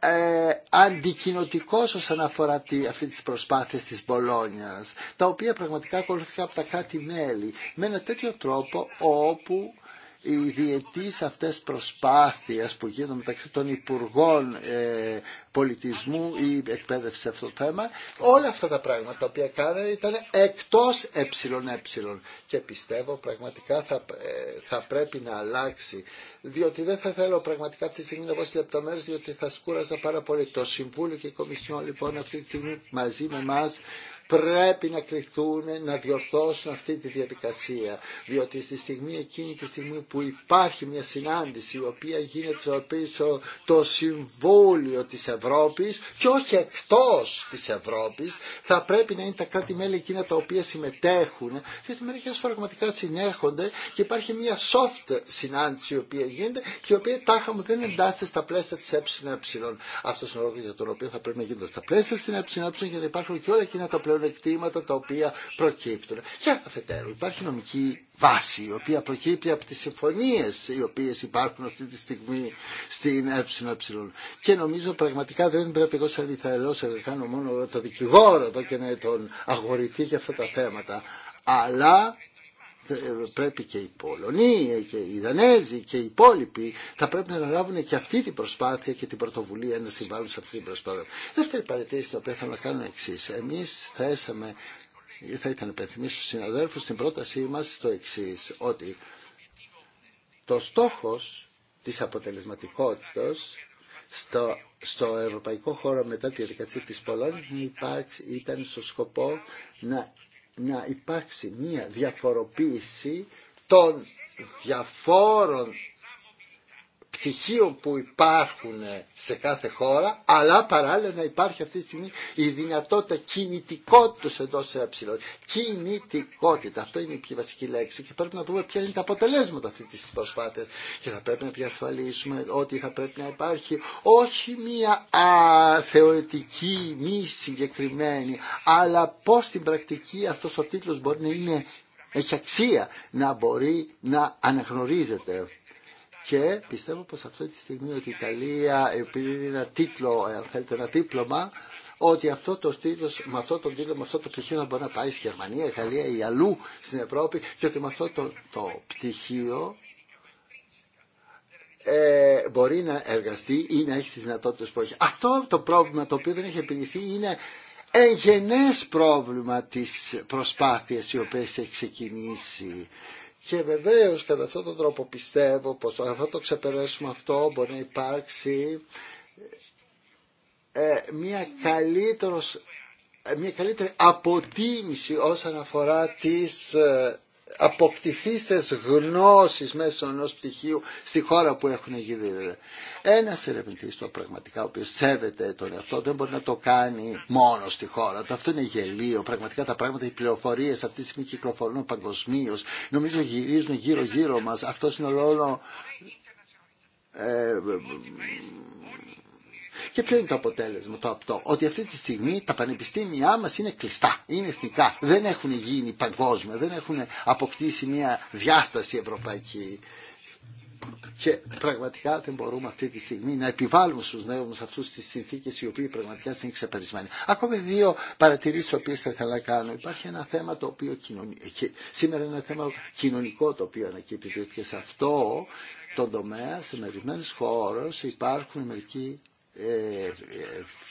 ε, ε, αντικοινοτικός όσον αφορά τη, αυτή τις προσπάθειες της Μπολόνιας, τα οποία πραγματικά ακολουθήκαν από τα κράτη-μέλη, με ένα τέτοιο τρόπο όπου οι διετής αυτές προσπάθειες που γίνονται μεταξύ των Υπουργών ε, Πολιτισμού ή εκπαίδευση σε αυτό το θέμα, όλα αυτά τα πράγματα τα οποία κάνανε ήταν εκτός ε, έψιλον. Και πιστεύω πραγματικά θα, ε, θα πρέπει να αλλάξει, διότι δεν θα θέλω πραγματικά αυτή τη στιγμή να πω στις λεπτομέρειες, διότι θα σκούραζα πάρα πολύ. Το Συμβούλιο και η Κομισιόν λοιπόν αυτή τη στιγμή μαζί με εμά πρέπει να κληθούν να διορθώσουν αυτή τη διαδικασία. Διότι στη στιγμή εκείνη τη στιγμή που υπάρχει μια συνάντηση η οποία γίνεται πίσω το Συμβούλιο της Ευρώπης και όχι εκτός της Ευρώπης θα πρέπει να είναι τα κράτη-μέλη εκείνα τα οποία συμμετέχουν διότι μερικέ φορέ πραγματικά συνέρχονται και υπάρχει μια soft συνάντηση η οποία γίνεται και η οποία τάχα μου δεν εντάσσεται στα πλαίσια της ΕΕ. Αυτός είναι ο λόγος για τον οποίο θα πρέπει να γίνονται στα πλαίσια της ΕΕ για να υπάρχουν και όλα εκείνα τα πλαίσια πλεονεκτήματα τα οποία προκύπτουν. Και αφετέρου υπάρχει νομική βάση η οποία προκύπτει από τις συμφωνίες οι οποίες υπάρχουν αυτή τη στιγμή στην ΕΕ. Και νομίζω πραγματικά δεν πρέπει εγώ σαν Ιθαελός να κάνω μόνο το δικηγόρο εδώ και να τον αγορηθεί για αυτά τα θέματα. Αλλά πρέπει και οι Πολωνοί και οι Δανέζοι και οι υπόλοιποι θα πρέπει να αναλάβουν και αυτή την προσπάθεια και την πρωτοβουλία να συμβάλλουν σε αυτή την προσπάθεια. Δεύτερη παρατήρηση την οποία θέλω να κάνω εξή. Εμεί θέσαμε, θα ήταν υπενθυμίσω στου συναδέλφου στην πρότασή μα το εξή, ότι το στόχο τη αποτελεσματικότητα στο, στο ευρωπαϊκό χώρο μετά τη διαδικασία της Πολώνης ήταν στο σκοπό να να υπάρξει μία διαφοροποίηση των διαφόρων στοιχείων που υπάρχουν σε κάθε χώρα, αλλά παράλληλα να υπάρχει αυτή τη στιγμή η δυνατότητα κινητικότητα εντό εψηλών ΕΕ. Κινητικότητα. Αυτό είναι η πιο βασική λέξη και πρέπει να δούμε ποια είναι τα αποτελέσματα αυτή τη προσπάθεια. Και θα πρέπει να διασφαλίσουμε ότι θα πρέπει να υπάρχει όχι μία θεωρητική, μη συγκεκριμένη, αλλά πώ στην πρακτική αυτό ο τίτλο μπορεί να είναι έχει αξία να μπορεί να αναγνωρίζεται και πιστεύω πως αυτή τη στιγμή ότι η Ιταλία επειδή είναι ένα τίτλο, αν θέλετε ένα τίπλωμα, ότι αυτό το τίτλο με αυτό το τίτλο, με αυτό το πτυχίο να μπορεί να πάει στη Γερμανία, Γαλλία ή αλλού στην Ευρώπη και ότι με αυτό το, το πτυχίο ε, μπορεί να εργαστεί ή να έχει τις δυνατότητες που έχει. Αυτό το πρόβλημα το οποίο δεν έχει επιληθεί είναι εγενές πρόβλημα της προσπάθειας οι οποια έχει ξεκινήσει και βεβαίως κατά αυτόν τον τρόπο πιστεύω πως αν το ξεπεράσουμε αυτό μπορεί να υπάρξει ε, μια, καλύτερος, ε, μια καλύτερη αποτίμηση όσον αφορά τις ε, αποκτηθήσεις γνώσεις μέσω ενός πτυχίου στη χώρα που έχουν γίνει. Ένας ερευνητής το πραγματικά, ο οποίο σέβεται τον εαυτό δεν μπορεί να το κάνει μόνο στη χώρα του. Αυτό είναι γελίο. Πραγματικά τα πράγματα, οι πληροφορίες αυτή τη στιγμή κυκλοφορούν παγκοσμίω. Νομίζω γυρίζουν γύρω-γύρω μας. Αυτό είναι ο ρόλο ε, και ποιο είναι το αποτέλεσμα το αυτό, ότι αυτή τη στιγμή τα πανεπιστήμια μα είναι κλειστά, είναι εθνικά, δεν έχουν γίνει παγκόσμια, δεν έχουν αποκτήσει μια διάσταση ευρωπαϊκή. Και πραγματικά δεν μπορούμε αυτή τη στιγμή να επιβάλλουμε στου νέου μα αυτού τι συνθήκε οι οποίοι πραγματικά είναι ξεπερισμένοι. Ακόμη δύο παρατηρήσει τι οποίε θα ήθελα να κάνω. Υπάρχει ένα θέμα το οποίο σήμερα είναι ένα θέμα κοινωνικό το οποίο ανακύπτει. Και σε αυτό το τομέα, σε μερικέ χώρε υπάρχουν μερικοί ε,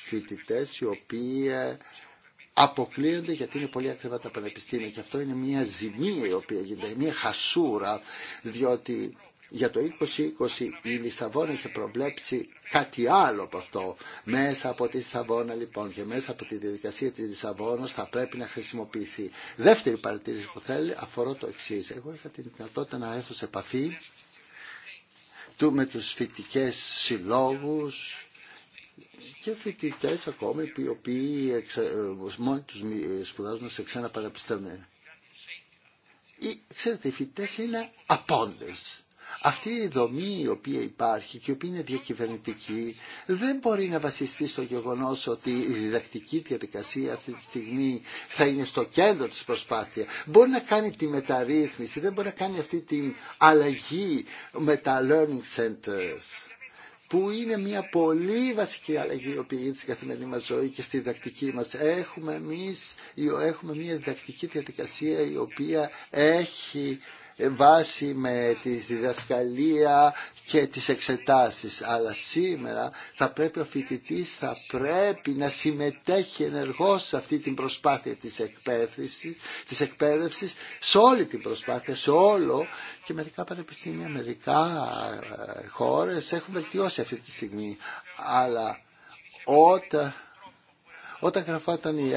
φοιτητέ οι οποίοι ε, αποκλείονται γιατί είναι πολύ ακριβά τα πανεπιστήμια και αυτό είναι μια ζημία η οποία γίνεται, μια χασούρα διότι για το 2020 η Λισαβόνα είχε προβλέψει κάτι άλλο από αυτό. Μέσα από τη Λισαβόνα λοιπόν και μέσα από τη διαδικασία της Λισαβόνας θα πρέπει να χρησιμοποιηθεί. Δεύτερη παρατήρηση που θέλει αφορώ το εξή. Εγώ είχα την δυνατότητα να έρθω σε επαφή του με τους φοιτικές συλλόγους και φοιτητέ ακόμη οι οποίοι ε, μόνοι του ε, σπουδάζουν σε ξένα παραπιστευμένα. Ή, ξέρετε, οι φοιτητέ είναι απόντες. Αυτή ξερετε οι φοιτητε ειναι απόντε. αυτη η οποία υπάρχει και η οποία είναι διακυβερνητική δεν μπορεί να βασιστεί στο γεγονός ότι η διδακτική διαδικασία αυτή τη στιγμή θα είναι στο κέντρο της προσπάθειας. Μπορεί να κάνει τη μεταρρύθμιση, δεν μπορεί να κάνει αυτή την αλλαγή με τα learning centers που είναι μια πολύ βασική αλλαγή η οποία γίνεται στην καθημερινή μας ζωή και στη διδακτική μας. Έχουμε εμείς, έχουμε μια διδακτική διαδικασία η οποία έχει ε, βάση με τη διδασκαλία και τις εξετάσεις. Αλλά σήμερα θα πρέπει ο φοιτητή θα πρέπει να συμμετέχει ενεργώς σε αυτή την προσπάθεια της εκπαίδευσης, της εκπαίδευσης σε όλη την προσπάθεια, σε όλο και μερικά πανεπιστήμια, μερικά ε, χώρες έχουν βελτιώσει αυτή τη στιγμή. Αλλά όταν όταν γραφόταν οι,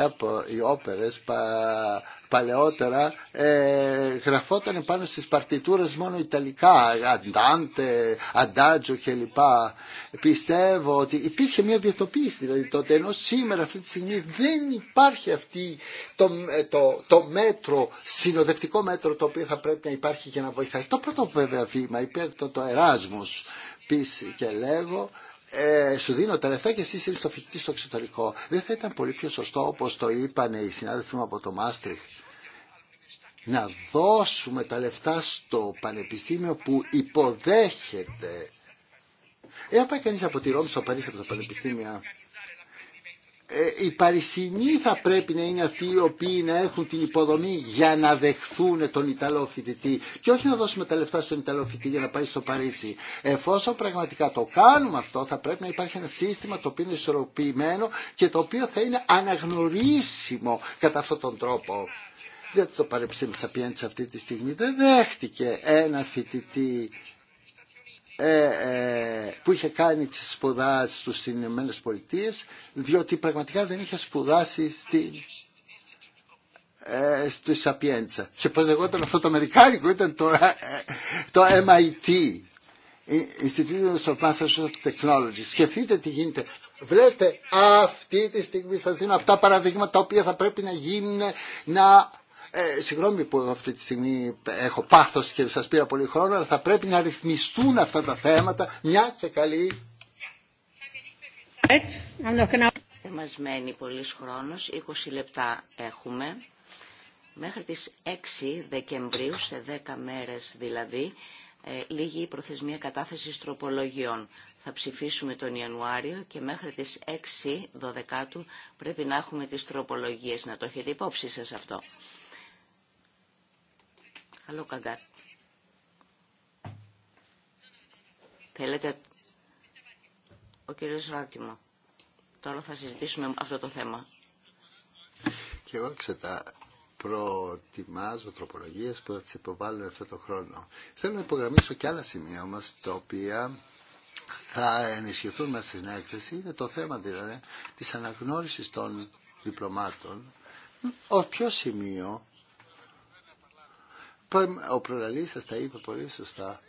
οι όπερες παλαιότερα ε, γραφόταν πάνω στις παρτιτούρες μόνο Ιταλικά, Αντάντε, Αντάτζο κλπ. Πιστεύω ότι υπήρχε μια διεθνοποίηση δηλαδή τότε, ενώ σήμερα αυτή τη στιγμή δεν υπάρχει αυτή το, ε, το, το μέτρο, συνοδευτικό μέτρο το οποίο θα πρέπει να υπάρχει για να βοηθάει. Το πρώτο βέβαια βήμα υπέρ το, το πίση και λέγω ε, σου δίνω τα λεφτά και εσύ είσαι στο φοιτητή στο εξωτερικό. Δεν θα ήταν πολύ πιο σωστό όπως το είπαν οι συνάδελφοι μου από το Μάστριχ να δώσουμε τα λεφτά στο πανεπιστήμιο που υποδέχεται. Εάν πάει κανείς από τη Ρώμη στο Παρίσι από το πανεπιστήμια ε, οι Παρισινοί θα πρέπει να είναι αυτοί οι οποίοι να έχουν την υποδομή για να δεχθούν τον Ιταλό φοιτητή και όχι να δώσουμε τα λεφτά στον Ιταλό φοιτητή για να πάει στο Παρίσι. Εφόσον πραγματικά το κάνουμε αυτό θα πρέπει να υπάρχει ένα σύστημα το οποίο είναι ισορροπημένο και το οποίο θα είναι αναγνωρίσιμο κατά αυτόν τον τρόπο. Δεν το Πανεπιστήμιο τη Σαπιέντσα αυτή τη στιγμή δεν δέχτηκε ένα φοιτητή ε, ε, που είχε κάνει τις σπουδάσεις του στις Ηνωμένες Πολιτείες διότι πραγματικά δεν είχε σπουδάσει ε, στη Σαπιέντσα. Και πώς λεγόταν αυτό το Αμερικάνικο, ήταν το, το MIT, Institute of Masters of Technology. Σκεφτείτε τι γίνεται. Βλέπετε αυτή τη στιγμή στην δίνω αυτά τα παραδείγματα τα οποία θα πρέπει να γίνουν να ε, συγγνώμη που αυτή τη στιγμή έχω πάθος και σας πήρα πολύ χρόνο, αλλά θα πρέπει να ρυθμιστούν αυτά τα θέματα, μια και καλή. Δεν πολλοί μένει πολύς χρόνος, 20 λεπτά έχουμε. Μέχρι τις 6 Δεκεμβρίου, σε 10 μέρες δηλαδή, ε, λίγη η προθεσμία κατάθεσης τροπολογιών. Θα ψηφίσουμε τον Ιανουάριο και μέχρι τις 6 Δεκεμβρίου πρέπει να έχουμε τις τροπολογίες. Να το έχετε υπόψη σας αυτό. Καλό καγκάρ. Θέλετε ο κύριος Ράκημα. Τώρα θα συζητήσουμε αυτό το θέμα. Και εγώ εξετά προτιμάζω τροπολογίες που θα τις υποβάλουν αυτό το χρόνο. Θέλω να υπογραμμίσω και άλλα σημεία μας τα οποία θα ενισχυθούν μέσα στην έκθεση. Είναι το θέμα δηλαδή της αναγνώρισης των διπλωμάτων. Ο ποιο σημείο ο προλαλής σας τα είπε πολύ σωστά,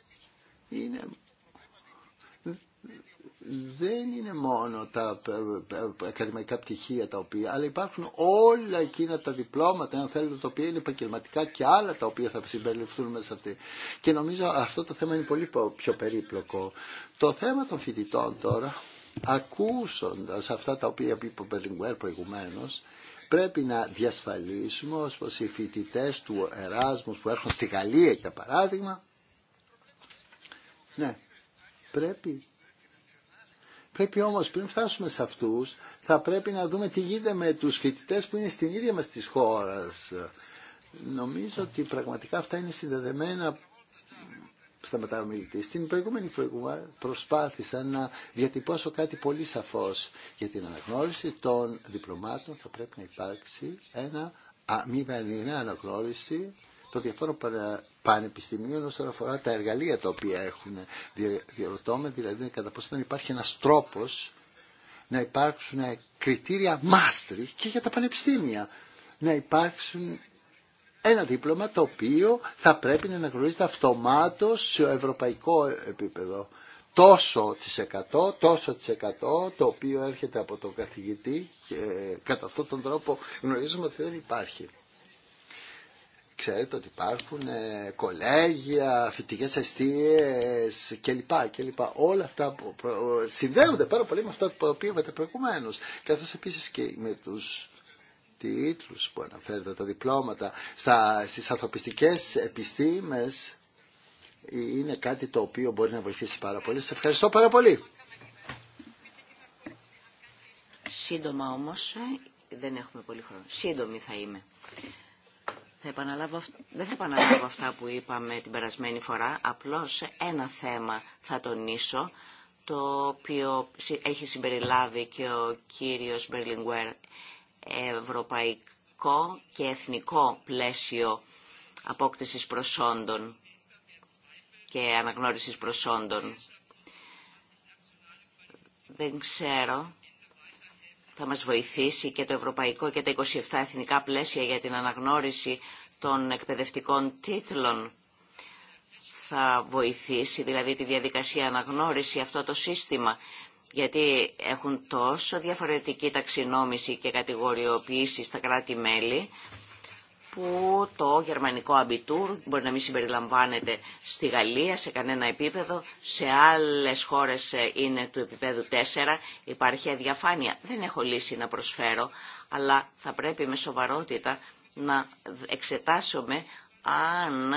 δεν είναι μόνο τα ε, ε, ε, ακαδημαϊκά πτυχία τα οποία, αλλά υπάρχουν όλα εκείνα τα διπλώματα, αν θέλετε, τα οποία είναι επαγγελματικά και άλλα τα οποία θα συμπεριληφθούν μέσα αυτή. Και νομίζω αυτό το θέμα είναι πολύ πιο περίπλοκο. Το θέμα των φοιτητών τώρα, ακούσοντας αυτά τα οποία είπε ο Μπερλιγκουέρ προηγουμένως, Πρέπει να διασφαλίσουμε ως πως οι φοιτητέ του Εράσμου που έρχονται στη Γαλλία για παράδειγμα ναι, πρέπει Πρέπει όμως πριν φτάσουμε σε αυτούς θα πρέπει να δούμε τι γίνεται με τους φοιτητέ που είναι στην ίδια μας της χώρας. Νομίζω ότι πραγματικά αυτά είναι συνδεδεμένα στην προηγούμενη φορά προσπάθησα να διατυπώσω κάτι πολύ σαφώ. Για την αναγνώριση των διπλωμάτων θα πρέπει να υπάρξει ένα, μια αναγνώριση των διαφόρων πανεπιστημίων όσον αφορά τα εργαλεία τα οποία έχουν. Διαρωτώμε δηλαδή κατά πόσο δεν υπάρχει ένα τρόπο να υπάρξουν κριτήρια μάστρη και για τα πανεπιστήμια. Να υπάρξουν ένα δίπλωμα το οποίο θα πρέπει να αναγνωρίζεται αυτομάτως σε ευρωπαϊκό επίπεδο. Τόσο της εκατό, τόσο της εκατό, το οποίο έρχεται από τον καθηγητή και κατά αυτόν τον τρόπο γνωρίζουμε ότι δεν υπάρχει. Ξέρετε ότι υπάρχουν ε, κολέγια, φοιτικές αιστείες κλπ. κλπ. Όλα αυτά συνδέονται πάρα πολύ με αυτά που είπατε προηγουμένως. Καθώς επίσης και με τους τίτλους που αναφέρεται τα διπλώματα στα, στις ανθρωπιστικές επιστήμες είναι κάτι το οποίο μπορεί να βοηθήσει πάρα πολύ. Σε ευχαριστώ πάρα πολύ. Σύντομα όμως, ε, δεν έχουμε πολύ χρόνο, σύντομη θα είμαι. Θα επαναλάβω, δεν θα επαναλάβω αυτά που είπαμε την περασμένη φορά, απλώς ένα θέμα θα τονίσω, το οποίο έχει συμπεριλάβει και ο κύριος Μπερλιγκουέρ ευρωπαϊκό και εθνικό πλαίσιο απόκτησης προσόντων και αναγνώρισης προσόντων. Δεν ξέρω, θα μας βοηθήσει και το ευρωπαϊκό και τα 27 εθνικά πλαίσια για την αναγνώριση των εκπαιδευτικών τίτλων. Θα βοηθήσει δηλαδή τη διαδικασία αναγνώριση αυτό το σύστημα γιατί έχουν τόσο διαφορετική ταξινόμηση και κατηγοριοποίηση στα κράτη-μέλη, που το γερμανικό αμπιτούρ μπορεί να μην συμπεριλαμβάνεται στη Γαλλία σε κανένα επίπεδο, σε άλλες χώρες ε, είναι του επίπεδου 4, υπάρχει αδιαφάνεια. Δεν έχω λύση να προσφέρω, αλλά θα πρέπει με σοβαρότητα να εξετάσουμε αν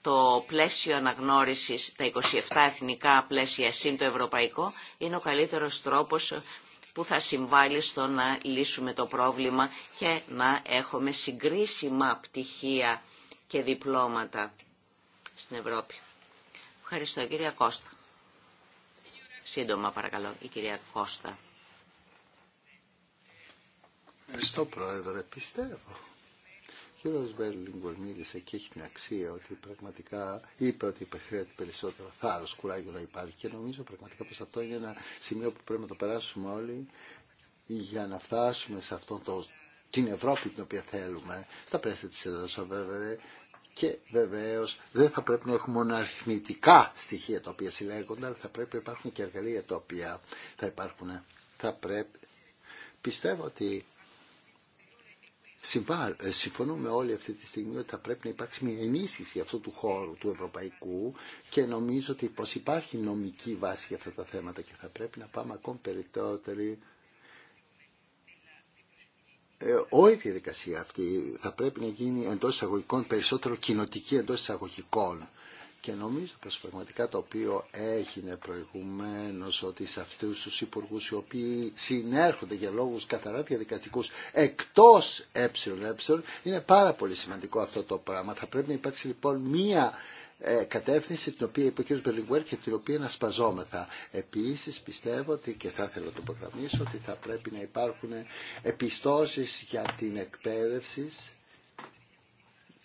το πλαίσιο αναγνώρισης, τα 27 εθνικά πλαίσια συν το ευρωπαϊκό, είναι ο καλύτερος τρόπος που θα συμβάλλει στο να λύσουμε το πρόβλημα και να έχουμε συγκρίσιμα πτυχία και διπλώματα στην Ευρώπη. Ευχαριστώ, κυρία Κώστα. Σύντομα, παρακαλώ, η κυρία Κώστα. Ευχαριστώ, Πρόεδρε. Πιστεύω κύριος Μπέρλιγκορ μίλησε και έχει την αξία ότι πραγματικά είπε ότι υπεχρέεται περισσότερο θάρρος, κουράγιο να υπάρχει και νομίζω πραγματικά πως αυτό είναι ένα σημείο που πρέπει να το περάσουμε όλοι για να φτάσουμε σε αυτό το, την Ευρώπη την οποία θέλουμε, στα πλαίσια της Ελλάδας βέβαια, και βεβαίω δεν θα πρέπει να έχουμε μόνο αριθμητικά στοιχεία τα οποία συλλέγονται, αλλά θα πρέπει να υπάρχουν και εργαλεία τα οποία θα υπάρχουν. Θα πρέπει. Πιστεύω ότι ε, συμφωνούμε όλοι αυτή τη στιγμή ότι θα πρέπει να υπάρξει μια ενίσχυση αυτού του χώρου του ευρωπαϊκού και νομίζω ότι πως υπάρχει νομική βάση για αυτά τα θέματα και θα πρέπει να πάμε ακόμη περισσότερο, ε, όλη η διαδικασία αυτή θα πρέπει να γίνει εντός εισαγωγικών, περισσότερο κοινοτική εντός εισαγωγικών. Και νομίζω πως πραγματικά το οποίο έγινε προηγουμένως ότι σε αυτούς τους υπουργούς οι οποίοι συνέρχονται για λόγους καθαρά διαδικαστικούς εκτός ΕΕ είναι πάρα πολύ σημαντικό αυτό το πράγμα. Θα πρέπει να υπάρξει λοιπόν μία ε, κατεύθυνση την οποία είπε ο κ. Μπελιγουέρ και την οποία να σπαζόμεθα. Επίσης πιστεύω ότι και θα ήθελα να το υπογραμμίσω ότι θα πρέπει να υπάρχουν επιστώσεις για την εκπαίδευση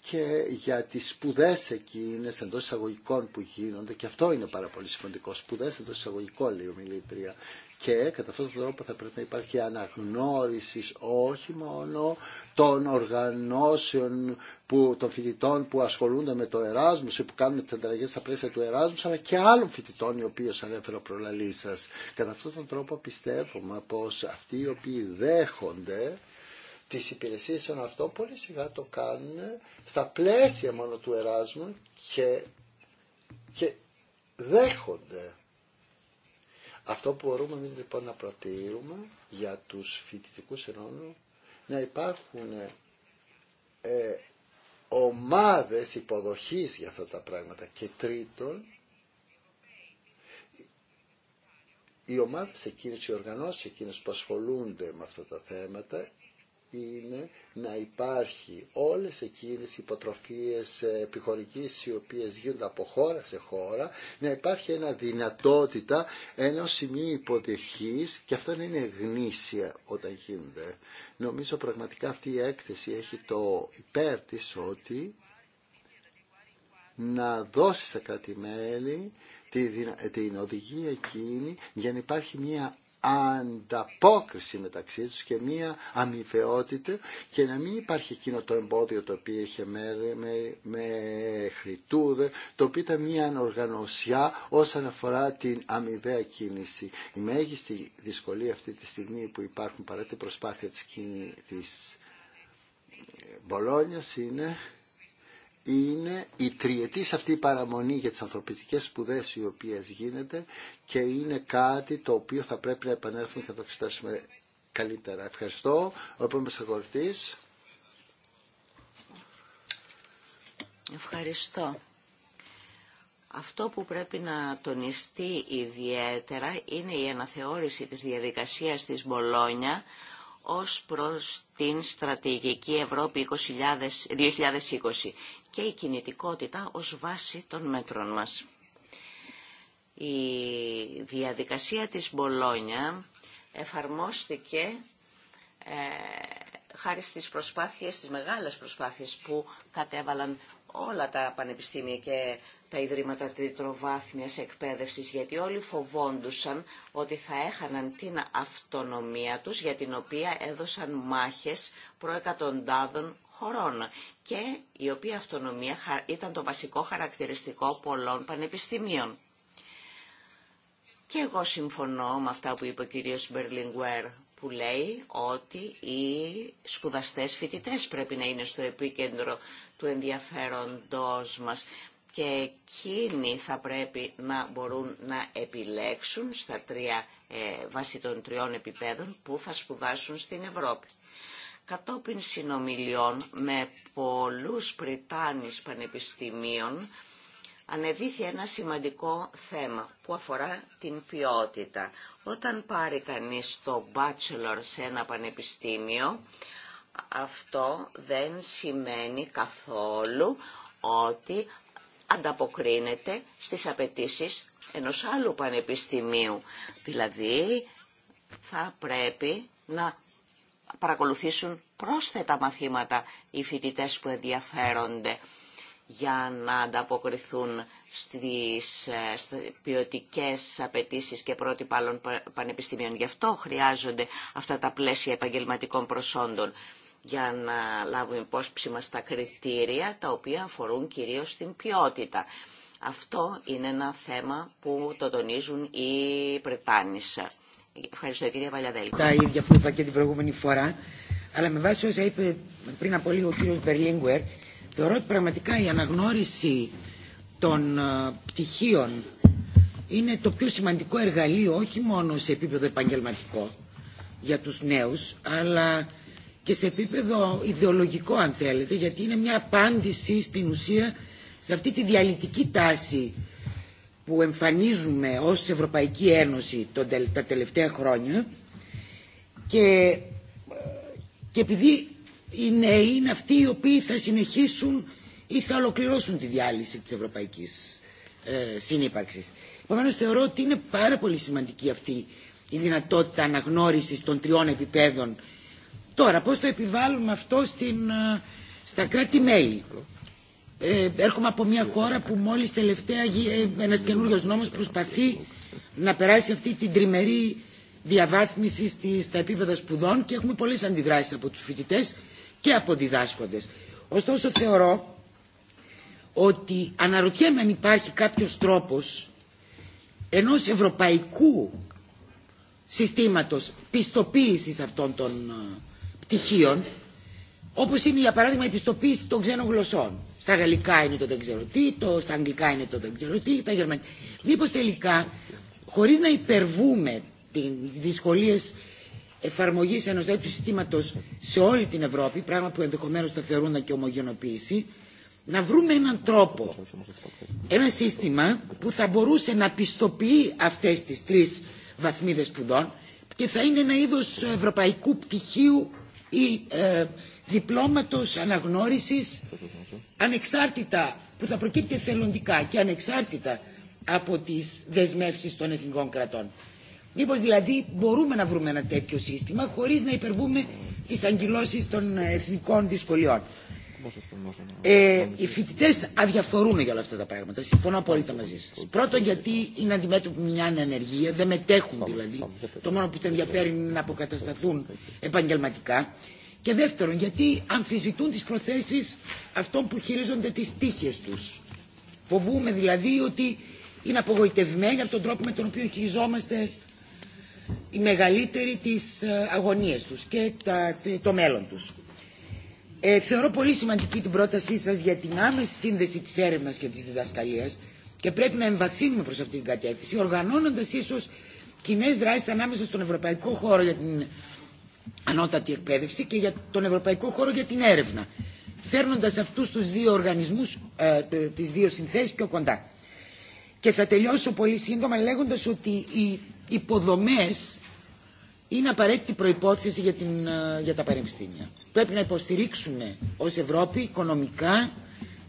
και για τις σπουδέ εκείνε εντό εισαγωγικών που γίνονται, και αυτό είναι πάρα πολύ σημαντικό. Σπουδέ εντό εισαγωγικών, λέει ο Μιλήτρια. Και κατά αυτόν τον τρόπο θα πρέπει να υπάρχει αναγνώριση όχι μόνο των οργανώσεων που, των φοιτητών που ασχολούνται με το Εράσμου ή που κάνουν τι ανταλλαγέ στα πλαίσια του Εράσμου, αλλά και άλλων φοιτητών οι οποίοι ανέφερα προλαλή σα. Κατά αυτόν τον τρόπο πιστεύουμε πω αυτοί οι οποίοι δέχονται τις υπηρεσίες των αυτό πολύ σιγά το κάνουν στα πλαίσια μόνο του Εράσμου και, και δέχονται. Αυτό που μπορούμε εμείς λοιπόν να προτείνουμε για τους φοιτητικούς ενώνου να υπάρχουν ε, ομάδες υποδοχής για αυτά τα πράγματα και τρίτον οι ομάδες εκείνες, οι οργανώσεις εκείνες που ασχολούνται με αυτά τα θέματα είναι να υπάρχει όλες εκείνες οι υποτροφίες ε, επιχορηγήσεις οι οποίες γίνονται από χώρα σε χώρα, να υπάρχει ένα δυνατότητα ενός σημείου υποδεχής και αυτό να είναι γνήσια όταν γίνονται. Νομίζω πραγματικά αυτή η έκθεση έχει το υπέρ της ότι να δώσει στα κράτη-μέλη την οδηγία εκείνη για να υπάρχει μια ανταπόκριση μεταξύ τους και μία αμοιβαιότητα και να μην υπάρχει εκείνο το εμπόδιο το οποίο είχε με τούδε το οποίο ήταν μία ανοργανωσιά όσον αφορά την αμοιβαία κίνηση. Η μέγιστη δυσκολία αυτή τη στιγμή που υπάρχουν παρά την προσπάθεια της, της ε, Μπολόνιας είναι είναι η τριετής αυτή παραμονή για τις ανθρωπιστικές σπουδές οι οποίες γίνεται και είναι κάτι το οποίο θα πρέπει να επανέλθουμε και να το εξετάσουμε καλύτερα. Ευχαριστώ. Ο επόμενος αγορητής. Ευχαριστώ. Αυτό που πρέπει να τονιστεί ιδιαίτερα είναι η αναθεώρηση της διαδικασίας της Μπολόνια ως προς την στρατηγική Ευρώπη 2020 και η κινητικότητα ως βάση των μέτρων μας. Η διαδικασία της Μπολόνια εφαρμόστηκε ε, χάρη στις προσπάθειες, στις μεγάλες προσπάθειες που κατέβαλαν όλα τα πανεπιστήμια και τα Ιδρύματα Τριτροβάθμιας Εκπαίδευσης, γιατί όλοι φοβόντουσαν ότι θα έχαναν την αυτονομία τους, για την οποία έδωσαν μάχες προεκατοντάδων χωρών και η οποία αυτονομία ήταν το βασικό χαρακτηριστικό πολλών πανεπιστημίων. Και εγώ συμφωνώ με αυτά που είπε ο κύριος Μπερλινγκουέρ που λέει ότι οι σπουδαστές φοιτητές πρέπει να είναι στο επίκεντρο του ενδιαφέροντός μας και εκείνοι θα πρέπει να μπορούν να επιλέξουν στα τρία, ε, των τριών επιπέδων που θα σπουδάσουν στην Ευρώπη. Κατόπιν συνομιλιών με πολλούς Πριτάνης πανεπιστημίων ανεδίθη ένα σημαντικό θέμα που αφορά την ποιότητα. Όταν πάρει κανείς το bachelor σε ένα πανεπιστήμιο, αυτό δεν σημαίνει καθόλου ότι ανταποκρίνεται στις απαιτήσεις ενός άλλου πανεπιστημίου. Δηλαδή θα πρέπει να παρακολουθήσουν πρόσθετα μαθήματα οι φοιτητές που ενδιαφέρονται για να ανταποκριθούν στις ε, ποιοτικές απαιτήσεις και πρότυπα άλλων πανεπιστημίων. Γι' αυτό χρειάζονται αυτά τα πλαίσια επαγγελματικών προσόντων για να λάβουν υπόσψη μας τα κριτήρια τα οποία αφορούν κυρίως την ποιότητα. Αυτό είναι ένα θέμα που το τονίζουν οι Πρετάνης. Ευχαριστώ κυρία Βαλιαδέλη. Τα ίδια που είπα και την προηγούμενη φορά, αλλά με βάση όσα είπε πριν από λίγο ο κύριος Μπερλίνγκουερ, θεωρώ ότι πραγματικά η αναγνώριση των ε, πτυχίων είναι το πιο σημαντικό εργαλείο, όχι μόνο σε επίπεδο επαγγελματικό για τους νέους, αλλά και σε επίπεδο ιδεολογικό αν θέλετε, γιατί είναι μια απάντηση στην ουσία σε αυτή τη διαλυτική τάση που εμφανίζουμε ως Ευρωπαϊκή Ένωση τα τελευταία χρόνια και, και επειδή οι νέοι είναι αυτοί οι οποίοι θα συνεχίσουν ή θα ολοκληρώσουν τη διάλυση της Ευρωπαϊκής ε, Συνύπαρξης. Επομένω θεωρώ ότι είναι πάρα πολύ σημαντική αυτή η δυνατότητα αναγνώρισης των τριών επιπέδων. Τώρα, πώς το επιβάλλουμε αυτό στην, ε, στα κράτη-μέλη. Ε, έρχομαι από μια χώρα που μόλις τελευταία ε, ένας καινούριος νόμος προσπαθεί να περάσει αυτή την τριμερή διαβάθμιση στα επίπεδα σπουδών και έχουμε πολλές αντιδράσεις από τους φοιτητές και από διδάσκοντες. Ωστόσο θεωρώ ότι αναρωτιέμαι αν υπάρχει κάποιος τρόπος ενός ευρωπαϊκού συστήματος πιστοποίησης αυτών των ε, πτυχίων όπως είναι για παράδειγμα η πιστοποίηση των ξένων γλωσσών. Στα γαλλικά είναι το δεν ξέρω τι, το, στα αγγλικά είναι το δεν ξέρω τι, τα γερμανικά. Μήπως τελικά, χωρίς να υπερβούμε τις δυσκολίες εφαρμογή ενό τέτοιου συστήματος σε όλη την Ευρώπη, πράγμα που ενδεχομένω θα θεωρούν να και ομογενοποίηση, να βρούμε έναν τρόπο, ένα σύστημα που θα μπορούσε να πιστοποιεί αυτές τις τρεις βαθμίδες σπουδών και θα είναι ένα είδο ευρωπαϊκού πτυχίου ή ε, διπλώματος αναγνώρισης ανεξάρτητα που θα προκύπτει εθελοντικά και ανεξάρτητα από τις δεσμεύσεις των εθνικών κρατών. Μήπως δηλαδή μπορούμε να βρούμε ένα τέτοιο σύστημα χωρίς να υπερβούμε τις αγγυλώσεις των εθνικών δυσκολιών. Ε, οι φοιτητέ αδιαφορούν για όλα αυτά τα πράγματα. Συμφωνώ απόλυτα μαζί σα. Πρώτον, γιατί είναι αντιμέτωποι με μια ανεργία, δεν μετέχουν δηλαδή. Το μόνο που του ενδιαφέρει είναι να αποκατασταθούν επαγγελματικά. Και δεύτερον, γιατί αμφισβητούν τις προθέσεις αυτών που χειρίζονται τις τύχες τους. Φοβούμε δηλαδή ότι είναι απογοητευμένοι από τον τρόπο με τον οποίο χειριζόμαστε οι μεγαλύτεροι τις ε, αγωνίες τους και το μέλλον τους. Ε, θεωρώ πολύ σημαντική την πρότασή σας για την άμεση σύνδεση της έρευνας και της διδασκαλίας και πρέπει να εμβαθύνουμε προς αυτή την κατεύθυνση, οργανώνοντας ίσως κοινέ δράσεις ανάμεσα στον ευρωπαϊκό χώρο για την ανώτατη εκπαίδευση και για τον Ευρωπαϊκό Χώρο για την Έρευνα, φέρνοντας αυτούς τους δύο οργανισμούς, ε, τις δύο συνθέσεις πιο κοντά. Και θα τελειώσω πολύ σύντομα λέγοντας ότι οι υποδομές είναι απαραίτητη προϋπόθεση για, την, ε, για τα πανεπιστήμια. Πρέπει να υποστηρίξουμε ως Ευρώπη οικονομικά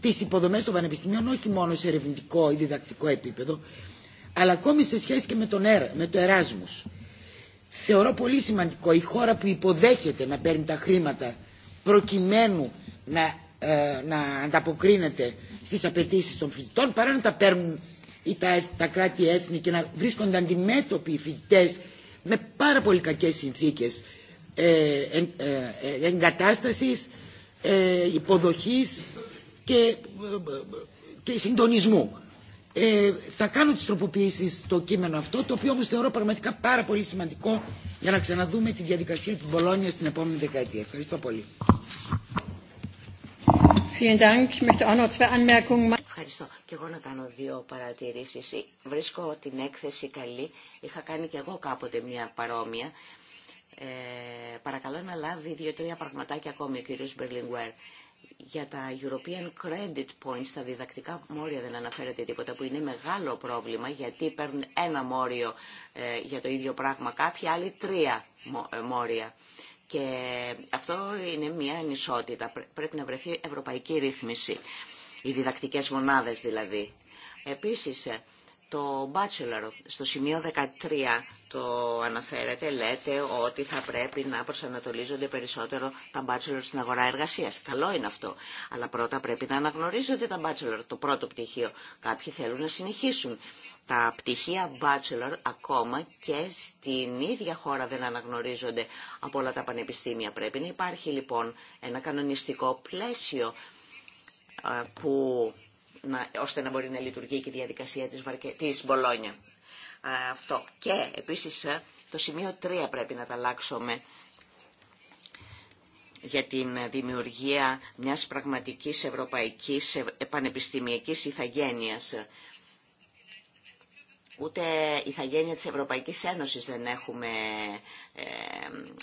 τις υποδομές των πανεπιστήμιων όχι μόνο σε ερευνητικό ή διδακτικό επίπεδο αλλά ακόμη σε σχέση και με, τον, με το Εράσμους Θεωρώ πολύ σημαντικό η χώρα που υποδέχεται να παίρνει τα χρήματα προκειμένου να, ε, να ανταποκρίνεται στις απαιτήσει των φοιτητών παρά να τα παίρνουν τα, τα κράτη έθνη και να βρίσκονται αντιμέτωποι οι φοιτητέ με πάρα πολύ κακές συνθήκες ε, ε εγκατάστασης, ε, υποδοχής και, και συντονισμού. Ε, θα κάνω τις τροποποιήσεις στο κείμενο αυτό, το οποίο όμως θεωρώ πραγματικά πάρα πολύ σημαντικό για να ξαναδούμε τη διαδικασία της Μπολόνιας στην επόμενη δεκαετία. Ευχαριστώ πολύ. Ευχαριστώ. Και εγώ να κάνω δύο παρατηρήσεις. Βρίσκω την έκθεση καλή. Είχα κάνει και εγώ κάποτε μια παρόμοια. Ε, παρακαλώ να λάβει δύο-τρία πραγματάκια ακόμη ο κύριος Μπερλινγκουέρ για τα European Credit Points, τα διδακτικά μόρια δεν αναφέρεται τίποτα, που είναι μεγάλο πρόβλημα γιατί παίρνουν ένα μόριο ε, για το ίδιο πράγμα κάποιοι, άλλοι τρία ε, μόρια. Και αυτό είναι μια ανισότητα. Πρέπει να βρεθεί ευρωπαϊκή ρύθμιση. Οι διδακτικές μονάδες δηλαδή. Επίσης, ε, το bachelor στο σημείο 13 το αναφέρετε, λέτε ότι θα πρέπει να προσανατολίζονται περισσότερο τα bachelor στην αγορά εργασίας. Καλό είναι αυτό. Αλλά πρώτα πρέπει να αναγνωρίζονται τα bachelor, το πρώτο πτυχίο. Κάποιοι θέλουν να συνεχίσουν. Τα πτυχία bachelor ακόμα και στην ίδια χώρα δεν αναγνωρίζονται από όλα τα πανεπιστήμια. Πρέπει να υπάρχει λοιπόν ένα κανονιστικό πλαίσιο ε, που να, ώστε να μπορεί να λειτουργεί και η διαδικασία της, της Μπολόνια. Αυτό. Και επίσης ε, το σημείο 3 πρέπει να τα αλλάξουμε για την δημιουργία μιας πραγματικής ευρωπαϊκής επανεπιστημιακής ηθαγένειας. Ούτε η ηθαγένεια της Ευρωπαϊκής Ένωσης δεν έχουμε ε,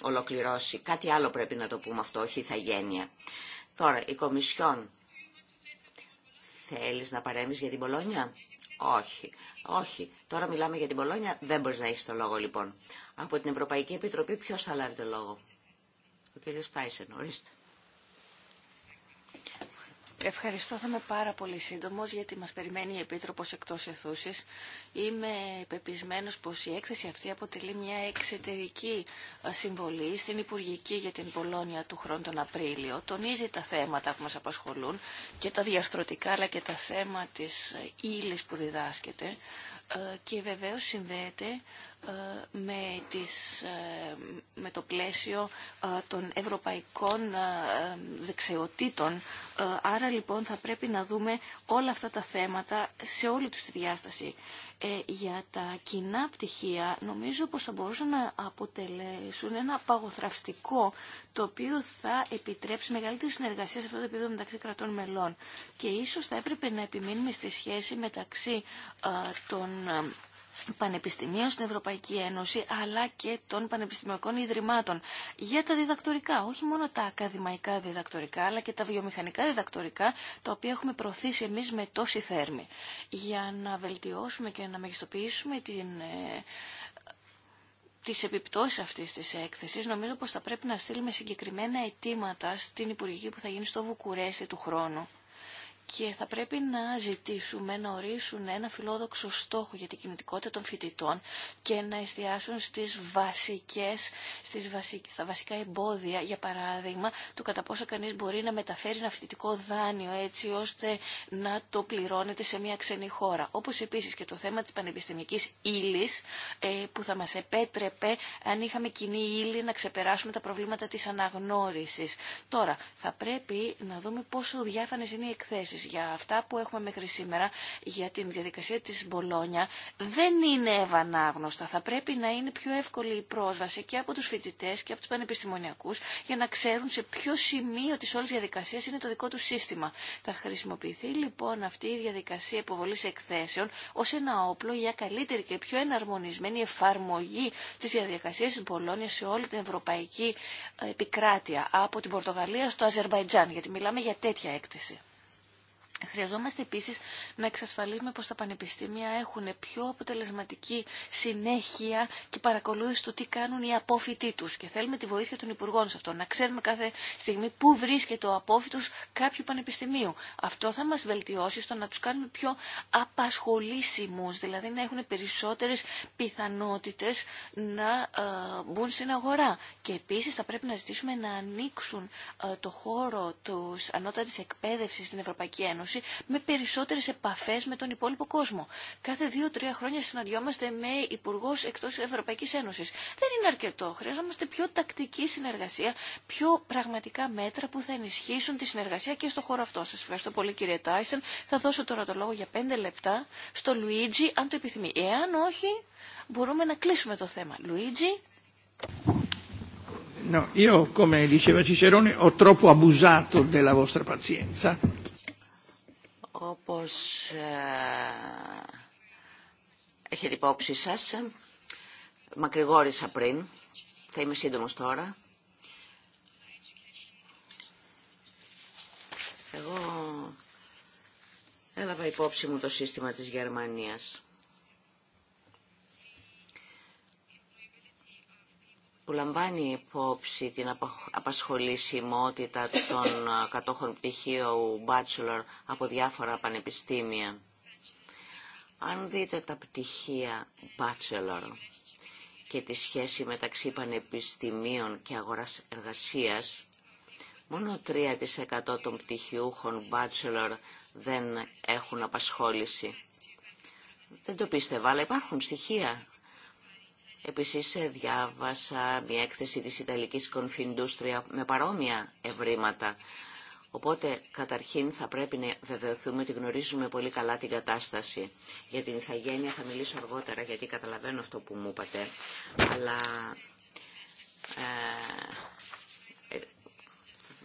ολοκληρώσει. Κάτι άλλο πρέπει να το πούμε αυτό, όχι ηθαγένεια. Τώρα, η Κομισιόν Θέλεις να παρέμεις για την Πολόνια. Όχι. Όχι. Τώρα μιλάμε για την Πολόνια. Δεν μπορείς να έχεις το λόγο λοιπόν. Από την Ευρωπαϊκή Επιτροπή ποιος θα λάβει το λόγο. Ο κύριος Τάισεν. Ορίστε. Ευχαριστώ. Θα είμαι πάρα πολύ σύντομος γιατί μας περιμένει η Επίτροπος εκτός αιθούσης. Είμαι πεπισμένος πως η έκθεση αυτή αποτελεί μια εξωτερική ε, συμβολή στην Υπουργική για την Πολώνια του χρόνου τον Απρίλιο. Τονίζει τα θέματα που μας απασχολούν και τα διαστρωτικά αλλά και τα θέματα της ε, ύλη που διδάσκεται ε, και βεβαίως συνδέεται ε, με, τις, ε, το πλαίσιο ε, των ευρωπαϊκών δεξιοτήτων. Άρα λοιπόν θα πρέπει να δούμε όλα αυτά τα θέματα σε όλη τους τη διάσταση. Για τα κοινά πτυχία νομίζω πως θα μπορούσαν να αποτελέσουν ένα παγοθραυστικό το οποίο θα επιτρέψει μεγαλύτερη συνεργασία σε αυτό το επίπεδο μεταξύ κρατών μελών. Και ίσως θα έπρεπε να επιμείνουμε στη σχέση μεταξύ των πανεπιστημίων στην Ευρωπαϊκή Ένωση αλλά και των πανεπιστημιακών ιδρυμάτων για τα διδακτορικά, όχι μόνο τα ακαδημαϊκά διδακτορικά αλλά και τα βιομηχανικά διδακτορικά τα οποία έχουμε προωθήσει εμείς με τόση θέρμη για να βελτιώσουμε και να μεγιστοποιήσουμε την ε, τις επιπτώσεις αυτής της έκθεσης, νομίζω πως θα πρέπει να στείλουμε συγκεκριμένα αιτήματα στην Υπουργική που θα γίνει στο Βουκουρέστι του χρόνου και θα πρέπει να ζητήσουμε να ορίσουν ένα φιλόδοξο στόχο για την κινητικότητα των φοιτητών και να εστιάσουν στις βασικές, στις βασικ... στα βασικά εμπόδια, για παράδειγμα, του κατά πόσο κανείς μπορεί να μεταφέρει ένα φοιτητικό δάνειο έτσι ώστε να το πληρώνεται σε μια ξένη χώρα. Όπως επίσης και το θέμα της πανεπιστημιακής ύλη ε, που θα μας επέτρεπε αν είχαμε κοινή ύλη να ξεπεράσουμε τα προβλήματα της αναγνώρισης. Τώρα, θα πρέπει να δούμε πόσο διάφανες είναι οι εκθέσεις για αυτά που έχουμε μέχρι σήμερα για την διαδικασία τη Μπολόνια δεν είναι ευανάγνωστα. Θα πρέπει να είναι πιο εύκολη η πρόσβαση και από του φοιτητέ και από του πανεπιστημονιακούς για να ξέρουν σε ποιο σημείο τη όλη διαδικασία είναι το δικό του σύστημα. Θα χρησιμοποιηθεί λοιπόν αυτή η διαδικασία υποβολή εκθέσεων ω ένα όπλο για καλύτερη και πιο εναρμονισμένη εφαρμογή τη διαδικασία τη Μπολόνια σε όλη την ευρωπαϊκή ε, επικράτεια από την Πορτογαλία στο Αζερβαϊτζάν, γιατί μιλάμε για τέτοια έκθεση. Χρειαζόμαστε επίσης να εξασφαλίσουμε πως τα πανεπιστήμια έχουν πιο αποτελεσματική συνέχεια και παρακολούθηση του τι κάνουν οι απόφοιτοί τους. Και θέλουμε τη βοήθεια των Υπουργών σε αυτό. Να ξέρουμε κάθε στιγμή πού βρίσκεται ο απόφοιτος κάποιου πανεπιστημίου. Αυτό θα μας βελτιώσει στο να τους κάνουμε πιο απασχολήσιμους, δηλαδή να έχουν περισσότερες πιθανότητες να ε, μπουν στην αγορά. Και επίσης θα πρέπει να ζητήσουμε να ανοίξουν ε, το χώρο τους ανώτατης εκπαίδευσης στην Ευρωπαϊκή Ένωση με περισσότερε επαφέ με τον υπόλοιπο κόσμο. Κάθε δύο-τρία χρόνια συναντιόμαστε με υπουργό εκτό Ευρωπαϊκή Ένωση. Δεν είναι αρκετό. Χρειαζόμαστε πιο τακτική συνεργασία, πιο πραγματικά μέτρα που θα ενισχύσουν τη συνεργασία και στο χώρο αυτό. Σα. ευχαριστώ πολύ κύριε Τάισεν. Θα δώσω τώρα το λόγο για πέντε λεπτά στο Λουίτζι αν το επιθυμεί. Εάν όχι, μπορούμε να κλείσουμε το θέμα. Λουίτζι. No, io, come diceva Cicerone, ho troppo abusato della vostra pazienza όπως ε, έχετε υπόψη σας, ε, μακρηγόρησα πριν, θα είμαι σύντομος τώρα. Εγώ έλαβα υπόψη μου το σύστημα της Γερμανίας. που λαμβάνει υπόψη την απασχολησιμότητα των ε, κατόχων πτυχίου bachelor από διάφορα πανεπιστήμια. Αν δείτε τα πτυχία bachelor και τη σχέση μεταξύ πανεπιστημίων και αγοράς εργασίας, μόνο 3% των πτυχιούχων bachelor δεν έχουν απασχόληση. Δεν το πίστευα, αλλά υπάρχουν στοιχεία Επίσης ε, διάβασα μια έκθεση της Ιταλικής Κονφιντούστρια με παρόμοια ευρήματα. Οπότε καταρχήν θα πρέπει να βεβαιωθούμε ότι γνωρίζουμε πολύ καλά την κατάσταση. Για την ηθαγένεια θα μιλήσω αργότερα γιατί καταλαβαίνω αυτό που μου είπατε. Αλλά ε, ε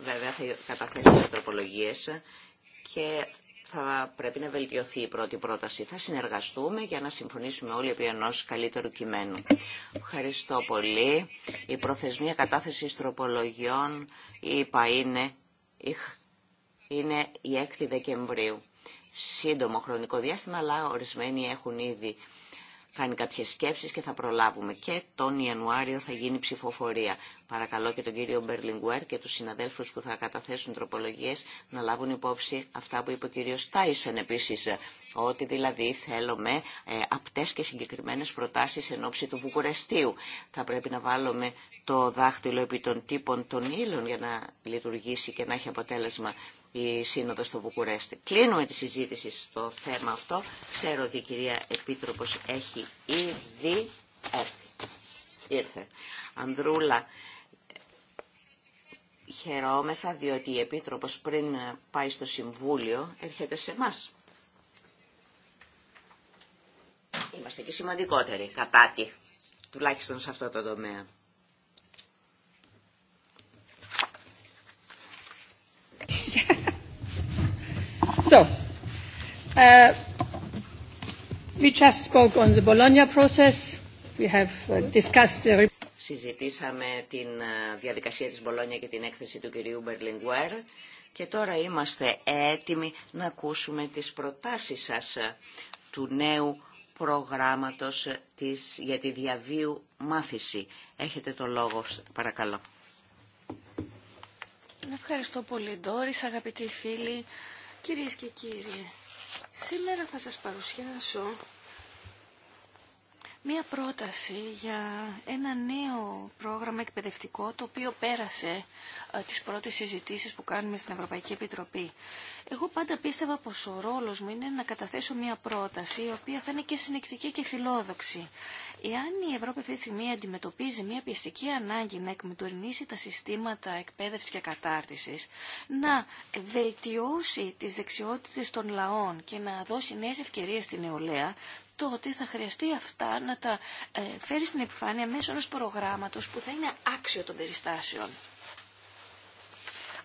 βέβαια θα καταθέσω τροπολογίες και θα πρέπει να βελτιωθεί η πρώτη πρόταση. Θα συνεργαστούμε για να συμφωνήσουμε όλοι επί ενό καλύτερου κειμένου. Ευχαριστώ πολύ. Η προθεσμία κατάθεση τροπολογιών, είπα, είναι, είναι η 6η Δεκεμβρίου. Σύντομο χρονικό διάστημα, αλλά ορισμένοι έχουν ήδη κάνει κάποιες σκέψεις και θα προλάβουμε. Και τον Ιανουάριο θα γίνει ψηφοφορία. Παρακαλώ και τον κύριο Μπερλιγκουέρ και τους συναδέλφους που θα καταθέσουν τροπολογίες να λάβουν υπόψη αυτά που είπε ο κύριο Τάισεν επίσης. Ότι δηλαδή θέλουμε ε, απτές και συγκεκριμένες προτάσεις εν ώψη του Βουκουρεστίου. Θα πρέπει να βάλουμε το δάχτυλο επί των τύπων των ύλων για να λειτουργήσει και να έχει αποτέλεσμα η Σύνοδο στο Βουκουρέστι. Κλείνουμε τη συζήτηση στο θέμα αυτό. Ξέρω ότι η κυρία Επίτροπος έχει ήδη έρθει. Ήρθε. Ανδρούλα, χαιρόμεθα διότι η Επίτροπος πριν πάει στο Συμβούλιο έρχεται σε εμά. Είμαστε και σημαντικότεροι κατά τη, τουλάχιστον σε αυτό το τομέα. Συζητήσαμε την uh, διαδικασία της Μπολόνια και την έκθεση του κυρίου Μπερλιγκουέρ και τώρα είμαστε έτοιμοι να ακούσουμε τις προτάσεις σας uh, του νέου προγράμματος uh, της, για τη διαβίου μάθηση. Έχετε το λόγο, παρακαλώ. Ευχαριστώ πολύ, Ντόρις, αγαπητοί φίλοι. Κυρίες και κύριοι, σήμερα θα σας παρουσιάσω μία πρόταση για ένα νέο πρόγραμμα εκπαιδευτικό το οποίο πέρασε ε, τις πρώτες συζητήσεις που κάνουμε στην Ευρωπαϊκή Επιτροπή. Εγώ πάντα πίστευα πως ο ρόλος μου είναι να καταθέσω μία πρόταση η οποία θα είναι και συνεκτική και φιλόδοξη. Εάν η Ευρώπη αυτή τη στιγμή αντιμετωπίζει μία πιεστική ανάγκη να εκμετωρινήσει τα συστήματα εκπαίδευσης και κατάρτισης, να βελτιώσει τις δεξιότητες των λαών και να δώσει νέες ευκαιρίες στην νεολαία, τότε θα χρειαστεί αυτά να τα ε, φέρει στην επιφάνεια μέσω ενός προγράμματος που θα είναι άξιο των περιστάσεων.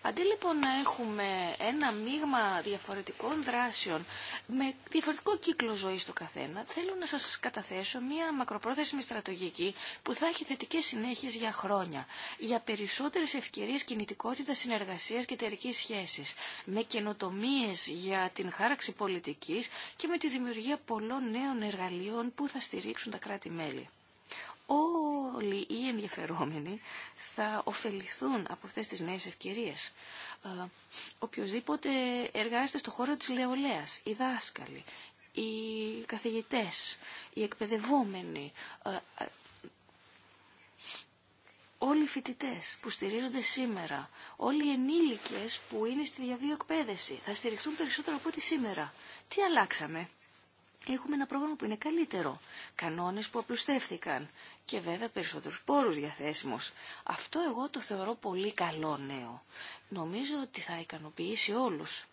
Αντί λοιπόν να έχουμε ένα μείγμα διαφορετικών δράσεων με διαφορετικό κύκλο ζωής του καθένα, θέλω να σας καταθέσω μία μακροπρόθεσμη στρατογική που θα έχει θετικές συνέχειες για χρόνια, για περισσότερες ευκαιρίες κινητικότητας, συνεργασίας και εταιρική σχέσης, με καινοτομίε για την χάραξη πολιτικής και με τη δημιουργία πολλών νέων εργαλείων που θα στηρίξουν τα κράτη-μέλη όλοι οι ενδιαφερόμενοι θα ωφεληθούν από αυτές τις νέες ευκαιρίες. Ε, οποιοςδήποτε εργάζεται στο χώρο της λεωλέας, οι δάσκαλοι, οι καθηγητές, οι εκπαιδευόμενοι, ε, ε, όλοι οι φοιτητέ που στηρίζονται σήμερα, όλοι οι ενήλικες που είναι στη διαβίω εκπαίδευση, θα στηριχτούν περισσότερο από ό,τι σήμερα. Τι αλλάξαμε. Έχουμε ένα πρόγραμμα που είναι καλύτερο, κανόνες που απλουστεύθηκαν και βέβαια περισσότερους πόρους διαθέσιμου. Αυτό εγώ το θεωρώ πολύ καλό νέο. Νομίζω ότι θα ικανοποιήσει όλους.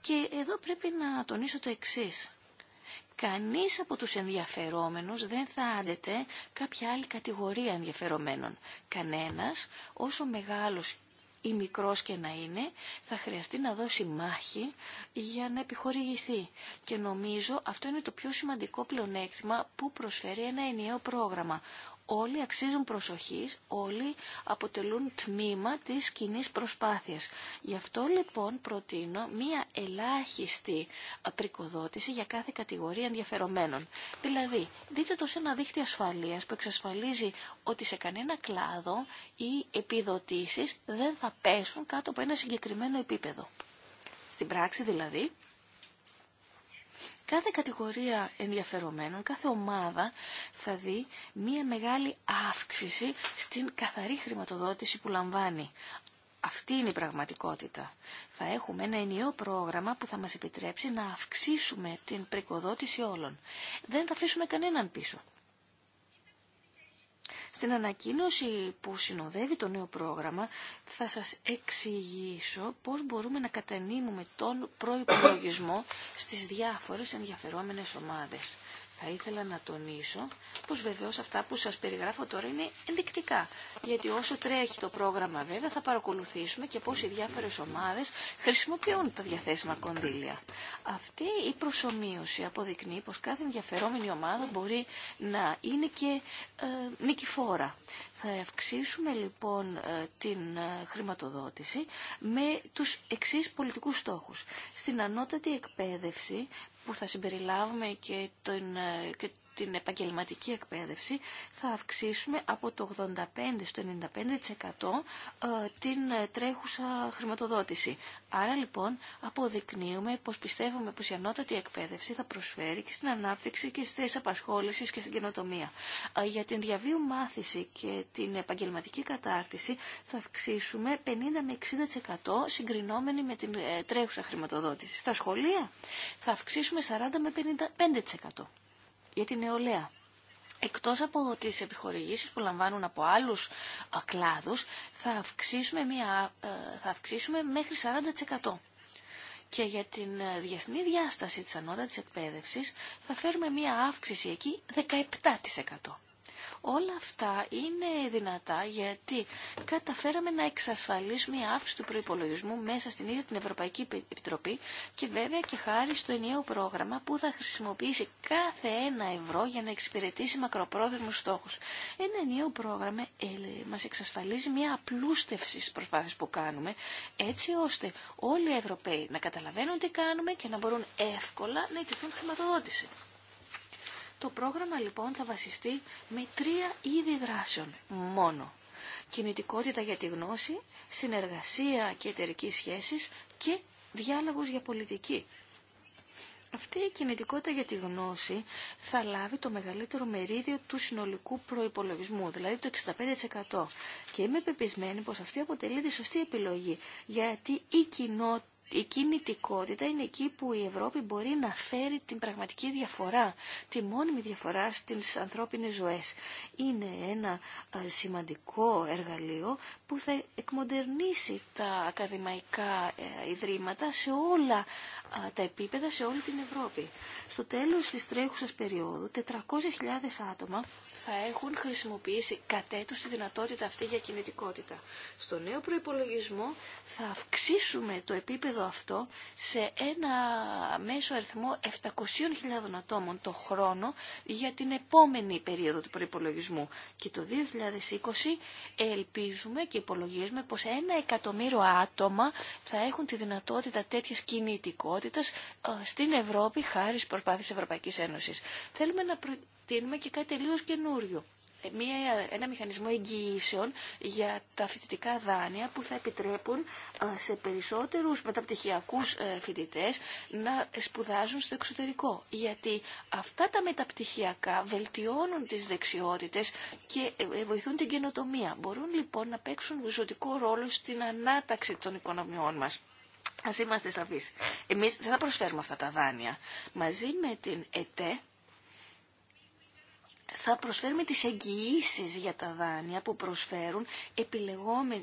Και εδώ πρέπει να τονίσω το εξή: Κανείς από τους ενδιαφερόμενους δεν θα άντεται κάποια άλλη κατηγορία ενδιαφερομένων. Κανένας, όσο μεγάλος ή μικρός και να είναι, θα χρειαστεί να δώσει μάχη για να επιχορηγηθεί. Και νομίζω αυτό είναι το πιο σημαντικό πλεονέκτημα που προσφέρει ένα ενιαίο πρόγραμμα όλοι αξίζουν προσοχής, όλοι αποτελούν τμήμα της κοινή προσπάθειας. Γι' αυτό λοιπόν προτείνω μία ελάχιστη ε, πρικοδότηση για κάθε κατηγορία ενδιαφερομένων. Δηλαδή, δείτε το σε ένα ασφαλείας που εξασφαλίζει ότι σε κανένα κλάδο οι επιδοτήσεις δεν θα πέσουν κάτω από ένα συγκεκριμένο επίπεδο. Στην πράξη δηλαδή, κάθε κατηγορία ενδιαφερομένων, κάθε ομάδα θα δει μία μεγάλη αύξηση στην καθαρή χρηματοδότηση που λαμβάνει. Αυτή είναι η πραγματικότητα. Θα έχουμε ένα ενιαίο πρόγραμμα που θα μας επιτρέψει να αυξήσουμε την πρικοδότηση όλων. Δεν θα αφήσουμε κανέναν πίσω. Στην ανακοίνωση που συνοδεύει το νέο πρόγραμμα θα σας εξηγήσω πώς μπορούμε να κατανείμουμε τον προϋπολογισμό στις διάφορες ενδιαφερόμενες ομάδες. Θα ήθελα να τονίσω πως βεβαίως αυτά που σας περιγράφω τώρα είναι ενδεικτικά. Γιατί όσο τρέχει το πρόγραμμα βέβαια θα παρακολουθήσουμε και πώς οι διάφορες ομάδες χρησιμοποιούν τα διαθέσιμα κονδύλια. Αυτή η προσωμείωση αποδεικνύει πως κάθε ενδιαφερόμενη ομάδα μπορεί να είναι και ε, νικηφόρα. Θα αυξήσουμε λοιπόν ε, την ε, χρηματοδότηση με τους εξής πολιτικούς στόχους. Στην ανώτατη εκπαίδευση που θα συμπεριλάβουμε και, τον, ε, και την επαγγελματική εκπαίδευση θα αυξήσουμε από το 85% στο 95% ε, την ε, τρέχουσα χρηματοδότηση. Άρα λοιπόν αποδεικνύουμε πως πιστεύουμε πως η ανώτατη εκπαίδευση θα προσφέρει και στην ανάπτυξη και στις θέσεις απασχόλησης και στην καινοτομία. Ε, για την διαβίου μάθηση και την επαγγελματική κατάρτιση θα αυξήσουμε 50 με 60% συγκρινόμενοι με την τρέχουσα χρηματοδότηση. Στα σχολεία θα αυξήσουμε 40 με 55% για την νεολαία. Εκτός από τις επιχορηγήσεις που λαμβάνουν από άλλους κλάδους, θα αυξήσουμε, μια, ε, θα αυξήσουμε μέχρι 40%. Και για την ε, διεθνή διάσταση της ανώτατης εκπαίδευσης θα φέρουμε μια αύξηση εκεί 17%. Όλα αυτά είναι δυνατά γιατί καταφέραμε να εξασφαλίσουμε η αύξηση του προπολογισμού μέσα στην ίδια την Ευρωπαϊκή Επιτροπή και βέβαια και χάρη στο ενιαίο πρόγραμμα που θα χρησιμοποιήσει κάθε ένα ευρώ για να εξυπηρετήσει μακροπρόθεσμους στόχους. Ένα ενιαίο πρόγραμμα ε, μας εξασφαλίζει μια απλούστευση στις προσπάθειες που κάνουμε έτσι ώστε όλοι οι Ευρωπαίοι να καταλαβαίνουν τι κάνουμε και να μπορούν εύκολα να ιτηθούν χρηματοδότηση. Το πρόγραμμα λοιπόν θα βασιστεί με τρία είδη δράσεων μόνο. Κινητικότητα για τη γνώση, συνεργασία και εταιρική σχέσεις και διάλογος για πολιτική. Αυτή η κινητικότητα για τη γνώση θα λάβει το μεγαλύτερο μερίδιο του συνολικού προϋπολογισμού, δηλαδή το 65%. Και είμαι πεπισμένη πως αυτή αποτελεί τη σωστή επιλογή, γιατί η κοινότητα η κινητικότητα είναι εκεί που η Ευρώπη μπορεί να φέρει την πραγματική διαφορά, τη μόνιμη διαφορά στις ανθρώπινες ζωές. Είναι ένα σημαντικό εργαλείο που θα εκμοντερνήσει τα ακαδημαϊκά ε, ιδρύματα σε όλα τα επίπεδα, σε όλη την Ευρώπη. Στο τέλος της τρέχουσας περίοδου, 400.000 άτομα θα έχουν χρησιμοποιήσει κατ' έτους τη δυνατότητα αυτή για κινητικότητα. Στο νέο προϋπολογισμό θα αυξήσουμε το επίπεδο αυτό σε ένα μέσο αριθμό 700.000 ατόμων το χρόνο για την επόμενη περίοδο του προϋπολογισμού. Και το 2020 ελπίζουμε και υπολογίζουμε πως ένα εκατομμύριο άτομα θα έχουν τη δυνατότητα τέτοιας κινητικότητας ε, στην Ευρώπη χάρη στις προσπάθειες Ευρωπαϊκής Ένωσης. Θέλουμε να προτείνουμε και κάτι τελείω καινούριο μια, ένα μηχανισμό εγγυήσεων για τα φοιτητικά δάνεια που θα επιτρέπουν ε, σε περισσότερους μεταπτυχιακούς ε, φοιτητές να σπουδάζουν στο εξωτερικό. Γιατί αυτά τα μεταπτυχιακά βελτιώνουν τις δεξιότητες και ε, βοηθούν την καινοτομία. Μπορούν λοιπόν να παίξουν ζωτικό ρόλο στην ανάταξη των οικονομιών μας. Ας είμαστε σαφείς. Εμείς δεν θα προσφέρουμε αυτά τα δάνεια. Μαζί με την ΕΤΕ θα προσφέρουμε τις εγγυήσει για τα δάνεια που προσφέρουν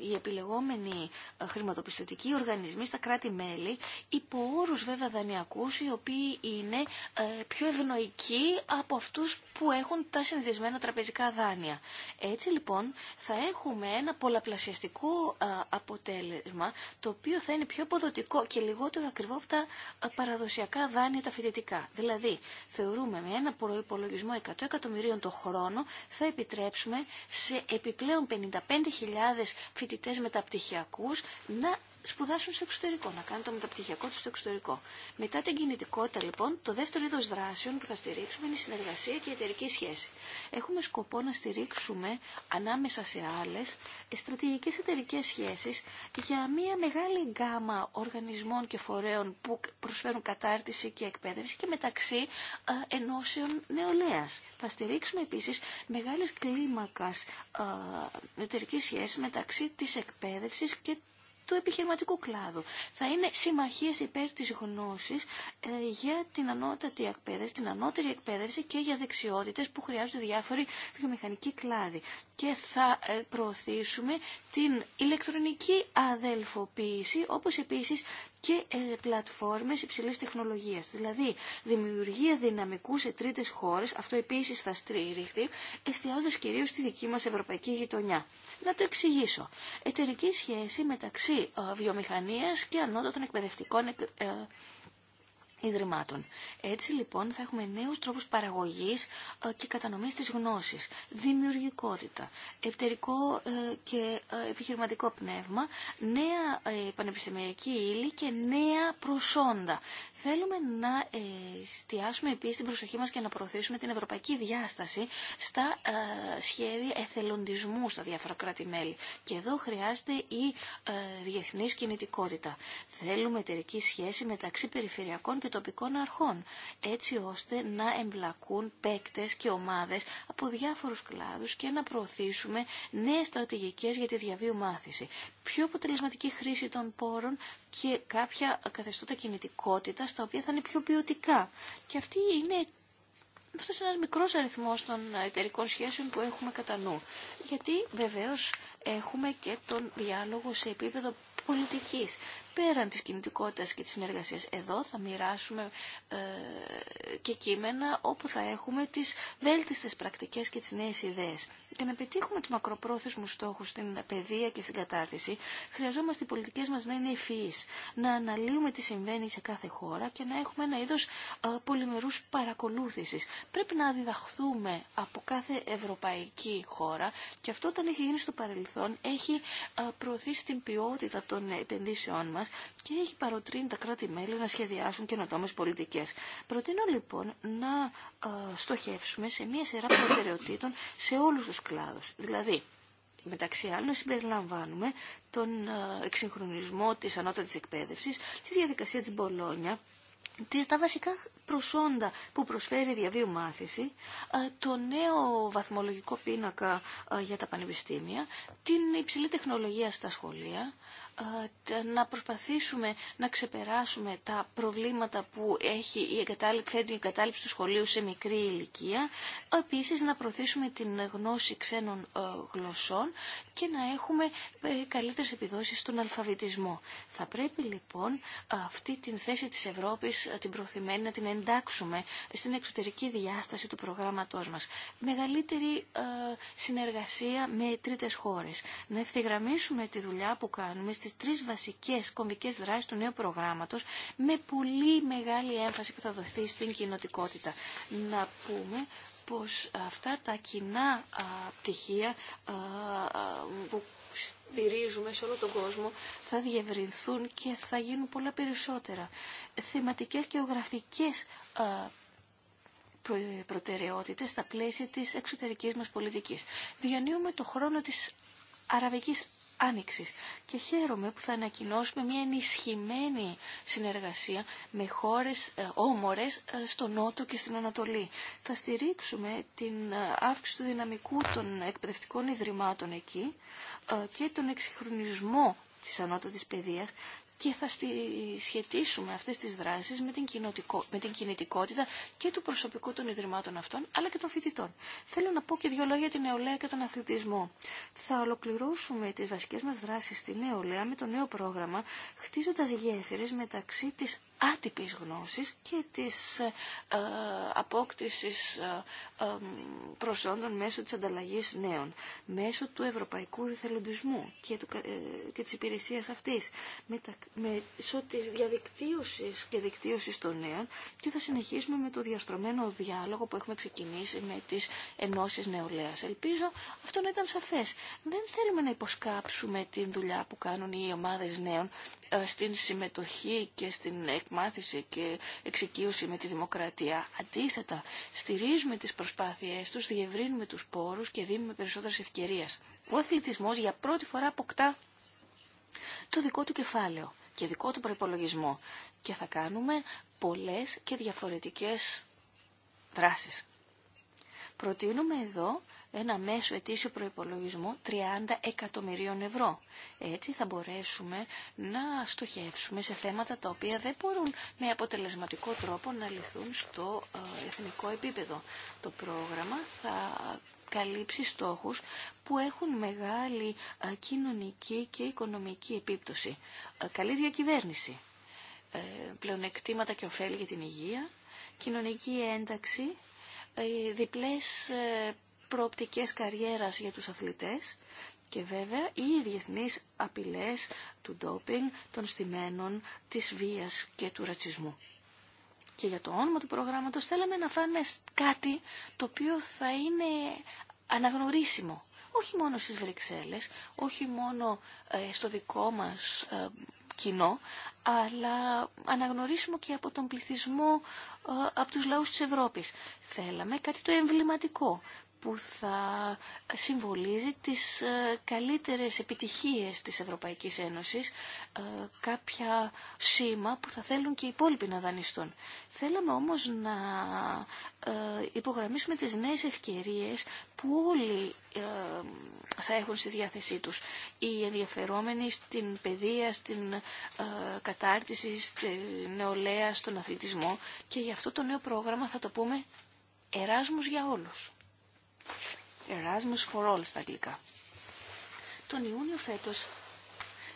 οι επιλεγόμενοι ε, χρηματοπιστωτικοί οργανισμοί στα κράτη-μέλη υπό όρους βέβαια δανειακούς οι οποίοι είναι ε, πιο ευνοϊκοί από αυτούς που έχουν τα συνδυσμένα τραπεζικά δάνεια. Έτσι λοιπόν θα έχουμε ένα πολλαπλασιαστικό ε, αποτέλεσμα το οποίο θα είναι πιο αποδοτικό και λιγότερο ακριβό από τα παραδοσιακά δάνεια τα φοιτητικά. Δηλαδή θεωρούμε με ένα προϋπολογισμό 100 εκατομμυρίων το χρόνο θα επιτρέψουμε σε επιπλέον 55.000 φοιτητές μεταπτυχιακούς να σπουδάσουν στο εξωτερικό, να κάνουν το μεταπτυχιακό του στο εξωτερικό. Μετά την κινητικότητα, λοιπόν, το δεύτερο είδο δράσεων που θα στηρίξουμε είναι η συνεργασία και η εταιρική σχέση. Έχουμε σκοπό να στηρίξουμε ανάμεσα σε άλλε στρατηγικέ εταιρικέ σχέσει για μια μεγάλη γκάμα οργανισμών και φορέων που προσφέρουν κατάρτιση και εκπαίδευση και μεταξύ ε, ενώσεων νεολαία. Θα στηρίξουμε επίση μεγάλη κλίμακα ε, εταιρική σχέση μεταξύ τη εκπαίδευση και του επιχειρηματικού κλάδου. Θα είναι συμμαχίε υπέρ της ε, για την ανώτατη εκπαίδευση, την ανώτερη εκπαίδευση και για δεξιότητε που χρειάζονται διάφοροι βιομηχανικοί κλάδοι και θα ε, προωθήσουμε την ηλεκτρονική αδελφοποίηση όπως επίσης και ε, πλατφόρμες υψηλής τεχνολογίας. Δηλαδή, δημιουργία δυναμικού σε τρίτες χώρες, αυτό επίσης θα στρίριχθει, εστιάζοντας κυρίως στη δική μας ευρωπαϊκή γειτονιά. Να το εξηγήσω. Εταιρική σχέση μεταξύ ε, βιομηχανίας και ανώτατων εκπαιδευτικών Ιδρυμάτων. Έτσι λοιπόν θα έχουμε νέους τρόπους παραγωγής ε, και κατανομής της γνώσης, δημιουργικότητα, επτερικό ε, και ε, επιχειρηματικό πνεύμα, νέα πανεπιστημιακή ύλη και νέα προσόντα. Θέλουμε να εστιάσουμε επίσης την προσοχή μας και να προωθήσουμε την ευρωπαϊκή διάσταση στα σχέδια εθελοντισμού στα διάφορα κράτη-μέλη. Και εδώ χρειάζεται η διεθνής κινητικότητα. Θέλουμε εταιρική σχέση μεταξύ περιφερειακών και τοπικών αρχών, έτσι ώστε να εμπλακούν παίκτες και ομάδες από διάφορους κλάδους και να προωθήσουμε νέες στρατηγικές για τη διαβίου μάθηση, πιο αποτελεσματική χρήση των πόρων και κάποια καθεστώτα κινητικότητα τα οποία θα είναι πιο ποιοτικά. Και αυτή είναι αυτό είναι ένα μικρό αριθμό των εταιρικών σχέσεων που έχουμε κατά νου. Γιατί βεβαίω έχουμε και τον διάλογο σε επίπεδο πολιτικής πέραν της κινητικότητας και της συνεργασίας. Εδώ θα μοιράσουμε ε, και κείμενα όπου θα έχουμε τις βέλτιστες πρακτικές και τις νέες ιδέες. Για να πετύχουμε τους μακροπρόθεσμους στόχους στην παιδεία και στην κατάρτιση, χρειαζόμαστε οι πολιτικές μας να είναι ευφυείς, να αναλύουμε τι συμβαίνει σε κάθε χώρα και να έχουμε ένα είδος ε, πολυμερούς παρακολούθησης. Πρέπει να διδαχθούμε από κάθε ευρωπαϊκή χώρα και αυτό όταν έχει γίνει στο παρελθόν έχει ε, προωθήσει την ποιότητα των επενδύσεών μα και έχει παροτρύνει τα κράτη-μέλη να σχεδιάσουν καινοτόμε πολιτικέ. Προτείνω λοιπόν να ε, στοχεύσουμε σε μία σειρά προτεραιοτήτων σε όλου του κλάδου. Δηλαδή, μεταξύ άλλων συμπεριλαμβάνουμε τον ε, εξυγχρονισμό της ανώτατη εκπαίδευση, τη διαδικασία τη Μπολόνια, τα βασικά προσόντα που προσφέρει η διαβίου μάθηση, ε, το νέο βαθμολογικό πίνακα για τα πανεπιστήμια, την υψηλή τεχνολογία στα σχολεία, ε, να προσπαθήσουμε να ξεπεράσουμε τα προβλήματα που έχει η εγκατάλειψη, η του σχολείου σε μικρή ηλικία, επίσης να προωθήσουμε την γνώση ξένων ε, γλωσσών και να έχουμε ε, καλύτερες επιδόσεις στον αλφαβητισμό. Θα πρέπει λοιπόν αυτή την θέση της Ευρώπης, την προωθημένη, να την εντάξουμε στην εξωτερική διάσταση του προγράμματός μας. Μεγαλύτερη συνεργασία με τρίτες χώρες. Να ευθυγραμμίσουμε τη δουλειά που κάνουμε τις τρεις βασικές κομβικές δράσεις του νέου προγράμματος με πολύ μεγάλη έμφαση που θα δοθεί στην κοινοτικότητα. Να πούμε πως αυτά τα κοινά πτυχία που στηρίζουμε σε όλο τον κόσμο θα διευρυνθούν και θα γίνουν πολλά περισσότερα. Θεματικές και ογραφικές προτεραιότητες στα πλαίσια της εξωτερικής μας πολιτικής. Διανύουμε το χρόνο της αραβικής Άνοιξης. Και χαίρομαι που θα ανακοινώσουμε μια ενισχυμένη συνεργασία με χώρες ε, όμορες ε, στο Νότο και στην Ανατολή. Θα στηρίξουμε την ε, αύξηση του δυναμικού των εκπαιδευτικών ιδρυμάτων εκεί και τον εξυγχρονισμό της ανώτατης παιδείας και θα σχετίσουμε αυτές τις δράσεις με την, με την κινητικότητα και του προσωπικού των ιδρυμάτων αυτών, αλλά και των φοιτητών. Θέλω να πω και δύο λόγια για την νεολαία και τον αθλητισμό. Θα ολοκληρώσουμε τις βασικές μας δράσεις στη νεολαία με το νέο πρόγραμμα, χτίζοντας γέφυρες μεταξύ της άτυπης γνώσης και της ε, ε απόκτησης ε, ε, προσόντων μέσω της ανταλλαγής νέων, μέσω του ευρωπαϊκού διθελοντισμού και, του, και της υπηρεσίας μέσω της διαδικτύωση και δικτύωση των νέων και θα συνεχίσουμε με το διαστρωμένο διάλογο που έχουμε ξεκινήσει με τι ενώσει νεολαίας. Ελπίζω αυτό να ήταν σαφέ. Δεν θέλουμε να υποσκάψουμε την δουλειά που κάνουν οι ομάδε νέων ε, στην συμμετοχή και στην εκμάθηση και εξοικείωση με τη δημοκρατία. Αντίθετα, στηρίζουμε τι προσπάθειε του, διευρύνουμε του πόρου και δίνουμε περισσότερε ευκαιρίες. Ο αθλητισμό για πρώτη φορά αποκτά το δικό του κεφάλαιο και δικό του προπολογισμό και θα κάνουμε πολλές και διαφορετικές δράσεις. Προτείνουμε εδώ ένα μέσο ετήσιο προϋπολογισμό 30 εκατομμυρίων ευρώ. Έτσι θα μπορέσουμε να στοχεύσουμε σε θέματα τα οποία δεν μπορούν με αποτελεσματικό τρόπο να λυθούν στο ε, εθνικό επίπεδο. Το πρόγραμμα θα καλύψει στόχους που έχουν μεγάλη ε, κοινωνική και οικονομική επίπτωση. Ε, καλή διακυβέρνηση, ε, πλεονεκτήματα και ωφέλη για την υγεία, κοινωνική ένταξη, διπλές προοπτικές καριέρας για τους αθλητές και βέβαια οι διεθνείς απειλές του ντόπινγκ, των στημένων, της βίας και του ρατσισμού και για το όνομα του προγράμματος θέλαμε να φάνε κάτι το οποίο θα είναι αναγνωρίσιμο. Όχι μόνο στις Βρυξέλλες, όχι μόνο ε, στο δικό μας ε, κοινό, αλλά αναγνωρίσιμο και από τον πληθυσμό, ε, από τους λαούς της Ευρώπης. Θέλαμε κάτι το εμβληματικό, που θα συμβολίζει τις ε, καλύτερες επιτυχίες της Ευρωπαϊκής Ένωσης, ε, κάποια σήμα που θα θέλουν και οι υπόλοιποι να δανειστούν. Θέλαμε όμως να ε, υπογραμμίσουμε τις νέες ευκαιρίες που όλοι θα έχουν στη διάθεσή τους. Οι ενδιαφερόμενοι στην παιδεία, στην κατάρτιση, στην νεολαία, στον αθλητισμό και γι' αυτό το νέο πρόγραμμα θα το πούμε «Εράσμους για όλους». Erasmus for All στα αγγλικά. Τον Ιούνιο φέτος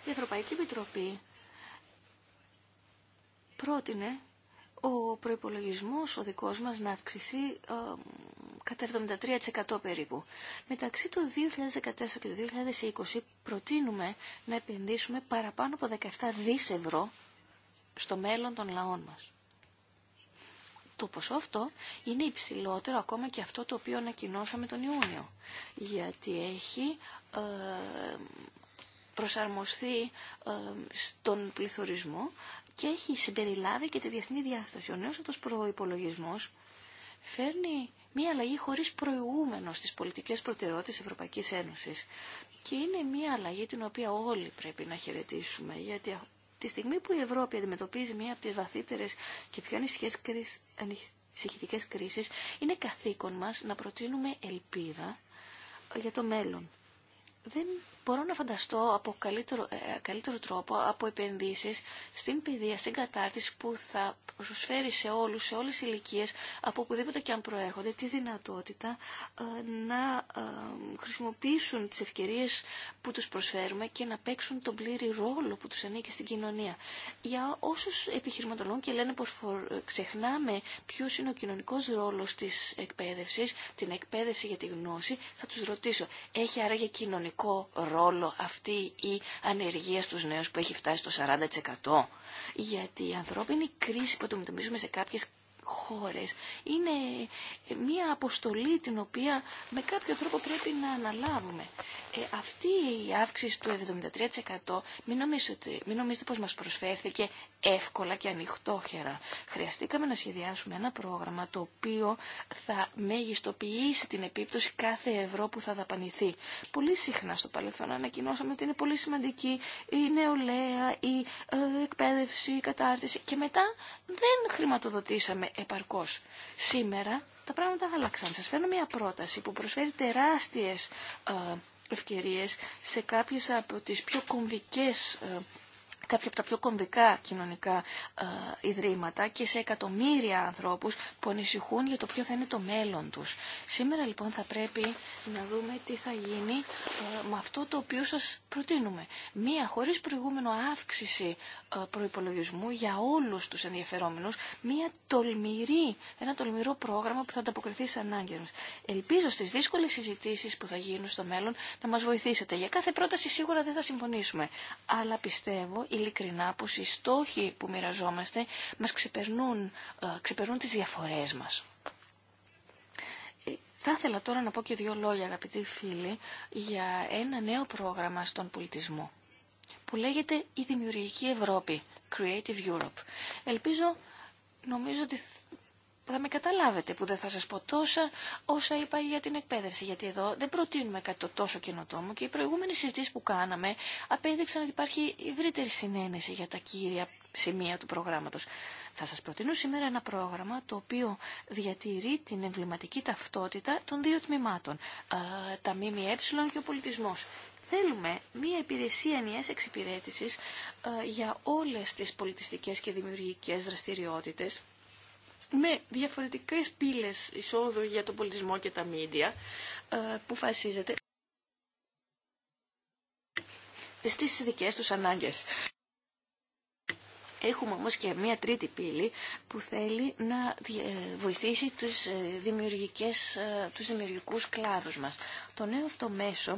η Ευρωπαϊκή Επιτροπή πρότεινε ο προϋπολογισμός ο δικός μας να αυξηθεί ε, κατά 73% περίπου. Μεταξύ του 2014 και του 2020 προτείνουμε να επενδύσουμε παραπάνω από 17 δις ευρώ στο μέλλον των λαών μας το ποσό αυτό είναι υψηλότερο ακόμα και αυτό το οποίο ανακοινώσαμε τον Ιούνιο. Γιατί έχει ε, προσαρμοστεί ε, στον πληθωρισμό και έχει συμπεριλάβει και τη διεθνή διάσταση. Ο νέος αυτός προϋπολογισμός φέρνει μια αλλαγή χωρίς προηγούμενο στις πολιτικές προτεραιότητες της Ευρωπαϊκής Ένωσης. Και είναι μια αλλαγή την οποία όλοι πρέπει να χαιρετήσουμε, γιατί τη στιγμή που η Ευρώπη αντιμετωπίζει μία από τις βαθύτερες και πιο ανησυχητικές κρίσεις, είναι καθήκον μας να προτείνουμε ελπίδα για το μέλλον. Δεν μπορώ να φανταστώ από ε, καλύτερο, τρόπο από επενδύσεις στην παιδεία, στην κατάρτιση που θα προσφέρει σε όλους, σε όλες τις ηλικίε από οπουδήποτε και αν προέρχονται, τη δυνατότητα ε, να ε, χρησιμοποιήσουν τις ευκαιρίες που τους προσφέρουμε και να παίξουν τον πλήρη ρόλο που τους ανήκει στην κοινωνία. Για όσους επιχειρηματολόγουν και λένε πως ξεχνάμε ποιο είναι ο κοινωνικός ρόλος της εκπαίδευσης, την εκπαίδευση για τη γνώση, θα τους ρωτήσω, έχει άραγε κοινωνικό ρόλο ρόλο αυτή η ανεργία στους νέους που έχει φτάσει στο 40%. Γιατί η ανθρώπινη κρίση που αντιμετωπίζουμε σε κάποιες χώρες. Είναι μια αποστολή την οποία με κάποιο τρόπο πρέπει να αναλάβουμε. Ε, αυτή η αύξηση του 73% μην νομίζετε, μην νομίζετε πως μας προσφέρθηκε εύκολα και ανοιχτόχερα. Χρειαστήκαμε να σχεδιάσουμε ένα πρόγραμμα το οποίο θα μεγιστοποιήσει την επίπτωση κάθε ευρώ που θα δαπανηθεί. Πολύ συχνά στο παρελθόν ανακοινώσαμε ότι είναι πολύ σημαντική η νεολαία, η ε, εκπαίδευση, η κατάρτιση και μετά δεν χρηματοδοτήσαμε επαρκώς. Σήμερα τα πράγματα άλλαξαν. Σας φέρνω μια πρόταση που προσφέρει τεράστιες ε, ευκαιρίες σε κάποιες από τις πιο κομβικές ε, κάποια από τα πιο κομβικά κοινωνικά ε, ιδρύματα και σε εκατομμύρια ανθρώπους που ανησυχούν για το ποιο θα είναι το μέλλον τους. Σήμερα λοιπόν θα πρέπει να δούμε τι θα γίνει ε, με αυτό το οποίο σας προτείνουμε. Μία χωρίς προηγούμενο αύξηση ε, προϋπολογισμού για όλους τους ενδιαφερόμενους, μία τολμηρή, ένα τολμηρό πρόγραμμα που θα ανταποκριθεί στι ανάγκες Ελπίζω στις δύσκολες συζητήσεις που θα γίνουν στο μέλλον να μας βοηθήσετε. Για κάθε πρόταση σίγουρα δεν θα συμφωνήσουμε, αλλά πιστεύω ειλικρινά πως οι στόχοι που μοιραζόμαστε μας ξεπερνούν, ε, ξεπερνούν τις διαφορές μας. Ε, θα ήθελα τώρα να πω και δύο λόγια, αγαπητοί φίλοι, για ένα νέο πρόγραμμα στον πολιτισμό που λέγεται «Η Δημιουργική Ευρώπη», Creative Europe. Ελπίζω, νομίζω ότι θα με καταλάβετε που δεν θα σας πω τόσα όσα είπα για την εκπαίδευση, γιατί εδώ δεν προτείνουμε κάτι το τόσο καινοτόμο και οι προηγούμενες συζητήσεις που κάναμε απέδειξαν ότι υπάρχει ευρύτερη συνένεση για τα κύρια σημεία του προγράμματος. Θα σας προτείνω σήμερα ένα πρόγραμμα το οποίο διατηρεί την εμβληματική ταυτότητα των δύο τμήματων, τα ΜΜΕ και ο πολιτισμός θέλουμε μία υπηρεσία ενιαίας εξυπηρέτησης για όλες τις πολιτιστικές και δημιουργικές δραστηριότητες με διαφορετικές πύλες εισόδου για τον πολιτισμό και τα μίντια ε, που φασίζεται στις δικές τους ανάγκες. Έχουμε όμως και μία τρίτη πύλη που θέλει να βοηθήσει τους, ε, δημιουργικές, ε, τους δημιουργικούς κλάδους μας. Το νέο αυτό μέσο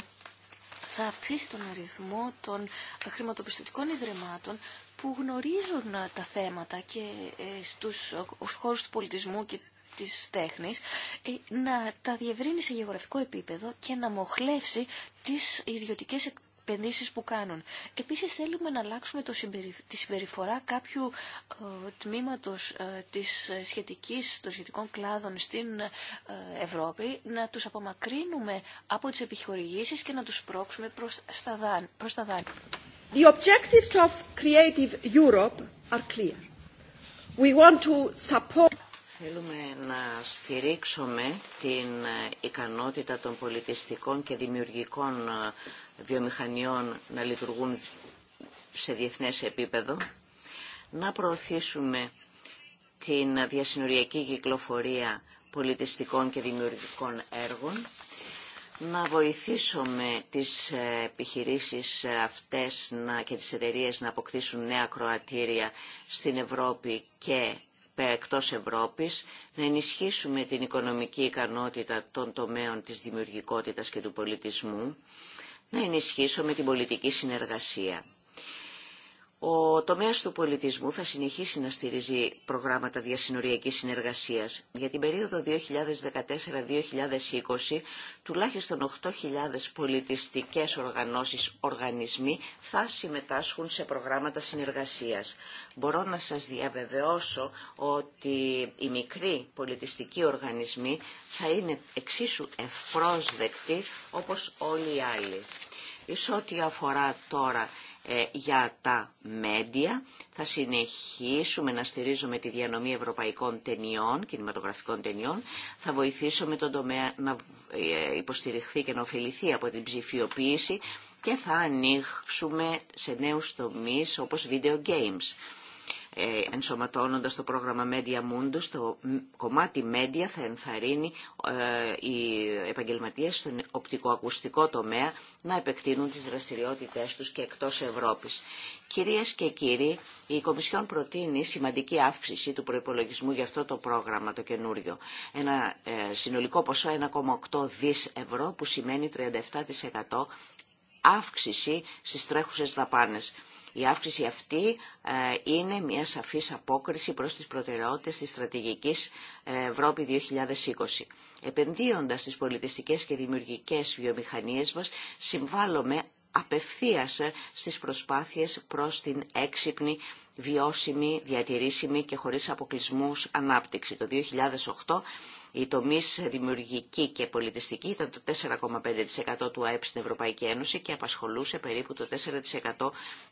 θα αυξήσει τον αριθμό των χρηματοπιστωτικών ιδρυμάτων που γνωρίζουν τα θέματα και ε, στους χώρους του πολιτισμού και της τέχνης ε, να τα διευρύνει σε γεωγραφικό επίπεδο και να μοχλεύσει τις ιδιωτικές επενδύσεις που κάνουν. Επίσης θέλουμε να αλλάξουμε το συμπερι... τη συμπεριφορά κάποιου ε, τμήματος ε, της σχετικής, των σχετικών κλάδων στην Ευρώπη, να τους απομακρύνουμε από τις επιχορηγήσεις και να τους πρόξουμε προς, τα δάνεια. The objectives of Creative Europe are Θέλουμε να στηρίξουμε την ε, ικανότητα των πολιτιστικών και δημιουργικών ε, βιομηχανιών να λειτουργούν σε διεθνές επίπεδο, να προωθήσουμε την διασυνοριακή κυκλοφορία πολιτιστικών και δημιουργικών έργων να βοηθήσουμε τις ε, επιχειρήσεις ε, αυτές να και τις εταιρείες να αποκτήσουν νέα κροατήρια στην Ευρώπη και εκτός Ευρώπης, να ενισχύσουμε την οικονομική ικανότητα των τομέων της δημιουργικότητας και του πολιτισμού, να ενισχύσουμε την πολιτική συνεργασία. Ο τομέας του πολιτισμού θα συνεχίσει να στηρίζει προγράμματα διασυνοριακής συνεργασίας. Για την περίοδο 2014-2020, τουλάχιστον 8.000 πολιτιστικές οργανώσεις, οργανισμοί θα συμμετάσχουν σε προγράμματα συνεργασίας. Μπορώ να σας διαβεβαιώσω ότι οι μικροί πολιτιστικοί οργανισμοί θα είναι εξίσου ευπρόσδεκτοι όπως όλοι οι άλλοι. Σε ό,τι αφορά τώρα ε, για τα μέντια. Θα συνεχίσουμε να στηρίζουμε τη διανομή ευρωπαϊκών ταινιών, κινηματογραφικών ταινιών. Θα βοηθήσουμε τον τομέα να ε, υποστηριχθεί και να ωφεληθεί από την ψηφιοποίηση και θα ανοίξουμε σε νέους τομείς όπως video games. Ε, ενσωματώνοντας το πρόγραμμα Media Mundo, το κομμάτι Media θα ενθαρρύνει ε, οι επαγγελματίες στον οπτικοακουστικό τομέα να επεκτείνουν τις δραστηριότητές τους και εκτός Ευρώπης. Κυρίες και κύριοι, η Κομισιόν προτείνει σημαντική αύξηση του προϋπολογισμού για αυτό το πρόγραμμα το καινούριο. Ένα ε, συνολικό ποσό 1,8 δις ευρώ που σημαίνει 37% αύξηση στις τρέχουσες δαπάνες. Η αύξηση αυτή ε, είναι μια σαφής απόκριση προς τις προτεραιότητες της στρατηγικής ε, Ευρώπη 2020. Επενδύοντας στις πολιτιστικές και δημιουργικές βιομηχανίες μας, συμβάλλουμε απευθείας ε, στις προσπάθειες προς την έξυπνη, βιώσιμη, διατηρήσιμη και χωρίς αποκλεισμούς ανάπτυξη. Το 2008 οι τομεί δημιουργική και πολιτιστική ήταν το 4,5% του ΑΕΠ στην Ευρωπαϊκή Ένωση και απασχολούσε περίπου το 4%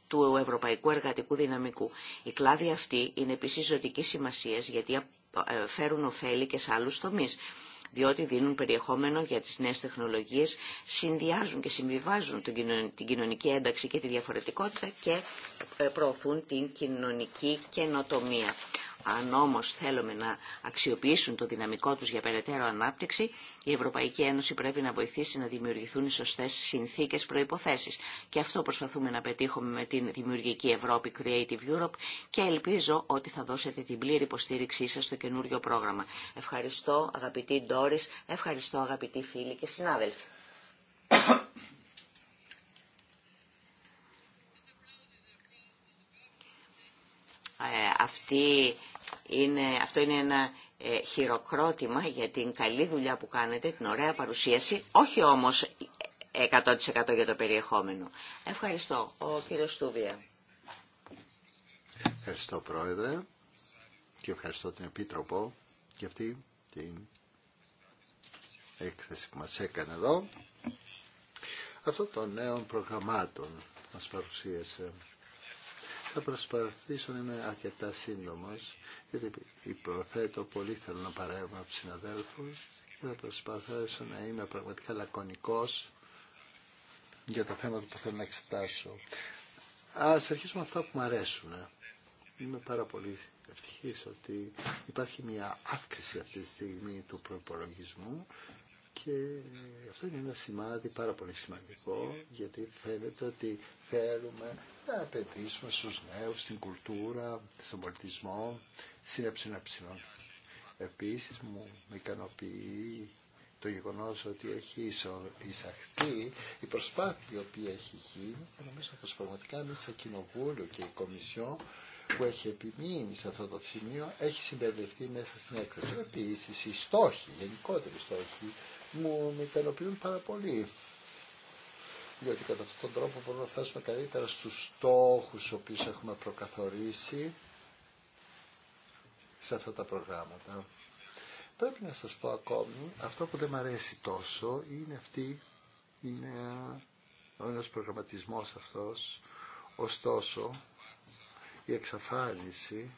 του ευρωπαϊκού εργατικού δυναμικού. Οι κλάδοι αυτή είναι επίση ζωτική σημασία γιατί ε, φέρουν ωφέλη και σε άλλου τομεί διότι δίνουν περιεχόμενο για τις νέες τεχνολογίες, συνδυάζουν και συμβιβάζουν την κοινωνική ένταξη και τη διαφορετικότητα και ε, προωθούν την κοινωνική καινοτομία. Αν όμως θέλουμε να αξιοποιήσουν το δυναμικό τους για περαιτέρω ανάπτυξη, η Ευρωπαϊκή Ένωση πρέπει να βοηθήσει να δημιουργηθούν οι σωστέ συνθήκες προϋποθέσεις. Και αυτό προσπαθούμε να πετύχουμε με την δημιουργική Ευρώπη Creative Europe και ελπίζω ότι θα δώσετε την πλήρη υποστήριξή σα στο καινούριο πρόγραμμα. Ευχαριστώ αγαπητή Ντόρι, ευχαριστώ αγαπητοί φίλοι και συνάδελφοι. Ε, αυτή είναι, αυτό είναι ένα ε, χειροκρότημα για την καλή δουλειά που κάνετε, την ωραία παρουσίαση, όχι όμως 100% ε, για το περιεχόμενο. Ευχαριστώ. Ο κύριος Στούβια. Ευχαριστώ Πρόεδρε και ευχαριστώ την Επίτροπο και αυτή την έκθεση που μας έκανε εδώ. Αυτό των νέων προγραμμάτων μας παρουσίασε θα προσπαθήσω να είμαι αρκετά σύντομος, γιατί υποθέτω πολύ θέλω να παρέμβω από συναδέλφους και θα προσπαθήσω να είμαι πραγματικά λακωνικός για τα θέματα που θέλω να εξετάσω. Ας αρχίσουμε αυτά που μου αρέσουν. Είμαι πάρα πολύ ευτυχής ότι υπάρχει μια αύξηση αυτή τη στιγμή του προπολογισμού και αυτό είναι ένα σημάδι πάρα πολύ σημαντικό, γιατί φαίνεται ότι θέλουμε να απαιτήσουμε στους νέους, στην κουλτούρα, στον πολιτισμό, στην ε, ε, ε. Επίσης μου ικανοποιεί το γεγονός ότι έχει εισαχθεί η προσπάθεια η οποία έχει γίνει και νομίζω πως πραγματικά εμείς στο Κοινοβούλιο και η Κομισιό που έχει επιμείνει σε αυτό το σημείο έχει συμπεριληφθεί μέσα στην έκθεση. Επίσης οι στόχοι, γενικότεροι στόχοι μου ικανοποιούν πάρα πολύ. Διότι κατά αυτόν τον τρόπο μπορούμε να φτάσουμε καλύτερα στους στόχους στους οποίους έχουμε προκαθορίσει σε αυτά τα προγράμματα. Πρέπει να σας πω ακόμη, αυτό που δεν μου αρέσει τόσο είναι αυτή, είναι ο ένας προγραμματισμός αυτός, ωστόσο η εξαφάνιση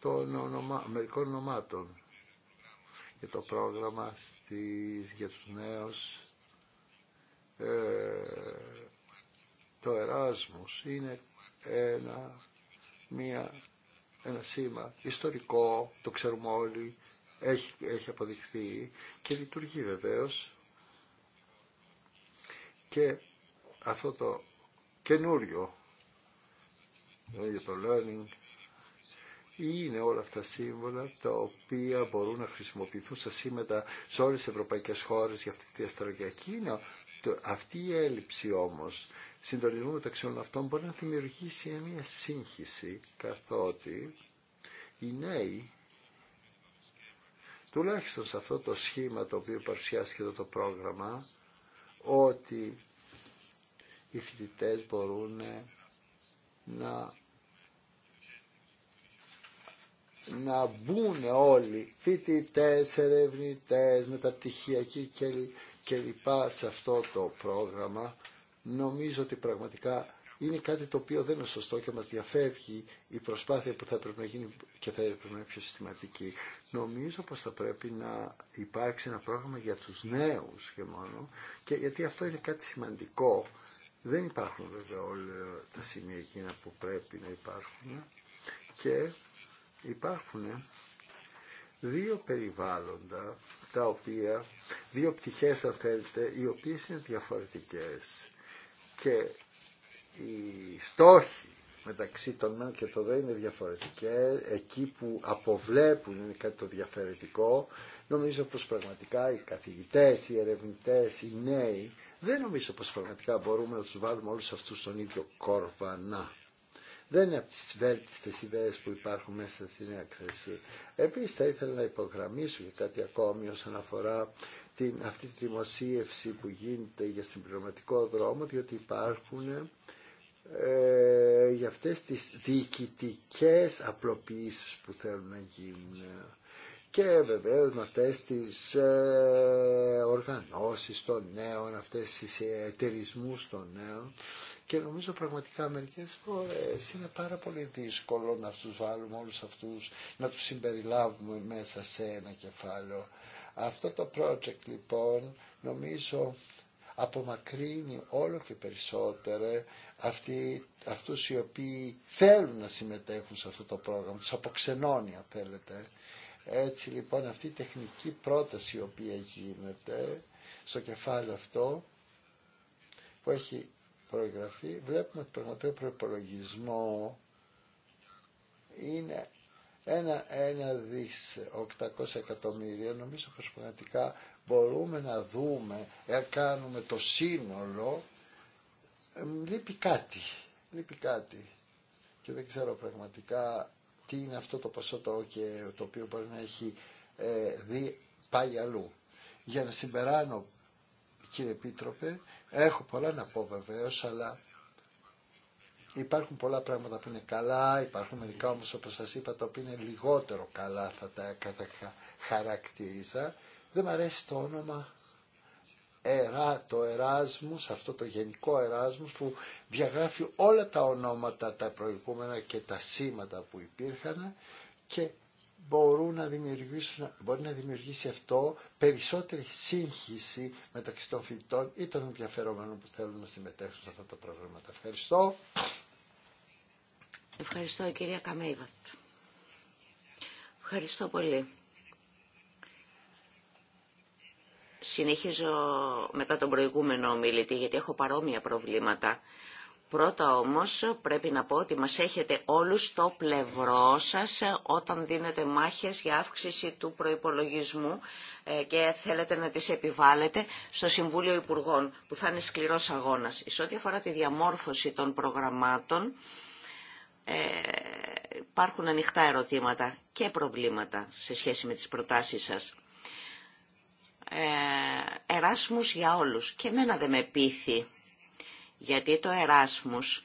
των ονομα, μερικών ονομάτων για το πρόγραμμα στις, για τους νέους ε, το Εράσμος είναι ένα, μια, ένα σήμα ιστορικό, το ξέρουμε όλοι, έχει, έχει αποδειχθεί και λειτουργεί βεβαίως και αυτό το καινούριο για το learning είναι όλα αυτά σύμβολα τα οποία μπορούν να χρησιμοποιηθούν σε σήμερα σε όλες τις ευρωπαϊκές χώρες για αυτή τη το, Αυτή η έλλειψη όμως συντονισμού μεταξύ όλων αυτών μπορεί να δημιουργήσει μια σύγχυση καθότι οι νέοι τουλάχιστον σε αυτό το σχήμα το οποίο παρουσιάστηκε εδώ το πρόγραμμα ότι οι φοιτητέ μπορούν να να μπουν όλοι φοιτητέ, ερευνητέ, μεταπτυχιακοί κλπ. σε αυτό το πρόγραμμα. Νομίζω ότι πραγματικά είναι κάτι το οποίο δεν είναι σωστό και μας διαφεύγει η προσπάθεια που θα πρέπει να γίνει και θα έπρεπε να είναι πιο συστηματική. Νομίζω πως θα πρέπει να υπάρξει ένα πρόγραμμα για τους νέους και μόνο, και γιατί αυτό είναι κάτι σημαντικό. Δεν υπάρχουν βέβαια όλα τα σημεία εκείνα που πρέπει να υπάρχουν και υπάρχουν δύο περιβάλλοντα τα οποία, δύο πτυχές αν θέλετε, οι οποίες είναι διαφορετικές και οι στόχοι μεταξύ των μεν και το δε είναι διαφορετικές, εκεί που αποβλέπουν είναι κάτι το διαφορετικό, νομίζω πως πραγματικά οι καθηγητές, οι ερευνητές, οι νέοι, δεν νομίζω πως πραγματικά μπορούμε να τους βάλουμε όλους αυτούς στον ίδιο κόρβανα δεν είναι από τις βέλτιστες ιδέες που υπάρχουν μέσα στην έκθεση. Επίσης θα ήθελα να υπογραμμίσω και κάτι ακόμη όσον αφορά την, αυτή τη δημοσίευση που γίνεται για συμπληρωματικό δρόμο, διότι υπάρχουν ε, για αυτές τις διοικητικέ απλοποιήσεις που θέλουν να γίνουν και βεβαίως με αυτές τις ε, οργανώσεις των νέων, αυτές τις εταιρισμού των νέων και νομίζω πραγματικά μερικές φορές είναι πάρα πολύ δύσκολο να τους βάλουμε όλους αυτούς, να τους συμπεριλάβουμε μέσα σε ένα κεφάλαιο. Αυτό το project λοιπόν νομίζω απομακρύνει όλο και περισσότερο αυτοί, αυτούς οι οποίοι θέλουν να συμμετέχουν σε αυτό το πρόγραμμα, τους αποξενώνει αν θέλετε. Έτσι λοιπόν αυτή η τεχνική πρόταση η οποία γίνεται στο κεφάλαιο αυτό που έχει βλέπουμε ότι πραγματικά προπολογισμό είναι ένα, ένα δις 800 εκατομμύρια νομίζω πως πραγματικά μπορούμε να δούμε εάν κάνουμε το σύνολο λείπει κάτι λείπει κάτι και δεν ξέρω πραγματικά τι είναι αυτό το ποσό το, το οποίο μπορεί να έχει ε, δει πάει αλλού για να συμπεράνω κύριε Επίτροπε. Έχω πολλά να πω βεβαίω, αλλά υπάρχουν πολλά πράγματα που είναι καλά, υπάρχουν μερικά όμως όπως σας είπα τα οποία είναι λιγότερο καλά θα τα χαρακτηρίζα. Δεν μου αρέσει το όνομα ερά, το Εράσμους, αυτό το γενικό Εράσμους που διαγράφει όλα τα ονόματα τα προηγούμενα και τα σήματα που υπήρχαν και μπορούν να δημιουργήσουν, μπορεί να δημιουργήσει αυτό περισσότερη σύγχυση μεταξύ των φοιτητών ή των ενδιαφερόμενων που θέλουν να συμμετέχουν σε αυτά τα προγράμματα. Ευχαριστώ. Ευχαριστώ κυρία Καμέιβα. Ευχαριστώ πολύ. Συνεχίζω μετά τον προηγούμενο ομιλητή γιατί έχω παρόμοια προβλήματα Πρώτα όμως πρέπει να πω ότι μας έχετε όλους στο πλευρό σας ε, όταν δίνετε μάχες για αύξηση του προϋπολογισμού ε, και θέλετε να τις επιβάλλετε στο Συμβούλιο Υπουργών που θα είναι σκληρός αγώνας. Σε ό,τι αφορά τη διαμόρφωση των προγραμμάτων ε, υπάρχουν ανοιχτά ερωτήματα και προβλήματα σε σχέση με τις προτάσεις σας. Ε, εράσμους για όλους. Και εμένα δεν με πείθει γιατί το Εράσμους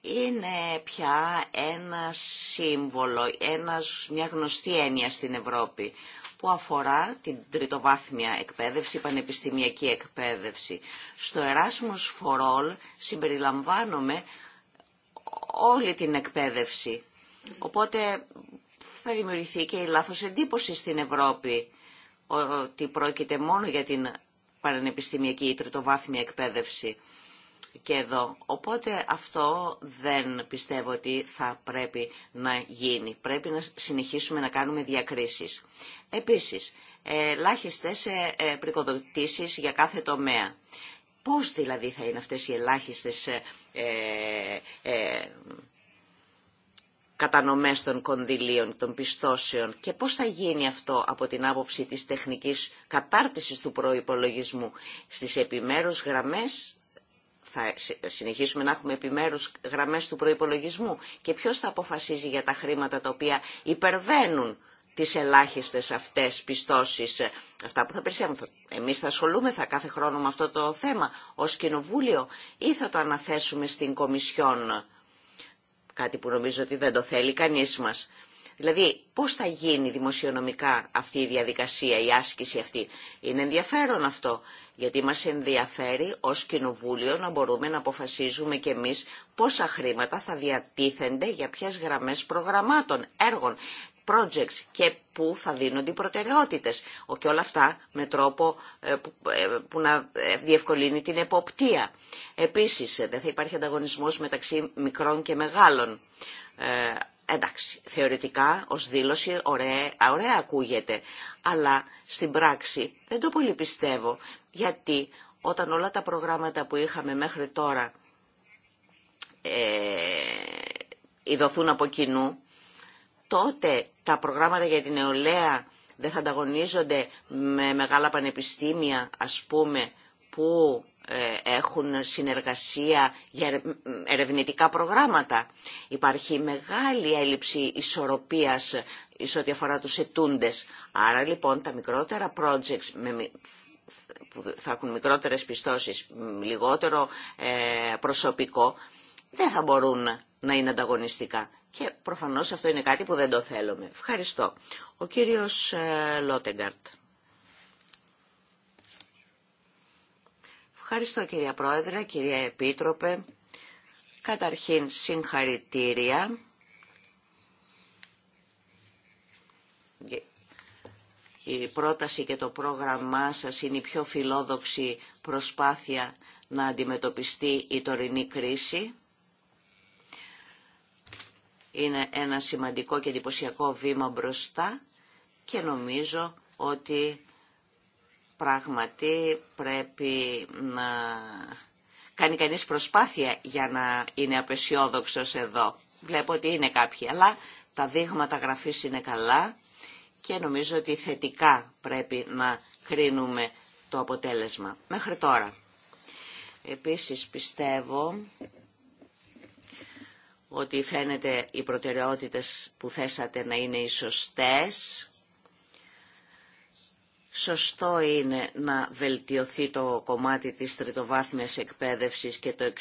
είναι πια ένα σύμβολο, ένας, μια γνωστή έννοια στην Ευρώπη που αφορά την τριτοβάθμια εκπαίδευση, πανεπιστημιακή εκπαίδευση. Στο Erasmus for All συμπεριλαμβάνομαι όλη την εκπαίδευση. Οπότε θα δημιουργηθεί και η λάθος εντύπωση στην Ευρώπη ότι πρόκειται μόνο για την πανεπιστημιακή ή τριτοβάθμια εκπαίδευση και εδώ. Οπότε αυτό δεν πιστεύω ότι θα πρέπει να γίνει. Πρέπει να συνεχίσουμε να κάνουμε διακρίσεις. Επίσης, ελάχιστες ε, ε, πρικοδοτήσεις για κάθε τομέα. Πώς δηλαδή θα είναι αυτές οι ελάχιστες ε, ε, ε, κατανομές των κονδυλίων, των πιστώσεων και πώς θα γίνει αυτό από την άποψη της τεχνικής κατάρτισης του προϋπολογισμού στις επιμέρους γραμμές θα συνεχίσουμε να έχουμε επιμέρους γραμμές του προϋπολογισμού και ποιος θα αποφασίζει για τα χρήματα τα οποία υπερβαίνουν τις ελάχιστες αυτές πιστώσεις, ε, αυτά που θα περισσεύουν. Εμείς θα θα κάθε χρόνο με αυτό το θέμα ως κοινοβούλιο ή θα το αναθέσουμε στην Κομισιόν, ε, κάτι που νομίζω ότι δεν το θέλει κανείς μας. Δηλαδή, πώς θα γίνει δημοσιονομικά αυτή η διαδικασία, η άσκηση αυτή. Είναι ενδιαφέρον αυτό, γιατί μα ενδιαφέρει ω Κοινοβούλιο να μπορούμε να αποφασίζουμε κι εμείς πόσα χρήματα θα διατίθενται για ποιε γραμμές προγραμμάτων, έργων, projects και πού θα δίνονται οι προτεραιότητες. Και όλα αυτά με τρόπο ε, ε, που να ε, διευκολύνει την εποπτεία. Επίσης, δεν θα υπάρχει ανταγωνισμός μεταξύ μικρών και μεγάλων εντάξει, θεωρητικά ως δήλωση ωραία, ωραία ακούγεται, αλλά στην πράξη δεν το πολύ πιστεύω, γιατί όταν όλα τα προγράμματα που είχαμε μέχρι τώρα ε, ειδωθούν από κοινού, τότε τα προγράμματα για την νεολαία δεν θα ανταγωνίζονται με μεγάλα πανεπιστήμια, ας πούμε, που ε, έχουν συνεργασία για ερευνητικά προγράμματα. Υπάρχει μεγάλη έλλειψη ισορροπίας σε ό,τι αφορά τους ετούντες. Άρα λοιπόν τα μικρότερα projects που θα έχουν μικρότερες πιστώσεις, λιγότερο ε, προσωπικό, δεν θα μπορούν να είναι ανταγωνιστικά. Και προφανώς αυτό είναι κάτι που δεν το θέλουμε. Ευχαριστώ. Ο κύριος ε, Λότεγκαρτ. Ευχαριστώ κυρία Πρόεδρε, κυρία Επίτροπε. Καταρχήν συγχαρητήρια η πρόταση και το πρόγραμμά σας είναι η πιο φιλόδοξη προσπάθεια να αντιμετωπιστεί η τωρινή κρίση. Είναι ένα σημαντικό και εντυπωσιακό βήμα μπροστά και νομίζω ότι Πράγματι πρέπει να κάνει κανείς προσπάθεια για να είναι απεσιόδοξος εδώ. Βλέπω ότι είναι κάποιοι, αλλά τα δείγματα γραφής είναι καλά και νομίζω ότι θετικά πρέπει να κρίνουμε το αποτέλεσμα μέχρι τώρα. Επίσης πιστεύω ότι φαίνεται οι προτεραιότητες που θέσατε να είναι οι σωστές Σωστό είναι να βελτιωθεί το κομμάτι της τριτοβάθμιας εκπαίδευσης και το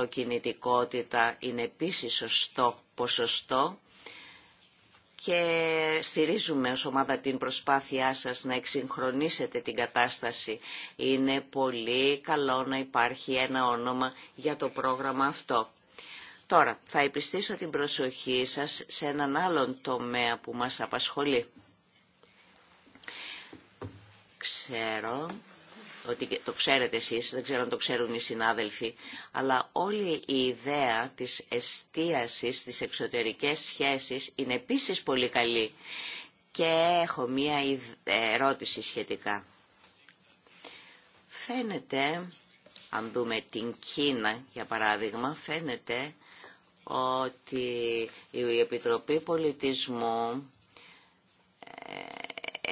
65% κινητικότητα είναι επίσης σωστό ποσοστό και στηρίζουμε ως ομάδα την προσπάθειά σας να εξυγχρονίσετε την κατάσταση. Είναι πολύ καλό να υπάρχει ένα όνομα για το πρόγραμμα αυτό. Τώρα, θα επιστήσω την προσοχή σας σε έναν άλλον τομέα που μας απασχολεί ξέρω ότι το ξέρετε εσείς, δεν ξέρω αν το ξέρουν οι συνάδελφοι, αλλά όλη η ιδέα της εστίασης στις εξωτερικές σχέσεις είναι επίσης πολύ καλή. Και έχω μία ερώτηση σχετικά. Φαίνεται, αν δούμε την Κίνα για παράδειγμα, φαίνεται ότι η Επιτροπή Πολιτισμού ε,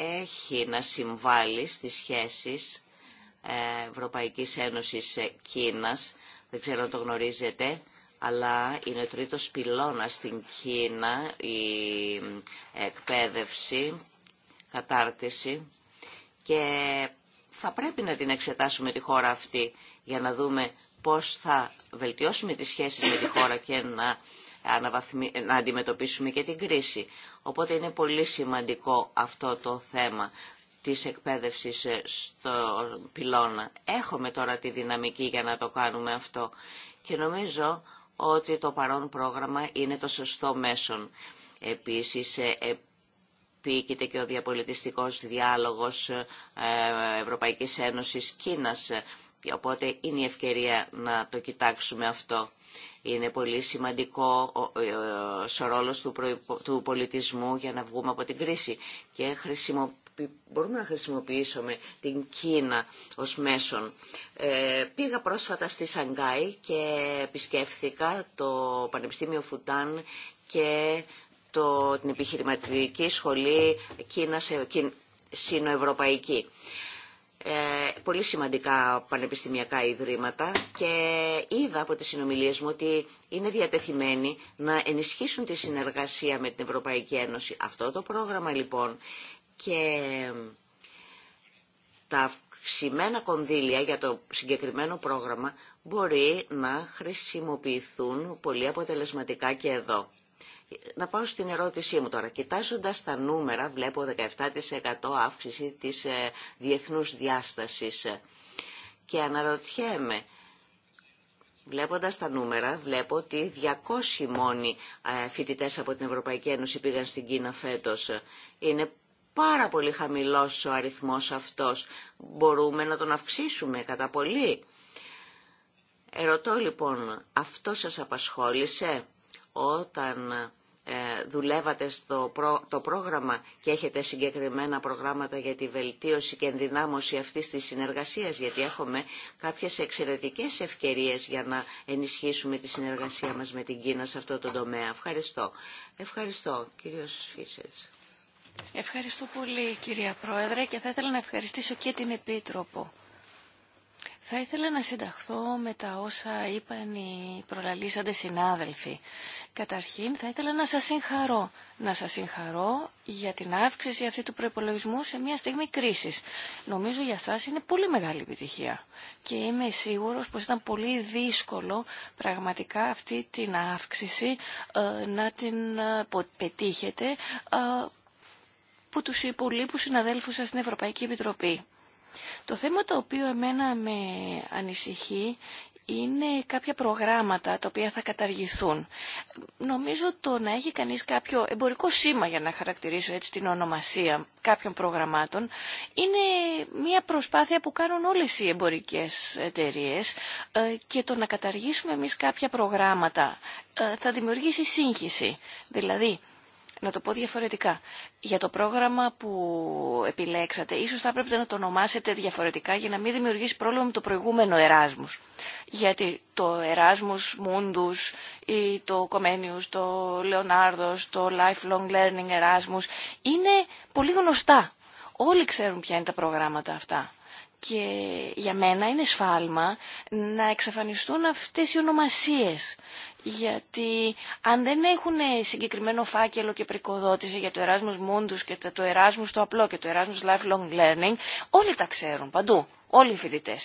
έχει να συμβάλλει στις σχέσεις ε, Ευρωπαϊκής Ένωσης Κίνας. Δεν ξέρω αν το γνωρίζετε, αλλά είναι ο τρίτος πυλώνα στην Κίνα η ε, εκπαίδευση, κατάρτιση και θα πρέπει να την εξετάσουμε τη χώρα αυτή για να δούμε πώς θα βελτιώσουμε τις σχέσεις με τη χώρα και να να αντιμετωπίσουμε και την κρίση. Οπότε είναι πολύ σημαντικό αυτό το θέμα της εκπαίδευσης ε, στο πυλώνα. Έχουμε τώρα τη δυναμική για να το κάνουμε αυτό και νομίζω ότι το παρόν πρόγραμμα είναι το σωστό μέσον. Επίσης, ε, επίκειται και ο διαπολιτιστικός διάλογος ε, Ευρωπαϊκής Ένωσης Κίνας Οπότε είναι η ευκαιρία να το κοιτάξουμε αυτό. Είναι πολύ σημαντικό ο ρόλος του πολιτισμού για να βγούμε από την κρίση και μπορούμε να χρησιμοποιήσουμε την Κίνα ως μέσον. Ε, πήγα πρόσφατα στη Σανγκάη και επισκέφθηκα το Πανεπιστήμιο Φουτάν και το την επιχειρηματική σχολή Κίνα, Συνοευρωπαϊκή. Ε, πολύ σημαντικά πανεπιστημιακά ιδρύματα και είδα από τις συνομιλίες μου ότι είναι διατεθειμένοι να ενισχύσουν τη συνεργασία με την Ευρωπαϊκή Ένωση. Αυτό το πρόγραμμα λοιπόν και τα αυξημένα κονδύλια για το συγκεκριμένο πρόγραμμα μπορεί να χρησιμοποιηθούν πολύ αποτελεσματικά και εδώ. Να πάω στην ερώτησή μου τώρα. Κοιτάζοντας τα νούμερα, βλέπω 17% αύξηση της ε, διεθνούς διάστασης. Και αναρωτιέμαι, Βλέποντας τα νούμερα, βλέπω ότι 200 μόνοι ε, φοιτητές από την Ευρωπαϊκή Ένωση πήγαν στην Κίνα φέτος. Είναι πάρα πολύ χαμηλός ο αριθμός αυτός. Μπορούμε να τον αυξήσουμε κατά πολύ. Ερωτώ λοιπόν, αυτό σας απασχόλησε όταν ε, δουλεύατε στο το πρόγραμμα και έχετε συγκεκριμένα προγράμματα για τη βελτίωση και ενδυνάμωση αυτής της συνεργασίας, γιατί έχουμε κάποιες εξαιρετικές ευκαιρίες για να ενισχύσουμε τη συνεργασία μας με την Κίνα σε αυτό το τομέα. Ευχαριστώ. Ευχαριστώ, κύριος Φίσες. Ευχαριστώ πολύ, κυρία Πρόεδρε, και θα ήθελα να ευχαριστήσω και την Επίτροπο. Θα ήθελα να συνταχθώ με τα όσα είπαν οι προλαλήσαντες συνάδελφοι. Καταρχήν θα ήθελα να σας συγχαρώ. Να σας συγχαρώ για την αύξηση αυτή του προπολογισμού σε μια στιγμή κρίσης. Νομίζω για σας είναι πολύ μεγάλη επιτυχία. Και είμαι σίγουρος πως ήταν πολύ δύσκολο πραγματικά αυτή την αύξηση ε, να την ε, πετύχετε ε, που τους υπολείπους συναδέλφους σας στην Ευρωπαϊκή Επιτροπή. Το θέμα το οποίο εμένα με ανησυχεί είναι κάποια προγράμματα τα οποία θα καταργηθούν. Νομίζω το να έχει κανείς κάποιο εμπορικό σήμα για να χαρακτηρίσω έτσι την ονομασία κάποιων προγραμμάτων είναι μια προσπάθεια που κάνουν όλες οι εμπορικές εταιρείες ε, και το να καταργήσουμε εμείς κάποια προγράμματα ε, θα δημιουργήσει σύγχυση. Δηλαδή να το πω διαφορετικά. Για το πρόγραμμα που επιλέξατε, ίσως θα έπρεπε να το ονομάσετε διαφορετικά για να μην δημιουργήσει πρόβλημα με το προηγούμενο Εράσμους. Γιατί το Εράσμους Μούντους ή το Κομένιους, το Λεωνάρδος, το Lifelong Learning Εράσμους είναι πολύ γνωστά. Όλοι ξέρουν ποια είναι τα προγράμματα αυτά. Και για μένα είναι σφάλμα να εξαφανιστούν αυτές οι ονομασίες γιατί αν δεν έχουν ε, συγκεκριμένο φάκελο και πρικοδότηση για το Erasmus Mundus και το Erasmus το απλό και το Erasmus Lifelong Learning, όλοι τα ξέρουν παντού, όλοι οι φοιτητέ.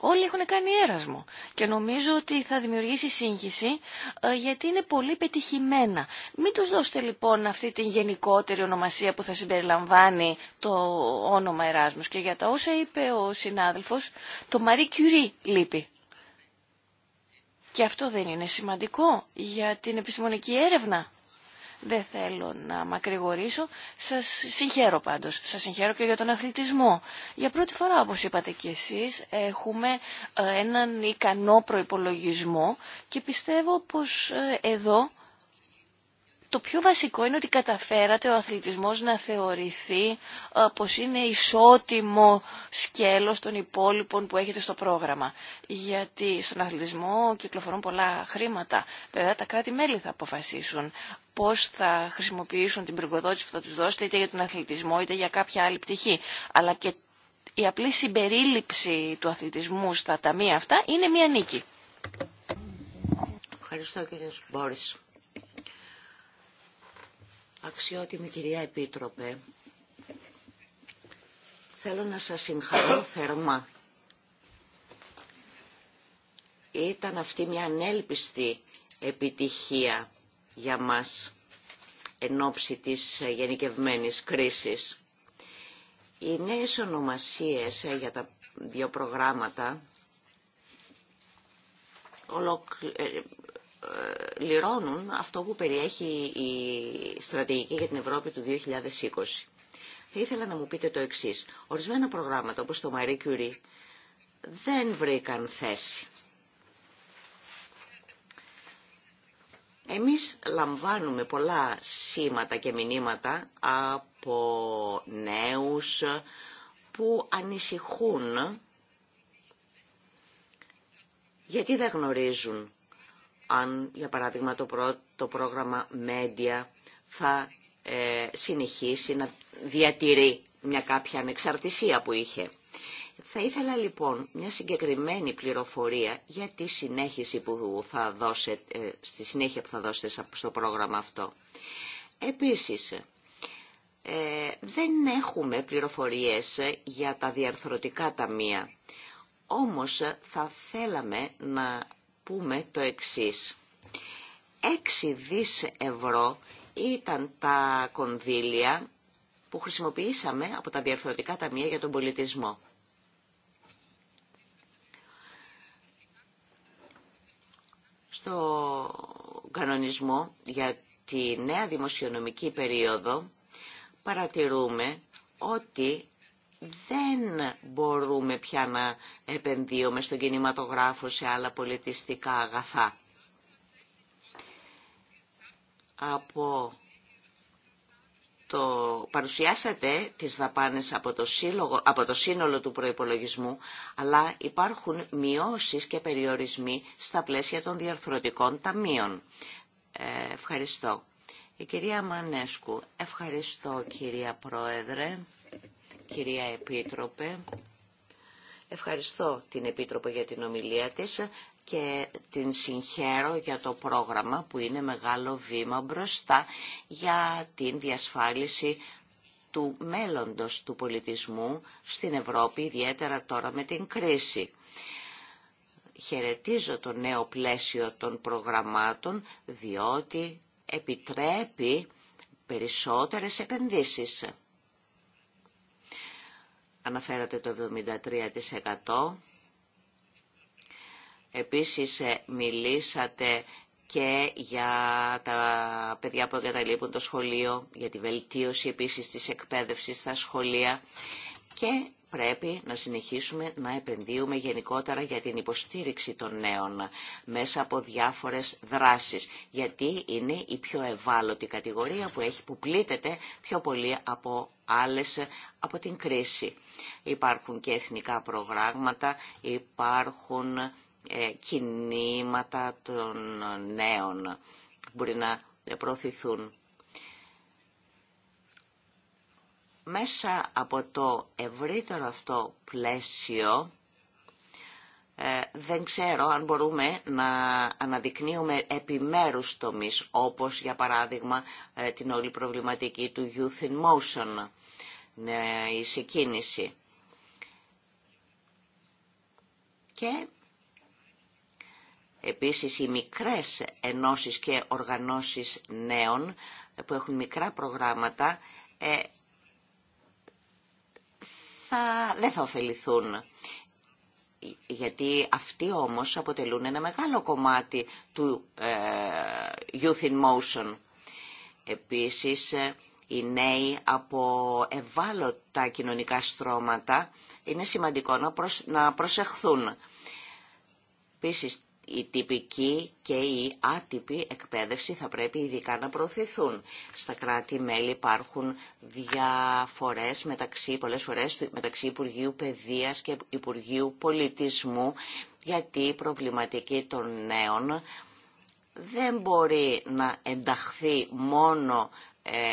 Όλοι έχουν κάνει έρασμο και νομίζω ότι θα δημιουργήσει σύγχυση ε, γιατί είναι πολύ πετυχημένα. Μην τους δώσετε λοιπόν αυτή την γενικότερη ονομασία που θα συμπεριλαμβάνει το όνομα Erasmus Και για τα όσα είπε ο συνάδελφος, το Marie Curie λείπει. Και αυτό δεν είναι σημαντικό για την επιστημονική έρευνα. Δεν θέλω να μακρηγορήσω. Σας συγχαίρω πάντως. Σας συγχαίρω και για τον αθλητισμό. Για πρώτη φορά, όπως είπατε και εσείς, έχουμε ε, έναν ικανό προϋπολογισμό και πιστεύω πως ε, εδώ το πιο βασικό είναι ότι καταφέρατε ο αθλητισμός να θεωρηθεί ε, πως είναι ισότιμο σκέλος των υπόλοιπων που έχετε στο πρόγραμμα. Γιατί στον αθλητισμό κυκλοφορούν πολλά χρήματα. Βέβαια τα κράτη-μέλη θα αποφασίσουν πώς θα χρησιμοποιήσουν την πυργοδότηση που θα τους δώσετε είτε για τον αθλητισμό είτε για κάποια άλλη πτυχή. Αλλά και η απλή συμπερίληψη του αθλητισμού στα ταμεία αυτά είναι μία νίκη. Ευχαριστώ κύριε Μπόρις. Αξιότιμη κυρία Επίτροπε, θέλω να σας συγχαρώ θερμά. Ήταν αυτή μια ανέλπιστη επιτυχία για μας εν ώψη της γενικευμένης κρίσης. Οι νέες ονομασίες ε, για τα δύο προγράμματα ε, ε, λυρώνουν αυτό που περιέχει η στρατηγική για την Ευρώπη του 2020. Θα ήθελα να μου πείτε το εξής. Ορισμένα προγράμματα όπως το Marie Curie δεν βρήκαν θέση. Εμείς λαμβάνουμε πολλά σήματα και μηνύματα από νέους που ανησυχούν γιατί δεν γνωρίζουν αν, για παράδειγμα, το, το πρόγραμμα Media θα ε, συνεχίσει να διατηρεί μια κάποια ανεξαρτησία που είχε. Θα ήθελα λοιπόν μια συγκεκριμένη πληροφορία για τη συνέχιση που θα δώσετε, ε, στη συνέχεια που θα δώσετε στο πρόγραμμα αυτό. Επίσης, ε, δεν έχουμε πληροφορίες για τα διαρθρωτικά ταμεία. Όμως θα θέλαμε να πούμε το εξής. 6 δις ευρώ ήταν τα κονδύλια που χρησιμοποιήσαμε από τα διαρθρωτικά ταμεία για τον πολιτισμό. Στο κανονισμό για τη νέα δημοσιονομική περίοδο παρατηρούμε ότι δεν μπορούμε πια να επενδύουμε στον κινηματογράφο σε άλλα πολιτιστικά αγαθά. Από το παρουσιάσατε τις δαπάνες από το, σύλλογο, από σύνολο του προϋπολογισμού, αλλά υπάρχουν μειώσεις και περιορισμοί στα πλαίσια των διαρθρωτικών ταμείων. Ε, ευχαριστώ. Η κυρία Μανέσκου, ευχαριστώ κυρία Πρόεδρε κυρία Επίτροπε. Ευχαριστώ την Επίτροπο για την ομιλία της και την συγχαίρω για το πρόγραμμα που είναι μεγάλο βήμα μπροστά για την διασφάλιση του μέλλοντος του πολιτισμού στην Ευρώπη, ιδιαίτερα τώρα με την κρίση. Χαιρετίζω το νέο πλαίσιο των προγραμμάτων, διότι επιτρέπει περισσότερες επενδύσεις αναφέρατε το 73%. Επίσης ε, μιλήσατε και για τα παιδιά που εγκαταλείπουν το σχολείο, για τη βελτίωση επίσης της εκπαίδευσης στα σχολεία και πρέπει να συνεχίσουμε να επενδύουμε γενικότερα για την υποστήριξη των νέων μέσα από διάφορες δράσεις, γιατί είναι η πιο ευάλωτη κατηγορία που, έχει, που πιο πολύ από άλλες από την κρίση. Υπάρχουν και εθνικά προγράμματα, υπάρχουν ε, κινήματα των νέων που μπορεί να προωθηθούν μέσα από το ευρύτερο αυτό πλαίσιο ε, δεν ξέρω αν μπορούμε να αναδεικνύουμε επιμέρους τομείς, όπως για παράδειγμα ε, την όλη προβληματική του Youth in Motion, ε, η συγκίνηση. Και επίσης οι μικρές ενώσεις και οργανώσεις νέων που έχουν μικρά προγράμματα θα, δεν θα ωφεληθούν. Γιατί αυτοί όμως αποτελούν ένα μεγάλο κομμάτι του ε, Youth in Motion. Επίσης, ε, οι νέοι από ευάλωτα κοινωνικά στρώματα είναι σημαντικό να, να προσεχθούν. Επίσης, η τυπική και η άτυπη εκπαίδευση θα πρέπει ειδικά να προωθηθούν. Στα κράτη-μέλη υπάρχουν διαφορές μεταξύ, πολλές φορές μεταξύ Υπουργείου Παιδείας και Υπουργείου Πολιτισμού γιατί η προβληματική των νέων δεν μπορεί να ενταχθεί μόνο ε,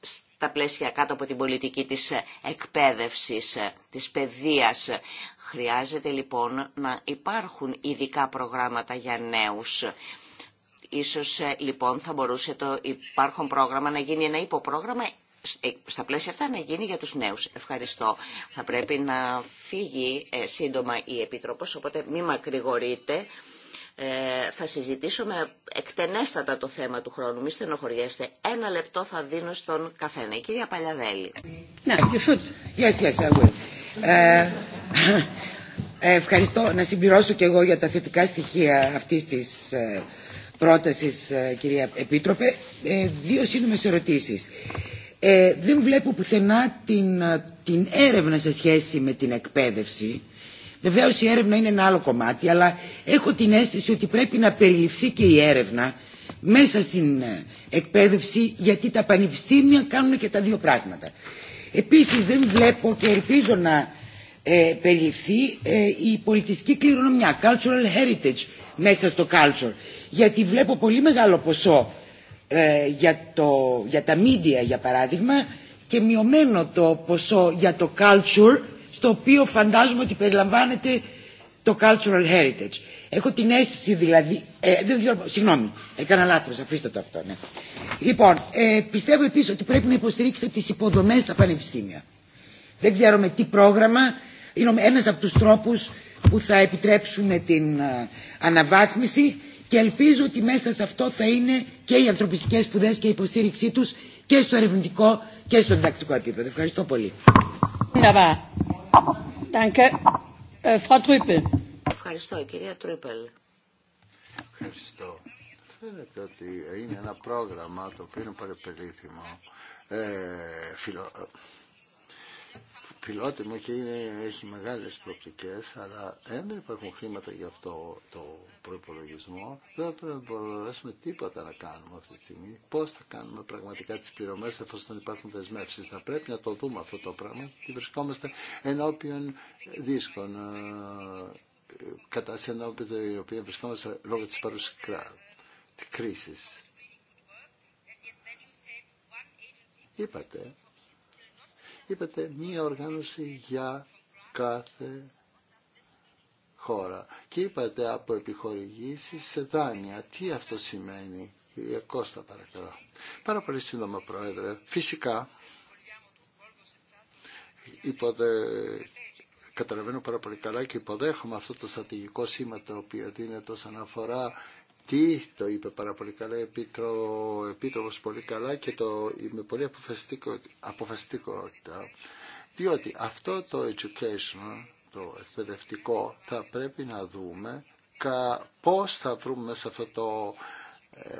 στα πλαίσια κάτω από την πολιτική της ε, εκπαίδευσης, ε, της παιδείας. Χρειάζεται λοιπόν να υπάρχουν ειδικά προγράμματα για νέους. Ίσως ε, λοιπόν θα μπορούσε το υπάρχον πρόγραμμα να γίνει ένα υποπρόγραμμα ε, στα πλαίσια αυτά να γίνει για τους νέους. Ευχαριστώ. Θα πρέπει να φύγει ε, σύντομα η Επίτροπος, οπότε μη μακρηγορείτε. Ε, θα συζητήσουμε εκτενέστατα το θέμα του χρόνου. Μη στενοχωριέστε. Ένα λεπτό θα δίνω στον καθένα. Η κυρία Παλιαδέλη. Ναι, ε, yes, yes, I will. Ε, ευχαριστώ να συμπληρώσω και εγώ για τα θετικά στοιχεία αυτής της πρότασης, κυρία Επίτροπε. δύο σύντομες ερωτήσεις. Ε, δεν βλέπω πουθενά την, την έρευνα σε σχέση με την εκπαίδευση Βεβαίω η έρευνα είναι ένα άλλο κομμάτι, αλλά έχω την αίσθηση ότι πρέπει να περιληφθεί και η έρευνα μέσα στην ε, εκπαίδευση, γιατί τα πανεπιστήμια κάνουν και τα δύο πράγματα. Επίσης δεν βλέπω και ελπίζω να ε, περιληφθεί ε, η πολιτιστική κληρονομιά, cultural heritage, μέσα στο culture. Γιατί βλέπω πολύ μεγάλο ποσό για, το, για τα media, για παράδειγμα, και μειωμένο το ποσό για το culture, στο οποίο φαντάζομαι ότι περιλαμβάνεται το cultural heritage. Έχω την αίσθηση δηλαδή... Ε, δεν ξέρω, συγγνώμη, έκανα λάθος, αφήστε το αυτό. Ναι. Λοιπόν, ε, πιστεύω επίσης ότι πρέπει να υποστηρίξετε τις υποδομές στα πανεπιστήμια. Δεν ξέρω με τι πρόγραμμα, είναι ένας από τους τρόπους που θα επιτρέψουν την ε, αναβάθμιση και ελπίζω ότι μέσα σε αυτό θα είναι και οι ανθρωπιστικές σπουδές και η υποστήριξή τους και στο ερευνητικό και στο διδακτικό επίπεδο. Ευχαριστώ πολύ. Äh, Ευχαριστώ, κυρία Τρίπελ. Ευχαριστώ. Φαίνεται ότι είναι ένα πρόγραμμα το οποίο είναι περίθυμο. ε, φιλο, φιλότιμο και είναι, έχει μεγάλες προοπτικές, αλλά εάν δεν υπάρχουν χρήματα για αυτό το προϋπολογισμό, δεν θα πρέπει να μπορέσουμε τίποτα να κάνουμε αυτή τη στιγμή. Πώς θα κάνουμε πραγματικά τις πληρωμές εφόσον υπάρχουν δεσμεύσεις. Θα πρέπει να το δούμε αυτό το πράγμα, γιατί βρισκόμαστε ενώπιον δίσκων ε, κατάσταση ενώπιον η οποία βρισκόμαστε λόγω της παρούσης κρίσης. Είπατε είπατε μία οργάνωση για κάθε χώρα. Και είπατε από επιχορηγήσει σε δάνεια. Τι αυτό σημαίνει, κύριε Κώστα παρακαλώ. Πάρα πολύ σύντομα πρόεδρε. Φυσικά, είπατε, καταλαβαίνω πάρα πολύ καλά και υποδέχομαι αυτό το στρατηγικό σήμα το οποίο δίνεται όσον αφορά τι, το είπε πάρα πολύ καλά ο Επίτρο, Επίτροπος πολύ καλά και το είμαι πολύ αποφασιστικότητα διότι αυτό το education, το εκπαιδευτικό, θα πρέπει να δούμε κα, πώς θα βρούμε σε αυτό το ε,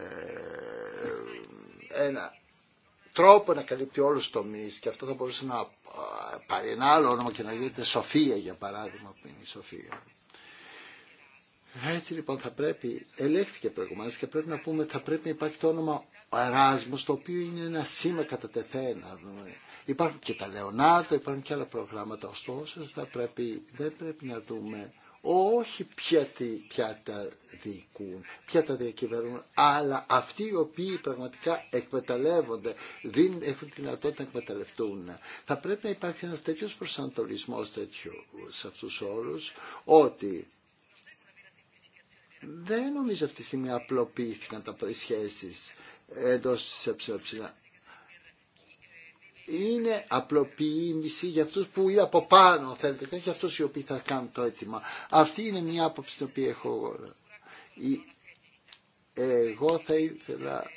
ένα τρόπο να καλύπτει όλους τους τομείς και αυτό θα μπορούσε να ε, πάρει ένα άλλο όνομα και να γίνεται Σοφία για παράδειγμα που είναι η Σοφία. Έτσι λοιπόν θα πρέπει, ελέγχθηκε προηγουμένως και πρέπει να πούμε θα πρέπει να υπάρχει το όνομα Εράσμος το οποίο είναι ένα σήμα κατά τεθένα. Υπάρχουν και τα Λεωνάτο, υπάρχουν και άλλα προγράμματα. Ωστόσο θα πρέπει, δεν πρέπει να δούμε όχι ποια, ποια τα διοικούν, ποια τα διακυβερνούν, αλλά αυτοί οι οποίοι πραγματικά εκμεταλλεύονται, δίνουν, έχουν τη δυνατότητα να εκμεταλλευτούν. Θα πρέπει να υπάρχει ένας τέτοιος προσανατολισμός τέτοιο, σε αυτούς όλους, ότι δεν νομίζω αυτή τη στιγμή απλοποιήθηκαν τα σχέσει εντό τη ε, ΕΕ. Είναι απλοποίηση για αυτούς που είναι από πάνω, θέλετε, και για αυτούς οι οποίοι θα κάνουν το αίτημα. Αυτή είναι μια άποψη την οποία έχω εγώ. Εγώ θα ήθελα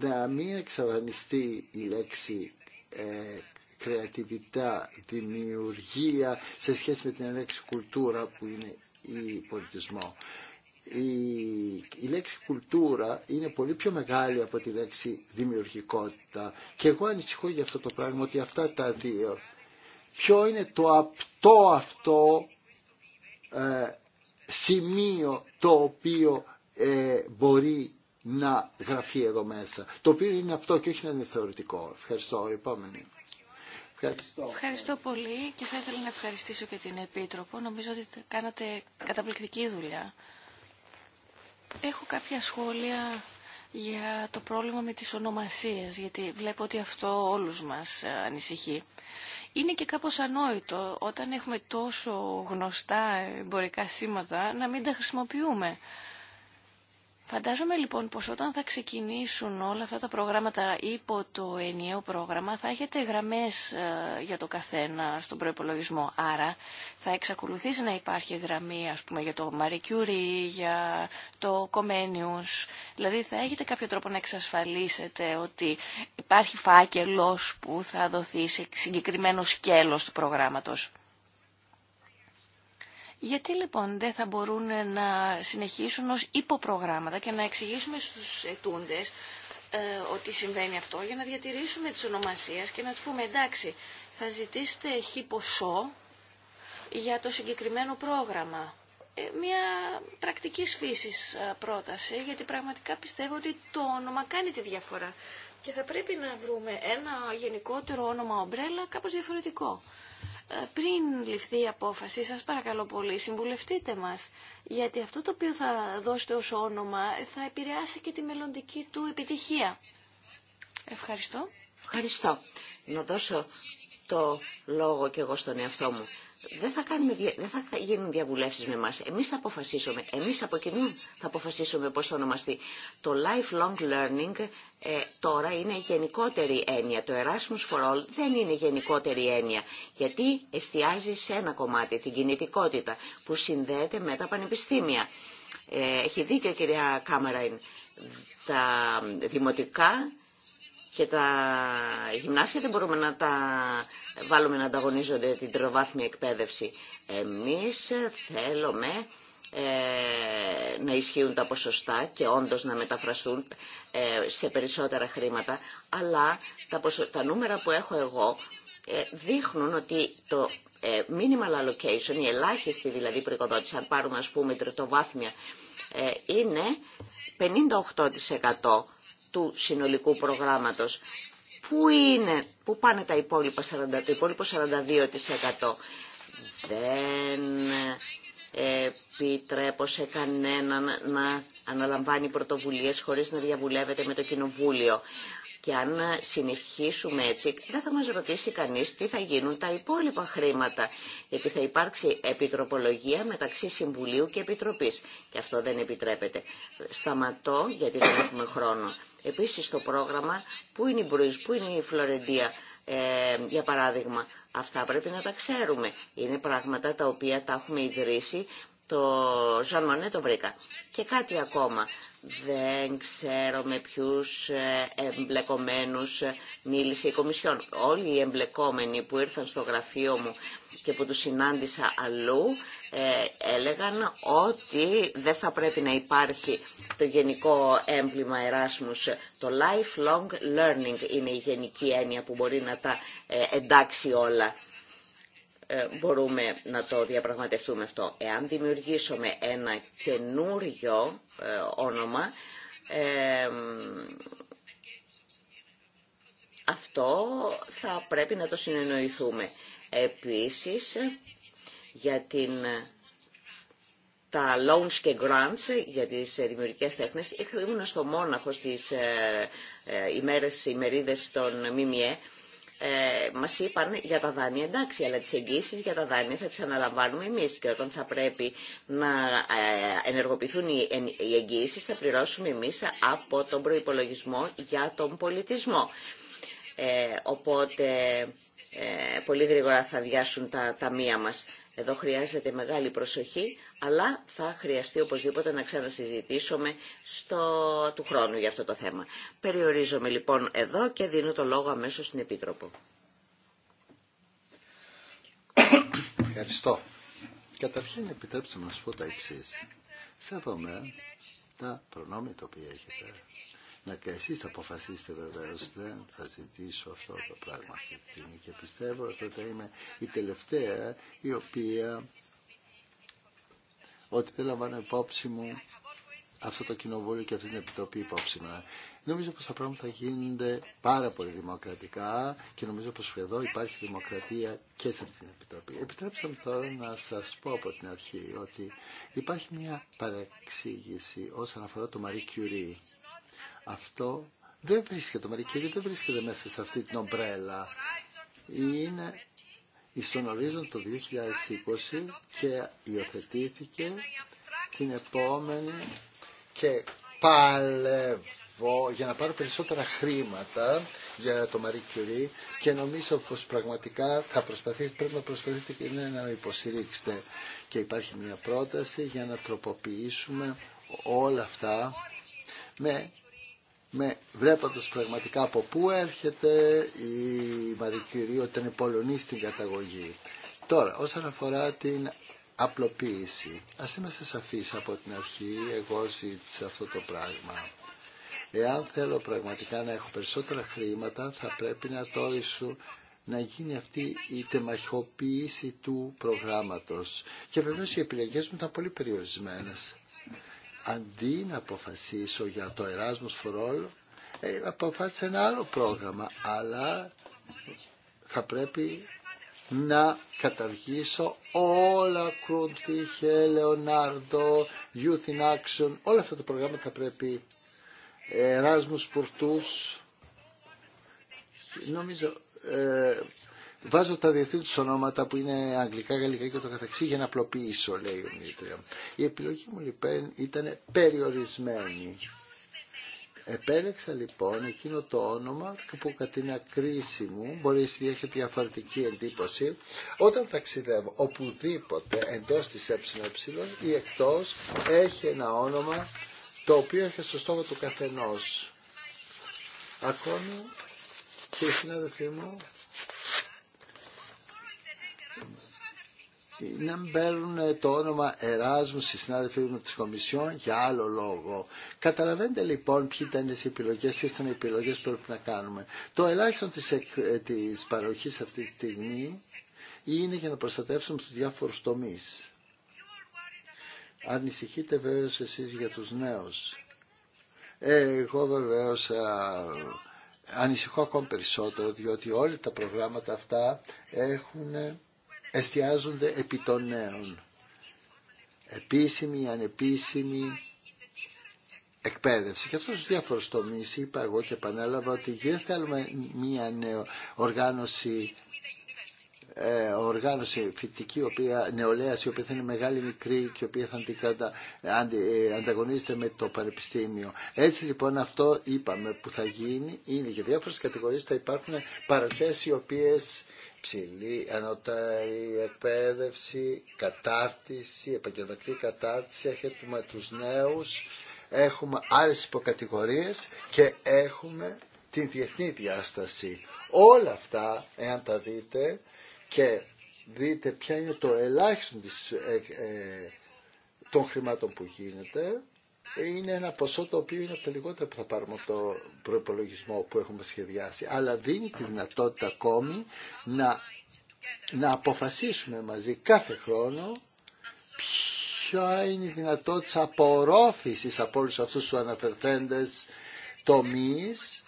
να μην εξαφανιστεί η λέξη ε, κρεατιβιτά, δημιουργία σε σχέση με την λέξη κουλτούρα που είναι ή πολιτισμό. Η, η λέξη κουλτούρα είναι πολύ πιο μεγάλη από τη λέξη δημιουργικότητα και εγώ ανησυχώ για αυτό το πράγμα ότι αυτά τα δύο. Ποιο είναι το απτό αυτό ε, σημείο το οποίο ε, μπορεί να γραφεί εδώ μέσα. Το οποίο είναι αυτό και όχι να είναι θεωρητικό. Ευχαριστώ. Επόμενη. Ευχαριστώ. πολύ και θα ήθελα να ευχαριστήσω και την Επίτροπο. Νομίζω ότι κάνατε καταπληκτική δουλειά. Έχω κάποια σχόλια για το πρόβλημα με τις ονομασίες, γιατί βλέπω ότι αυτό όλους μας ε, ανησυχεί. Είναι και κάπως ανόητο όταν έχουμε τόσο γνωστά εμπορικά σήματα να μην τα χρησιμοποιούμε. Φαντάζομαι λοιπόν πως όταν θα ξεκινήσουν όλα αυτά τα προγράμματα υπό το ενιαίο πρόγραμμα θα έχετε γραμμές ε, για το καθένα στον προϋπολογισμό. Άρα θα εξακολουθήσει να υπάρχει γραμμή πούμε για το Marie Curie, για το Comenius. Δηλαδή θα έχετε κάποιο τρόπο να εξασφαλίσετε ότι υπάρχει φάκελος που θα δοθεί σε συγκεκριμένο σκέλος του προγράμματος. Γιατί λοιπόν δεν θα μπορούν να συνεχίσουν ως υποπρογράμματα και να εξηγήσουμε στους ετούντες ε, ότι συμβαίνει αυτό για να διατηρήσουμε τις ονομασίες και να τους πούμε εντάξει θα ζητήσετε χι για το συγκεκριμένο πρόγραμμα. Ε, μια πρακτικής φύσης ε, πρόταση γιατί πραγματικά πιστεύω ότι το όνομα κάνει τη διαφορά και θα πρέπει να βρούμε ένα γενικότερο όνομα ομπρέλα κάπως διαφορετικό. Ε, πριν ληφθεί η απόφαση, σας παρακαλώ πολύ, συμβουλευτείτε μας. Γιατί αυτό το οποίο θα δώσετε ως όνομα θα επηρεάσει και τη μελλοντική του επιτυχία. Ευχαριστώ. Ευχαριστώ. Να δώσω το λόγο και εγώ στον εαυτό μου δεν θα, κάνουμε, δεν θα γίνουν διαβουλεύσεις με εμάς. Εμείς θα αποφασίσουμε, εμείς από κοινού θα αποφασίσουμε πώς θα ονομαστεί. Το lifelong learning ε, τώρα είναι γενικότερη έννοια. Το Erasmus for All δεν είναι γενικότερη έννοια, γιατί εστιάζει σε ένα κομμάτι, την κινητικότητα, που συνδέεται με τα πανεπιστήμια. Ε, έχει δίκιο κυρία Κάμεραϊν, τα δημοτικά και τα γυμνάσια δεν μπορούμε να τα βάλουμε να ανταγωνίζονται την τροβάθμια εκπαίδευση. Εμείς θέλουμε ε, να ισχύουν τα ποσοστά και όντως να μεταφραστούν ε, σε περισσότερα χρήματα, αλλά τα, νούμερα που έχω εγώ ε, δείχνουν ότι το minimal allocation, η ελάχιστη δηλαδή προοικοδότηση, αν πάρουμε ας πούμε τριτοβάθμια, είναι 58% του συνολικού προγράμματος. Πού είναι, πού πάνε τα υπόλοιπα 40, το υπόλοιπο 42%. Δεν ε, επιτρέπω σε κανέναν να αναλαμβάνει πρωτοβουλίες χωρίς να διαβουλεύεται με το Κοινοβούλιο. Και αν ε, συνεχίσουμε έτσι, δεν θα μας ρωτήσει κανείς τι θα γίνουν τα υπόλοιπα χρήματα, γιατί θα υπάρξει επιτροπολογία μεταξύ Συμβουλίου και Επιτροπής. Και αυτό δεν επιτρέπεται. Σταματώ, γιατί δεν έχουμε χρόνο. Επίσης, στο πρόγραμμα, πού είναι η Μπρουζ, πού είναι η Φλωρεντία, ε, για παράδειγμα. Αυτά πρέπει να τα ξέρουμε. Είναι πράγματα τα οποία τα έχουμε ιδρύσει το Ζαν Μονέ το βρήκα. Και κάτι ακόμα. Δεν ξέρω με ποιους ε, εμπλεκομένους ε, μίλησε η Κομισιόν. Όλοι οι εμπλεκόμενοι που ήρθαν στο γραφείο μου και που του συνάντησα αλλού ε, έλεγαν ότι δεν θα πρέπει να υπάρχει το γενικό έμβλημα Εράσμους. Το lifelong learning είναι η γενική έννοια που μπορεί να τα εντάξει όλα. Ε, μπορούμε να το διαπραγματευτούμε αυτό. Εάν δημιουργήσουμε ένα καινούριο ε, όνομα, ε, αυτό θα πρέπει να το συνεννοηθούμε. Επίσης, για την, τα loans και grants για τις δημιουργικές τέχνες, ήμουν στο Μόναχο στις ε, ημέρες, ημερίδες των ΜΜΕ ε, μας είπαν για τα δάνεια εντάξει, αλλά τις εγγύσει για τα δάνεια θα τις αναλαμβάνουμε εμείς και όταν θα πρέπει να ε, ενεργοποιηθούν οι εγγύσει, θα πληρώσουμε εμείς από τον προϋπολογισμό για τον πολιτισμό. Ε, οπότε ε, πολύ γρήγορα θα διάσουν τα ταμεία μας. Εδώ χρειάζεται μεγάλη προσοχή, αλλά θα χρειαστεί οπωσδήποτε να ξανασυζητήσουμε στο... του χρόνου για αυτό το θέμα. Περιορίζομαι λοιπόν εδώ και δίνω το λόγο αμέσως στην Επίτροπο. Ευχαριστώ. Καταρχήν επιτρέψτε να σας πω τα εξή. Σέβομαι τα προνόμια τα οποία έχετε να και εσείς θα αποφασίσετε βεβαίως, δεν θα ζητήσω αυτό το πράγμα αυτή τη στιγμή και πιστεύω ότι θα είμαι η τελευταία η οποία ότι δεν λαμβάνω υπόψη μου αυτό το κοινοβούλιο και αυτή την επιτροπή υπόψη μου. Νομίζω πως τα πράγματα θα γίνονται πάρα πολύ δημοκρατικά και νομίζω πως εδώ υπάρχει δημοκρατία και σε αυτή την επιτροπή. Επιτρέψτε μου τώρα να σας πω από την αρχή ότι υπάρχει μια παρεξήγηση όσον αφορά το Marie Curie. Αυτό δεν βρίσκεται, Μαρικύρη δεν βρίσκεται μέσα σε αυτή την ομπρέλα. Είναι στον ορίζον το 2020 και υιοθετήθηκε την επόμενη και παλεύω για να πάρω περισσότερα χρήματα για το Marie Curie και νομίζω πως πραγματικά θα προσπαθήσει, πρέπει να προσπαθείτε και να με υποστηρίξετε. Και υπάρχει μια πρόταση για να τροποποιήσουμε όλα αυτά με με, βλέποντας πραγματικά από πού έρχεται η Μαρικυρία όταν είναι Πολωνή στην καταγωγή. Τώρα, όσον αφορά την απλοποίηση, ας είμαστε σαφείς από την αρχή, εγώ ζήτησα αυτό το πράγμα. Εάν θέλω πραγματικά να έχω περισσότερα χρήματα, θα πρέπει να το ίσου να γίνει αυτή η τεμαχιοποίηση του προγράμματος. Και βεβαίως οι επιλογές μου ήταν πολύ περιορισμένες αντί να αποφασίσω για το Erasmus φορολό, All, ε, αποφάσισα ένα άλλο πρόγραμμα, αλλά θα πρέπει να καταργήσω όλα Κρούντφιχε, Λεωνάρντο, Youth in Action, όλα αυτά τα προγράμματα θα πρέπει Εράσμους Πουρτούς νομίζω ε, Βάζω τα διεθνή του ονόματα που είναι αγγλικά, γαλλικά και το καθεξή για να απλοποιήσω, λέει ο Μήτριο. Η επιλογή μου λοιπόν ήταν περιορισμένη. Επέλεξα λοιπόν εκείνο το όνομα που κατά την ακρίση μου μπορεί να έχει διαφορετική εντύπωση όταν ταξιδεύω οπουδήποτε εντός της ε ή εκτός έχει ένα όνομα το οποίο έχει στο στόμα του καθενός. Ακόμη και οι συνάδελφοί μου να παίρνουν το όνομα Εράσμου στη συνάδελφοί μου της Κομισιόν για άλλο λόγο. Καταλαβαίνετε λοιπόν ποιε ήταν οι επιλογέ, ποιες ήταν οι επιλογές που πρέπει να κάνουμε. Το ελάχιστο της, ε, της παροχής αυτή τη στιγμή είναι για να προστατεύσουμε τους διάφορους τομείς. Ανησυχείτε βέβαια εσείς για τους νέους. Ε, εγώ βεβαίω ανησυχώ ακόμη περισσότερο διότι όλα τα προγράμματα αυτά έχουν εστιάζονται επί των νέων. Επίσημη, ανεπίσημη εκπαίδευση. Και αυτό στους διάφορους τομείς είπα εγώ και επανέλαβα ότι δεν θέλουμε μία νέο οργάνωση ε, οργάνωση φοιτητική, οποία, η οποία θα είναι μεγάλη μικρή και η οποία θα ανταγωνίζεται με το πανεπιστήμιο. Έτσι λοιπόν αυτό είπαμε που θα γίνει είναι για διάφορες κατηγορίες θα υπάρχουν παροχές οι οποίες υψηλή, ανωτέρη εκπαίδευση, κατάρτιση, επαγγελματική κατάρτιση, έχουμε τους νέους, έχουμε άλλες υποκατηγορίες και έχουμε την διεθνή διάσταση. Όλα αυτά, εάν τα δείτε και δείτε ποια είναι το ελάχιστο ε, ε, των χρημάτων που γίνεται, είναι ένα ποσό το οποίο είναι από τα που θα πάρουμε από το προπολογισμό που έχουμε σχεδιάσει. Αλλά δίνει τη δυνατότητα ακόμη να, να αποφασίσουμε μαζί κάθε χρόνο ποια είναι η δυνατότητα απορρόφησης από όλους αυτούς τους αναφερθέντες τομείς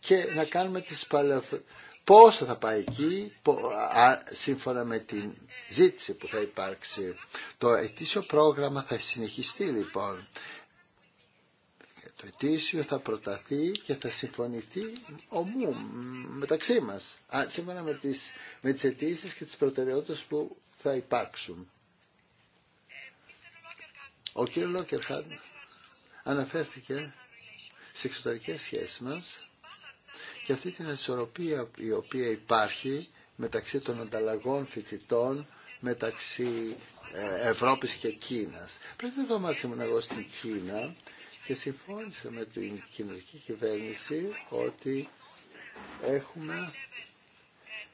και να κάνουμε τις παλαιοφ... Πόσο θα πάει εκεί, σύμφωνα με την ζήτηση που θα υπάρξει. Το ετήσιο πρόγραμμα θα συνεχιστεί λοιπόν θα προταθεί και θα συμφωνηθεί ομού μεταξύ μας, σύμφωνα με τις, με τις αιτήσει και τις προτεραιότητες που θα υπάρξουν. Ο κ. Λόκερχαντ αναφέρθηκε στι εξωτερικέ σχέσει μας και αυτή την ισορροπία η οποία υπάρχει μεταξύ των ανταλλαγών φοιτητών, μεταξύ ε, Ευρώπης και Κίνας. Πριν δεν μου ήμουν εγώ στην Κίνα και συμφώνησε με την κοινωνική κυβέρνηση ότι έχουμε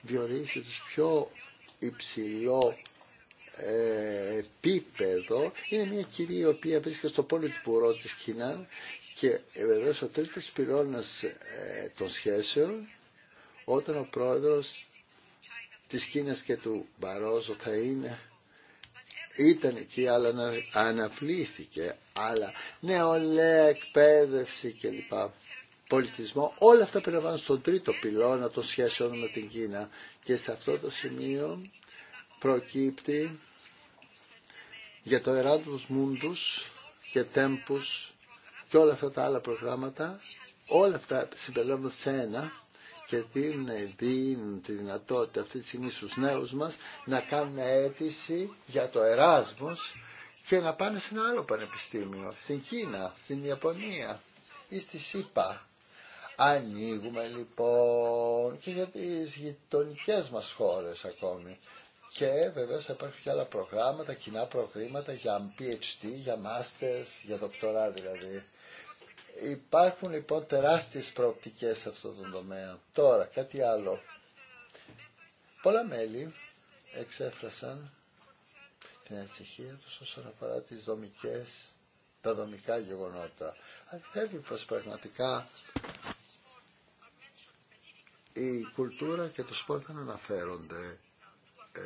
διορίσει τους πιο υψηλό ε, επίπεδο. Είναι μια κυρία η οποία βρίσκεται στο πόλο του Πουρό της Κίνα και ε, βεβαίω ο τρίτος πυρώνας ε, των σχέσεων όταν ο πρόεδρος της Κίνας και του Μπαρόζο θα είναι ήταν εκεί αλλά αναβλήθηκε άλλα, νεολαία, εκπαίδευση κλπ. Πολιτισμό, όλα αυτά περιλαμβάνουν στον τρίτο πυλώνα των σχέσεων με την Κίνα. Και σε αυτό το σημείο προκύπτει για το Εράντους Μούντους και Τέμπους και όλα αυτά τα άλλα προγράμματα, όλα αυτά συμπεριλαμβάνουν σε ένα και δίνουν, δίνουν τη δυνατότητα αυτή τη στιγμή στους νέους μας να κάνουν αίτηση για το Εράσμος και να πάνε σε ένα άλλο πανεπιστήμιο, στην Κίνα, στην Ιαπωνία ή στη ΣΥΠΑ. Ανοίγουμε λοιπόν και για τις γειτονικέ μας χώρες ακόμη. Και βέβαια θα υπάρχουν και άλλα προγράμματα, κοινά προγράμματα για PhD, για masters, για δοκτορά δηλαδή. Υπάρχουν λοιπόν τεράστιες προοπτικές σε αυτό το τομέα. Τώρα κάτι άλλο. Πολλά μέλη εξέφρασαν την ανησυχία τους όσον αφορά δομικές, τα δομικά γεγονότα. Αρκεύει πως πραγματικά η κουλτούρα και το σπορ δεν αναφέρονται. Ε,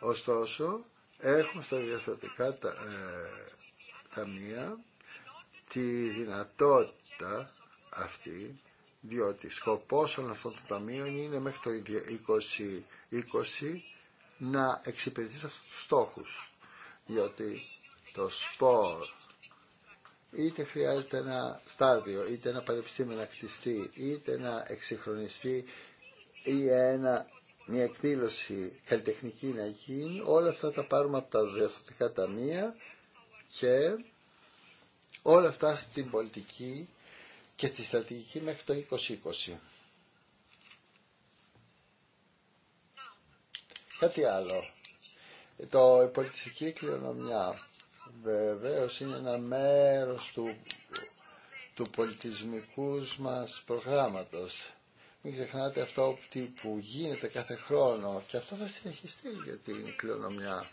ωστόσο, έχουν στα διαθετικά τα, ε, ταμεία τη δυνατότητα αυτή διότι σκοπός όλων αυτών των ταμείων είναι μέχρι το 20 να εξυπηρετήσει αυτού τους στόχους. Διότι το σπορ είτε χρειάζεται ένα στάδιο, είτε ένα πανεπιστήμιο να κτιστεί, είτε να εξυγχρονιστεί ή ένα, μια εκδήλωση καλλιτεχνική να γίνει, όλα αυτά τα πάρουμε από τα διευθυντικά ταμεία και όλα αυτά στην πολιτική και στη στρατηγική μέχρι το 2020. Κάτι άλλο. Το, η πολιτιστική κληρονομιά βεβαίω είναι ένα μέρος του, του πολιτισμικού μας προγράμματος. Μην ξεχνάτε αυτό που γίνεται κάθε χρόνο και αυτό θα συνεχιστεί για την κληρονομιά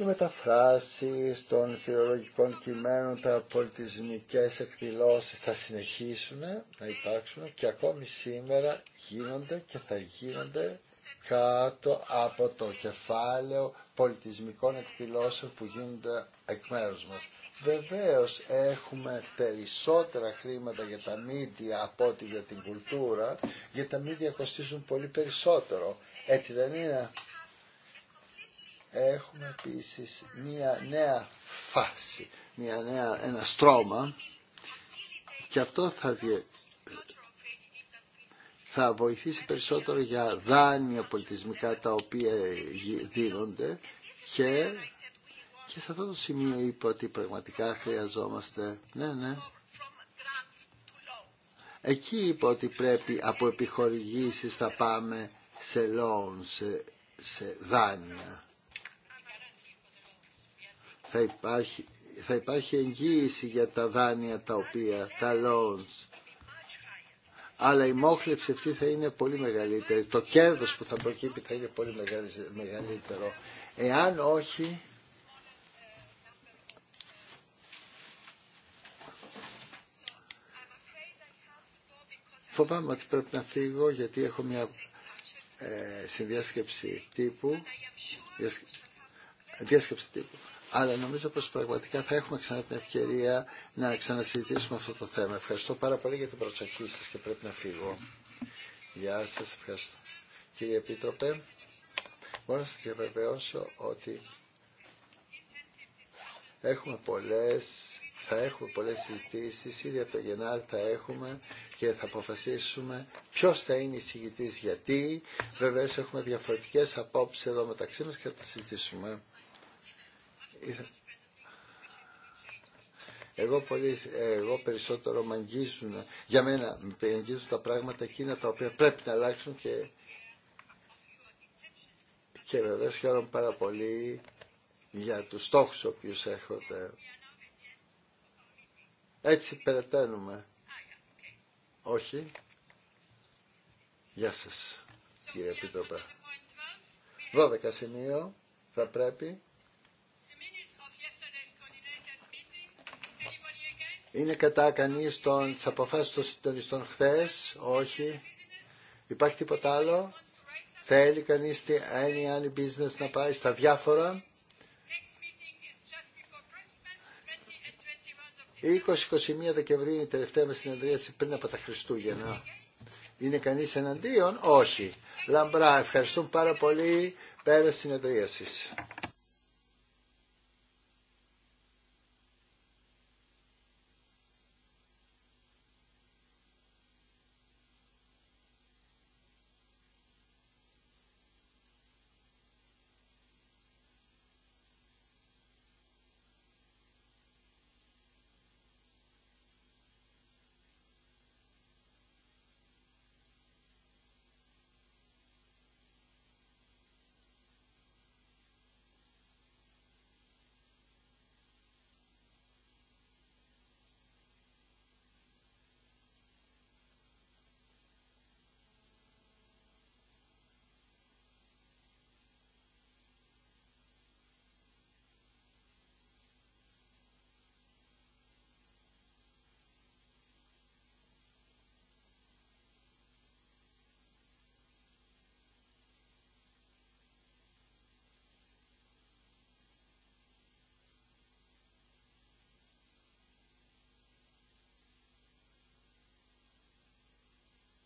οι μεταφράσεις των φιλολογικών κειμένων, τα πολιτισμικές εκδηλώσεις θα συνεχίσουν να υπάρξουν και ακόμη σήμερα γίνονται και θα γίνονται κάτω από το κεφάλαιο πολιτισμικών εκδηλώσεων που γίνονται εκ μέρους μας. Βεβαίως έχουμε περισσότερα χρήματα για τα μίντια από ό,τι για την κουλτούρα, γιατί τα μίντια κοστίζουν πολύ περισσότερο. Έτσι δεν είναι. Έχουμε επίσης μία νέα φάση, μία νέα, ένα στρώμα και αυτό θα, διε, θα βοηθήσει περισσότερο για δάνεια πολιτισμικά τα οποία δίνονται και, και σε αυτό το σημείο είπα ότι πραγματικά χρειαζόμαστε, ναι, ναι, Εκεί είπα ότι πρέπει από επιχορηγήσεις θα πάμε σε loans, σε, σε δάνεια θα υπάρχει, θα υπάρχει εγγύηση για τα δάνεια τα οποία, τα loans. Αλλά η μόχλευση αυτή θα είναι πολύ μεγαλύτερη. Το κέρδος που θα προκύπτει θα είναι πολύ μεγαλύτερο. Εάν όχι, φοβάμαι ότι πρέπει να φύγω γιατί έχω μια ε, συνδιάσκεψη τύπου, διάσκεψη τύπου αλλά νομίζω πως πραγματικά θα έχουμε ξανά την ευκαιρία να ξανασυζητήσουμε αυτό το θέμα. Ευχαριστώ πάρα πολύ για την προσοχή σας και πρέπει να φύγω. Γεια σας, ευχαριστώ. Κύριε Επίτροπε, μπορώ να σας διαβεβαιώσω ότι έχουμε πολλές, θα έχουμε πολλές συζητήσεις, ήδη από το Γενάρη θα έχουμε και θα αποφασίσουμε ποιος θα είναι εισηγητής γιατί. Βεβαίως έχουμε διαφορετικές απόψεις εδώ μεταξύ μας και θα τα συζητήσουμε. Εγώ, πολύ, εγώ περισσότερο με αγγίζουν, για μένα με τα πράγματα εκείνα τα οποία πρέπει να αλλάξουν και, και βεβαίως χαίρομαι πάρα πολύ για τους στόχους οποίους έχονται. Έτσι περαιτέρνουμε. Όχι. Γεια σας, κύριε Επίτροπε. 12 σημείο θα πρέπει Είναι κατά κανεί των, των συντονιστών χθες. Όχι. Υπάρχει τίποτα άλλο. Θέλει κανείς any, any business να πάει στα διάφορα. 20-21 Δεκεμβρίου είναι η τελευταία μα συνεδρίαση πριν από τα Χριστούγεννα. Είναι κανείς εναντίον? Όχι. Λαμπρά. Ευχαριστούμε πάρα πολύ. Πέρα συνεδρίαση.